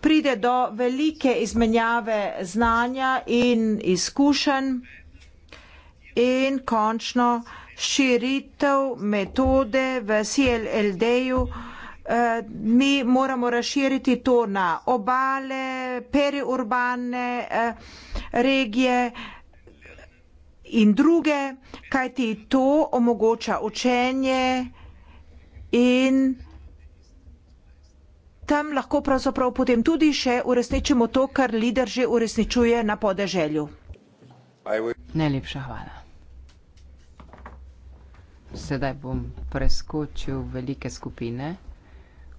pride do velike izmenjave znanja in izkušenj in končno širitev metode v CLLD-ju. Eh, mi moramo razširiti to na obale, periurbane eh, regije, in druge, kajti to omogoča učenje in tam lahko pravzaprav potem tudi še uresničimo to, kar lider že uresničuje na podeželju. Najlepša hvala. Sedaj bom preskočil velike skupine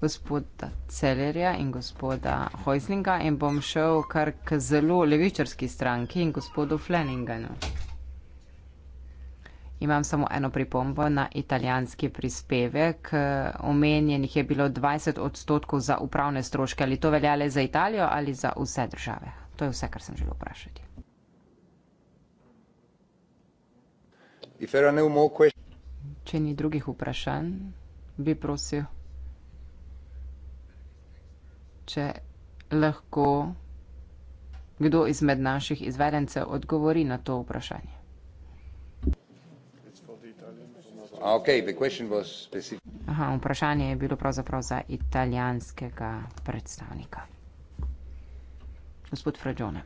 gospoda Celerja in gospoda Hojzlinga in bom šel kar k zelo levičarski stranki in gospodu Fleningenu imam samo eno pripombo na italijanski prispevek. Omenjenih je bilo 20 odstotkov za upravne stroške. Ali to velja le za Italijo ali za vse države? To je vse, kar sem želel vprašati. No če ni drugih vprašanj, bi prosil, če lahko kdo izmed naših izvedencev odgovori na to vprašanje. Ah, okay, Aha, vprašanje je bilo pravzaprav za italijanskega predstavnika. Gospod Fragione.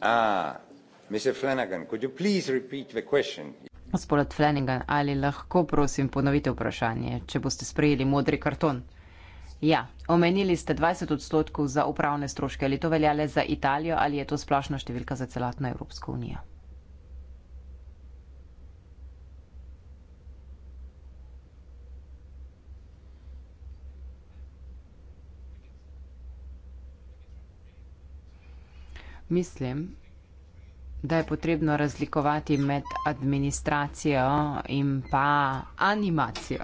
Ah, Mr. Flanagan, could you please repeat the question? Gospod Flanagan, ali lahko prosim ponovite vprašanje, če boste sprejeli modri karton? Ja, omenili ste 20 odstotkov za upravne stroške. Ali to velja le za Italijo ali je to splošna številka za celotno Evropsko unijo? Mislim, da je potrebno razlikovati med administracijo in pa animacijo.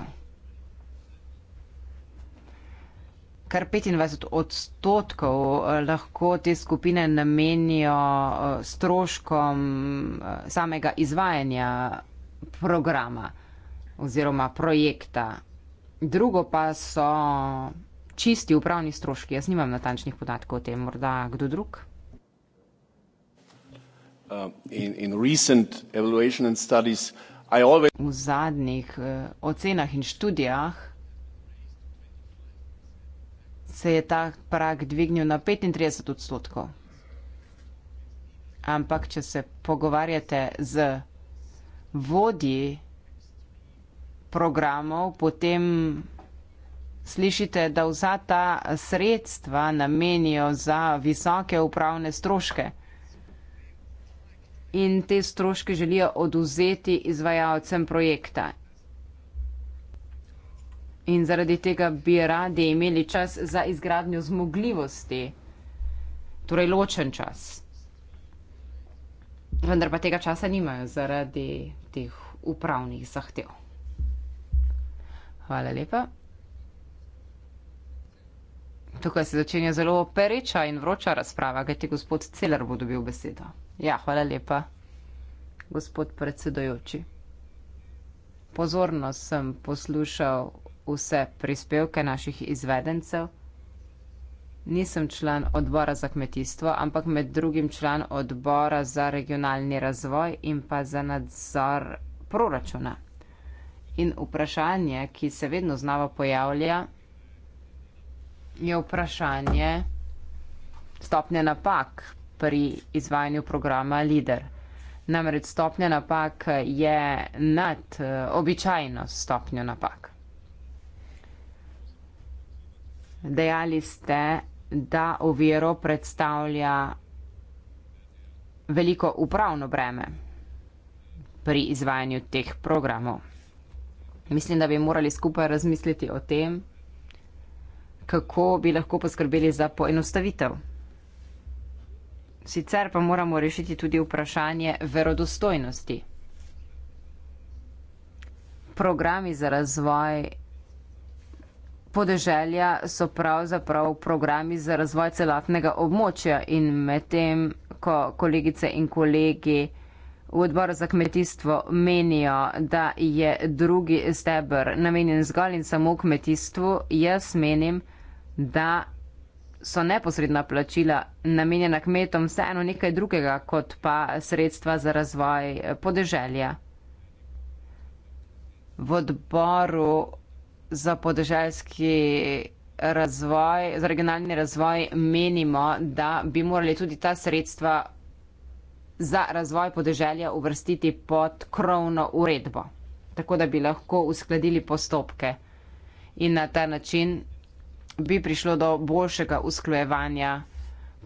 Kar 25 odstotkov eh, lahko te skupine namenijo eh, stroškom eh, samega izvajanja programa oziroma projekta. Drugo pa so čisti upravni stroški. Jaz nimam natančnih podatkov o tem, morda kdo drug. Uh, v zadnjih uh, ocenah in študijah se je ta prag dvignil na 35 odstotkov. Ampak, če se pogovarjate z vodji programov, potem slišite, da vsa ta sredstva namenijo za visoke upravne stroške in te stroške želijo oduzeti izvajalcem projekta. In zaradi tega bi radi imeli čas za izgradnjo zmogljivosti, torej ločen čas. Vendar pa tega časa nimajo zaradi teh upravnih zahtev. Hvala lepa. Tukaj se začenja zelo pereča in vroča razprava, kajti gospod Celer bo dobil besedo. Ja, hvala lepa, gospod predsedojoči. Pozorno sem poslušal vse prispevke naših izvedencev. Nisem član odbora za kmetijstvo, ampak med drugim član odbora za regionalni razvoj in pa za nadzor proračuna. In vprašanje, ki se vedno znova pojavlja, je vprašanje stopnje napak pri izvajanju programa LIDER. Namreč stopnja napak je nad eh, običajno stopnjo napak. Dejali ste, da uvero predstavlja veliko upravno breme pri izvajanju teh programov. Mislim, da bi morali skupaj razmisliti o tem, kako bi lahko poskrbeli za poenostavitev sicer pa moramo rešiti tudi vprašanje verodostojnosti. Programi za razvoj podeželja so pravzaprav programi za razvoj celotnega območja in medtem, ko kolegice in kolegi v odboru za kmetijstvo menijo, da je drugi stebr namenjen zgolj in samo kmetijstvu, jaz menim, da so neposredna plačila namenjena kmetom vseeno nekaj drugega, kot pa sredstva za razvoj eh, podeželja. V odboru za podeželjski razvoj, za regionalni razvoj menimo, da bi morali tudi ta sredstva za razvoj podeželja uvrstiti pod krovno uredbo, tako da bi lahko uskladili postopke in na ta način bi prišlo do boljšega usklajevanja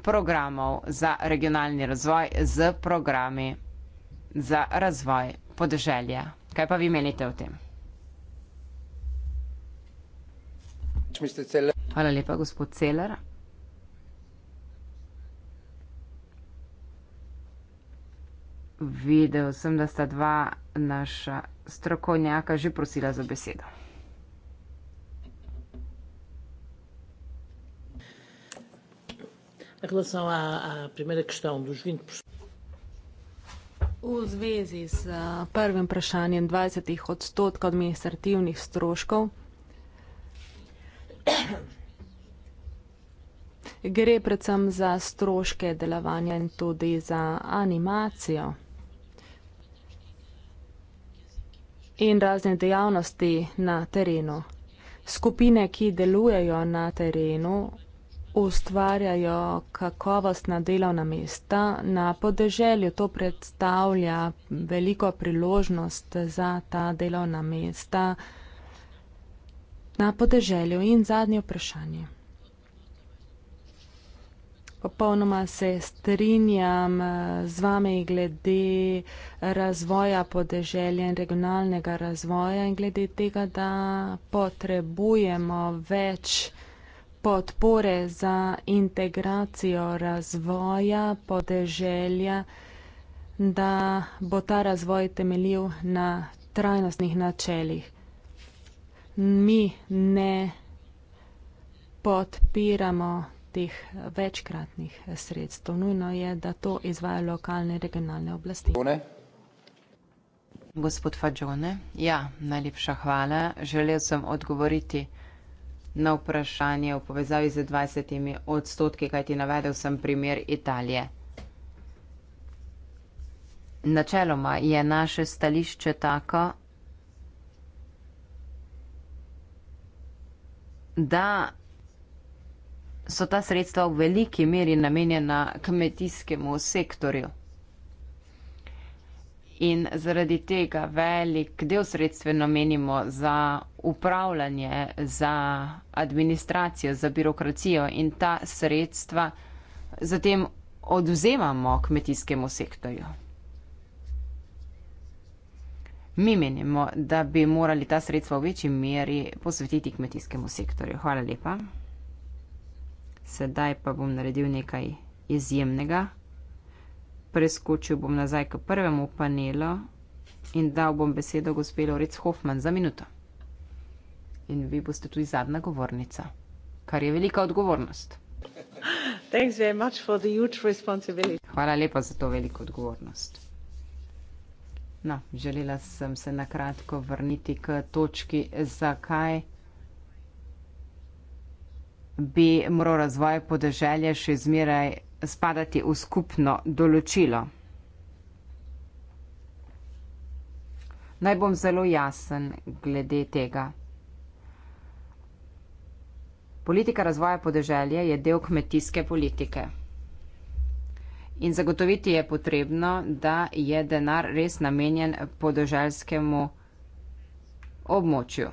programov za regionalni razvoj z programi za razvoj podeželja. Kaj pa vi menite o tem? Hvala lepa, gospod Celer. Videl sem, da sta dva naša strokovnjaka že prosila za besedo. Em relação à, à primeira questão dos 20%. V zvezi s eh, prvim vprašanjem 20 odstotkov administrativnih stroškov gre predvsem za stroške delovanja in tudi za animacijo in razne dejavnosti na terenu. Skupine, ki delujejo na terenu, ustvarjajo kakovostna delovna mesta. Na podeželju to predstavlja veliko priložnost za ta delovna mesta. Na podeželju in zadnje vprašanje. Popolnoma se strinjam eh, z vami glede razvoja podeželja in regionalnega razvoja in glede tega, da potrebujemo več podpore za integracijo razvoja podeželja, da bo ta razvoj temeljil na trajnostnih načelih. Mi ne podpiramo teh večkratnih sredstev. Nujno je, da to izvajo lokalne regionalne oblasti. Gospod Fagione, ja, najlepša hvala. Želel sem odgovoriti na vprašanje v povezavi z 20 odstotki, kajti navedel sem primer Italije. Načeloma je naše stališče tako, da so ta sredstva v veliki meri namenjena kmetijskemu sektorju in zaradi tega velik del sredstve namenimo za upravljanje, za administracijo, za birokracijo in ta sredstva zatem oduzemamo kmetijskemu sektorju. Mi menimo, da bi morali ta sredstva v večji meri posvetiti kmetijskemu sektorju. Hvala lepa. Sedaj pa bom naredil nekaj izjemnega preskočil bom nazaj k prvemu panelu in dal bom besedo gospelu Rec Hoffman za minuto. In vi boste tudi zadnja govornica, kar je velika odgovornost. Hvala lepa za to veliko odgovornost. No, želela sem se na kratko vrniti k točki, zakaj bi moral razvoj podeželje še izmeraj spadati v skupno določilo. Naj bom zelo jasen glede tega. Politika razvoja podeželja je del kmetijske politike. In zagotoviti je potrebno, da je denar res namenjen podeželskemu območju.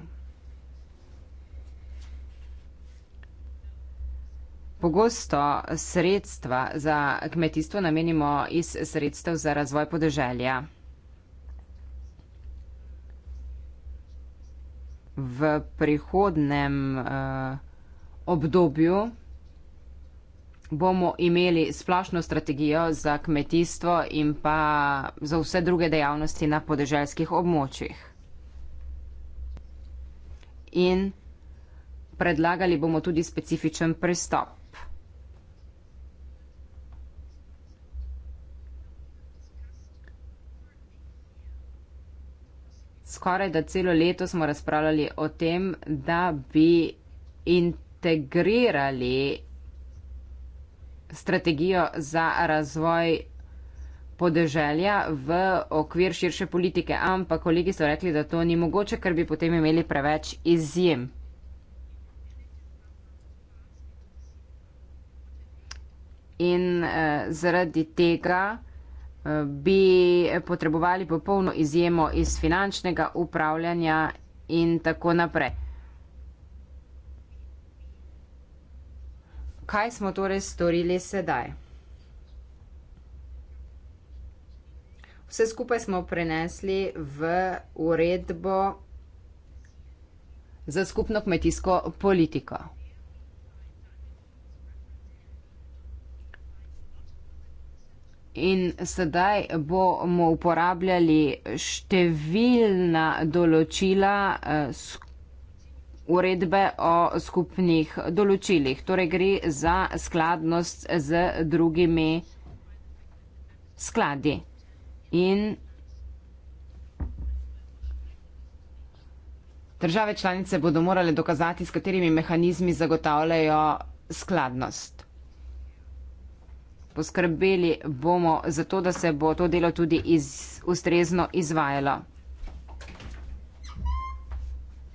Pogosto sredstva za kmetijstvo namenimo iz sredstev za razvoj podeželja. V prihodnem uh, obdobju bomo imeli splošno strategijo za kmetijstvo in pa za vse druge dejavnosti na podeželskih območjih. In predlagali bomo tudi specifičen pristop. skoraj da celo leto smo razpravljali o tem, da bi integrirali strategijo za razvoj podeželja v okvir širše politike, ampak kolegi so rekli, da to ni mogoče, ker bi potem imeli preveč izjem. In eh, zaradi tega bi potrebovali popolno izjemo iz finančnega upravljanja in tako naprej. Kaj smo torej storili sedaj? Vse skupaj smo prenesli v uredbo za skupno kmetijsko politiko. In sedaj bomo uporabljali številna določila eh, uredbe o skupnih določilih. Torej gre za skladnost z drugimi skladi. In države članice bodo morali dokazati, s katerimi mehanizmi zagotavljajo skladnost poskrbeli bomo za to, da se bo to delo tudi iz, ustrezno izvajalo.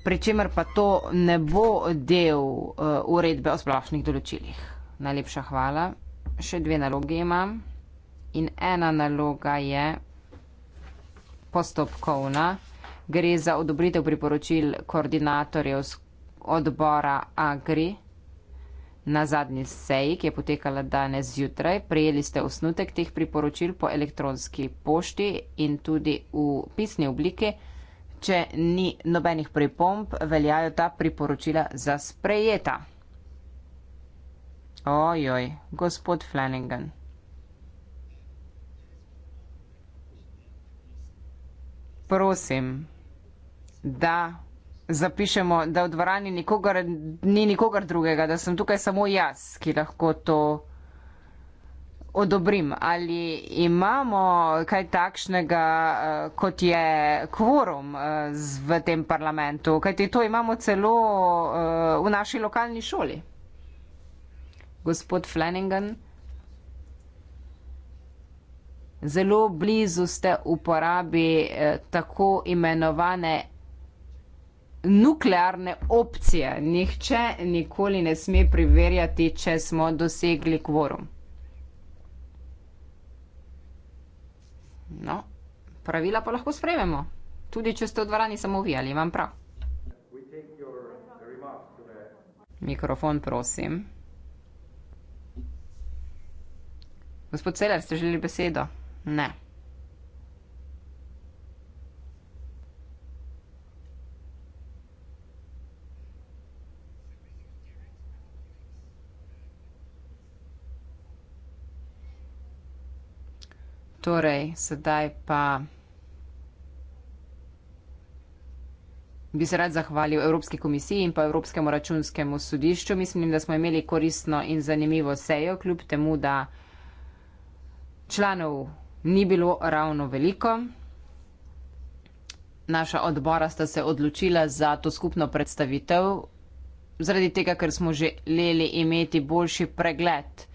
Pričemer pa to ne bo del uh, uredbe o splošnih določilih. Najlepša hvala. Še dve naloge imam. In ena naloga je postopkovna. Gre za odobritev priporočil koordinatorjev odbora Agri. Na zadnji seji, ki je potekala danes zjutraj, prejeli ste osnutek teh priporočil po elektronski pošti in tudi v pisni obliki. Če ni nobenih pripomb, veljajo ta priporočila za sprejeta. Ojoj, gospod Flanagan. Prosim, da zapišemo, da v dvorani nikogar, ni nikogar drugega, da sem tukaj samo jaz, ki lahko to odobrim. Ali imamo kaj takšnega, eh, kot je kvorum eh, v tem parlamentu? Kajti to imamo celo eh, v naši lokalni šoli. Gospod Flanagan. Zelo blizu ste uporabi eh, tako imenovane nuklearne opcije. Nihče nikoli ne sme priverjati, če smo dosegli kvorum. No, pravila pa lahko sprememo, tudi če ste v dvorani samo vi ali imam prav. Mikrofon, prosim. Gospod Celer, ste želeli besedo? Ne. Torej, sedaj pa bi se rad zahvalil Evropski komisiji in pa Evropskemu računskemu sodišču. Mislim, da smo imeli koristno in zanimivo sejo, kljub temu, da članov ni bilo ravno veliko. Naša odbora sta se odločila za to skupno predstavitev, zaradi tega, ker smo želeli imeti boljši pregled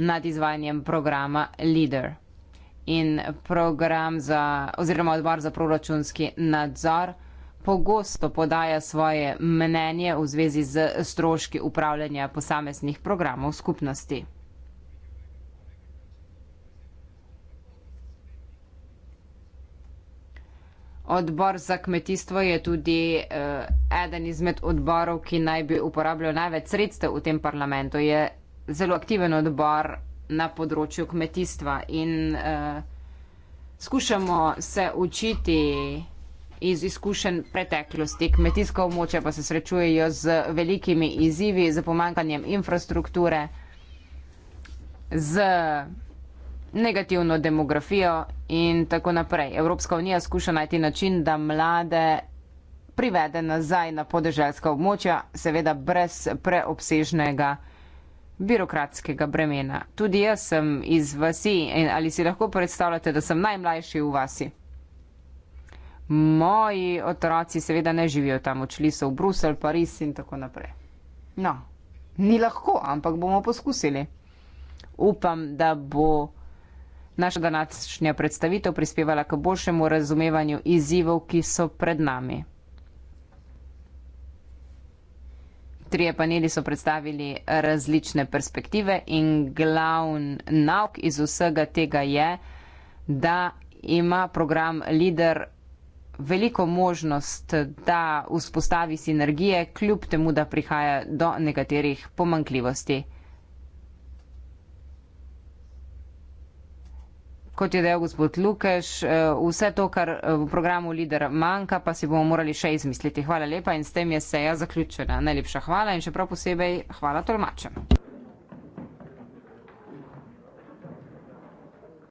nad izvajanjem programa LEADER. In program za, oziroma odbor za proračunski nadzor pogosto podaja svoje mnenje v zvezi z stroški upravljanja posameznih programov skupnosti. Odbor za kmetijstvo je tudi eh, eden izmed odborov, ki naj bi uporabljal največ sredstev v tem parlamentu. Je zelo aktiven odbor na področju kmetijstva in uh, skušamo se učiti iz izkušenj preteklosti. Kmetijsko območje pa se srečujejo z velikimi izzivi, z pomankanjem infrastrukture, z negativno demografijo in tako naprej. Evropska unija skuša najti način, da mlade privede nazaj na podeželjska območja, seveda brez preobsežnega birokratskega bremena. Tudi jaz sem iz vasi in ali si lahko predstavljate, da sem najmlajši v vasi? Moji otroci seveda ne živijo tam, odšli so v Bruselj, Pariz in tako naprej. No, ni lahko, ampak bomo poskusili. Upam, da bo naša današnja predstavitev prispevala k boljšemu razumevanju izzivov, ki so pred nami. Trije paneli so predstavili različne perspektive in glavn nauk iz vsega tega je, da ima program LIDER veliko možnost, da vzpostavi sinergije, kljub temu, da prihaja do nekaterih pomankljivosti. kot je dejal gospod Lukeš, eh, vse to, kar eh, v programu Lider manjka, pa si bomo morali še izmisliti. Hvala lepa in s tem je seja zaključena. Najlepša hvala in še prav posebej hvala tolmačem.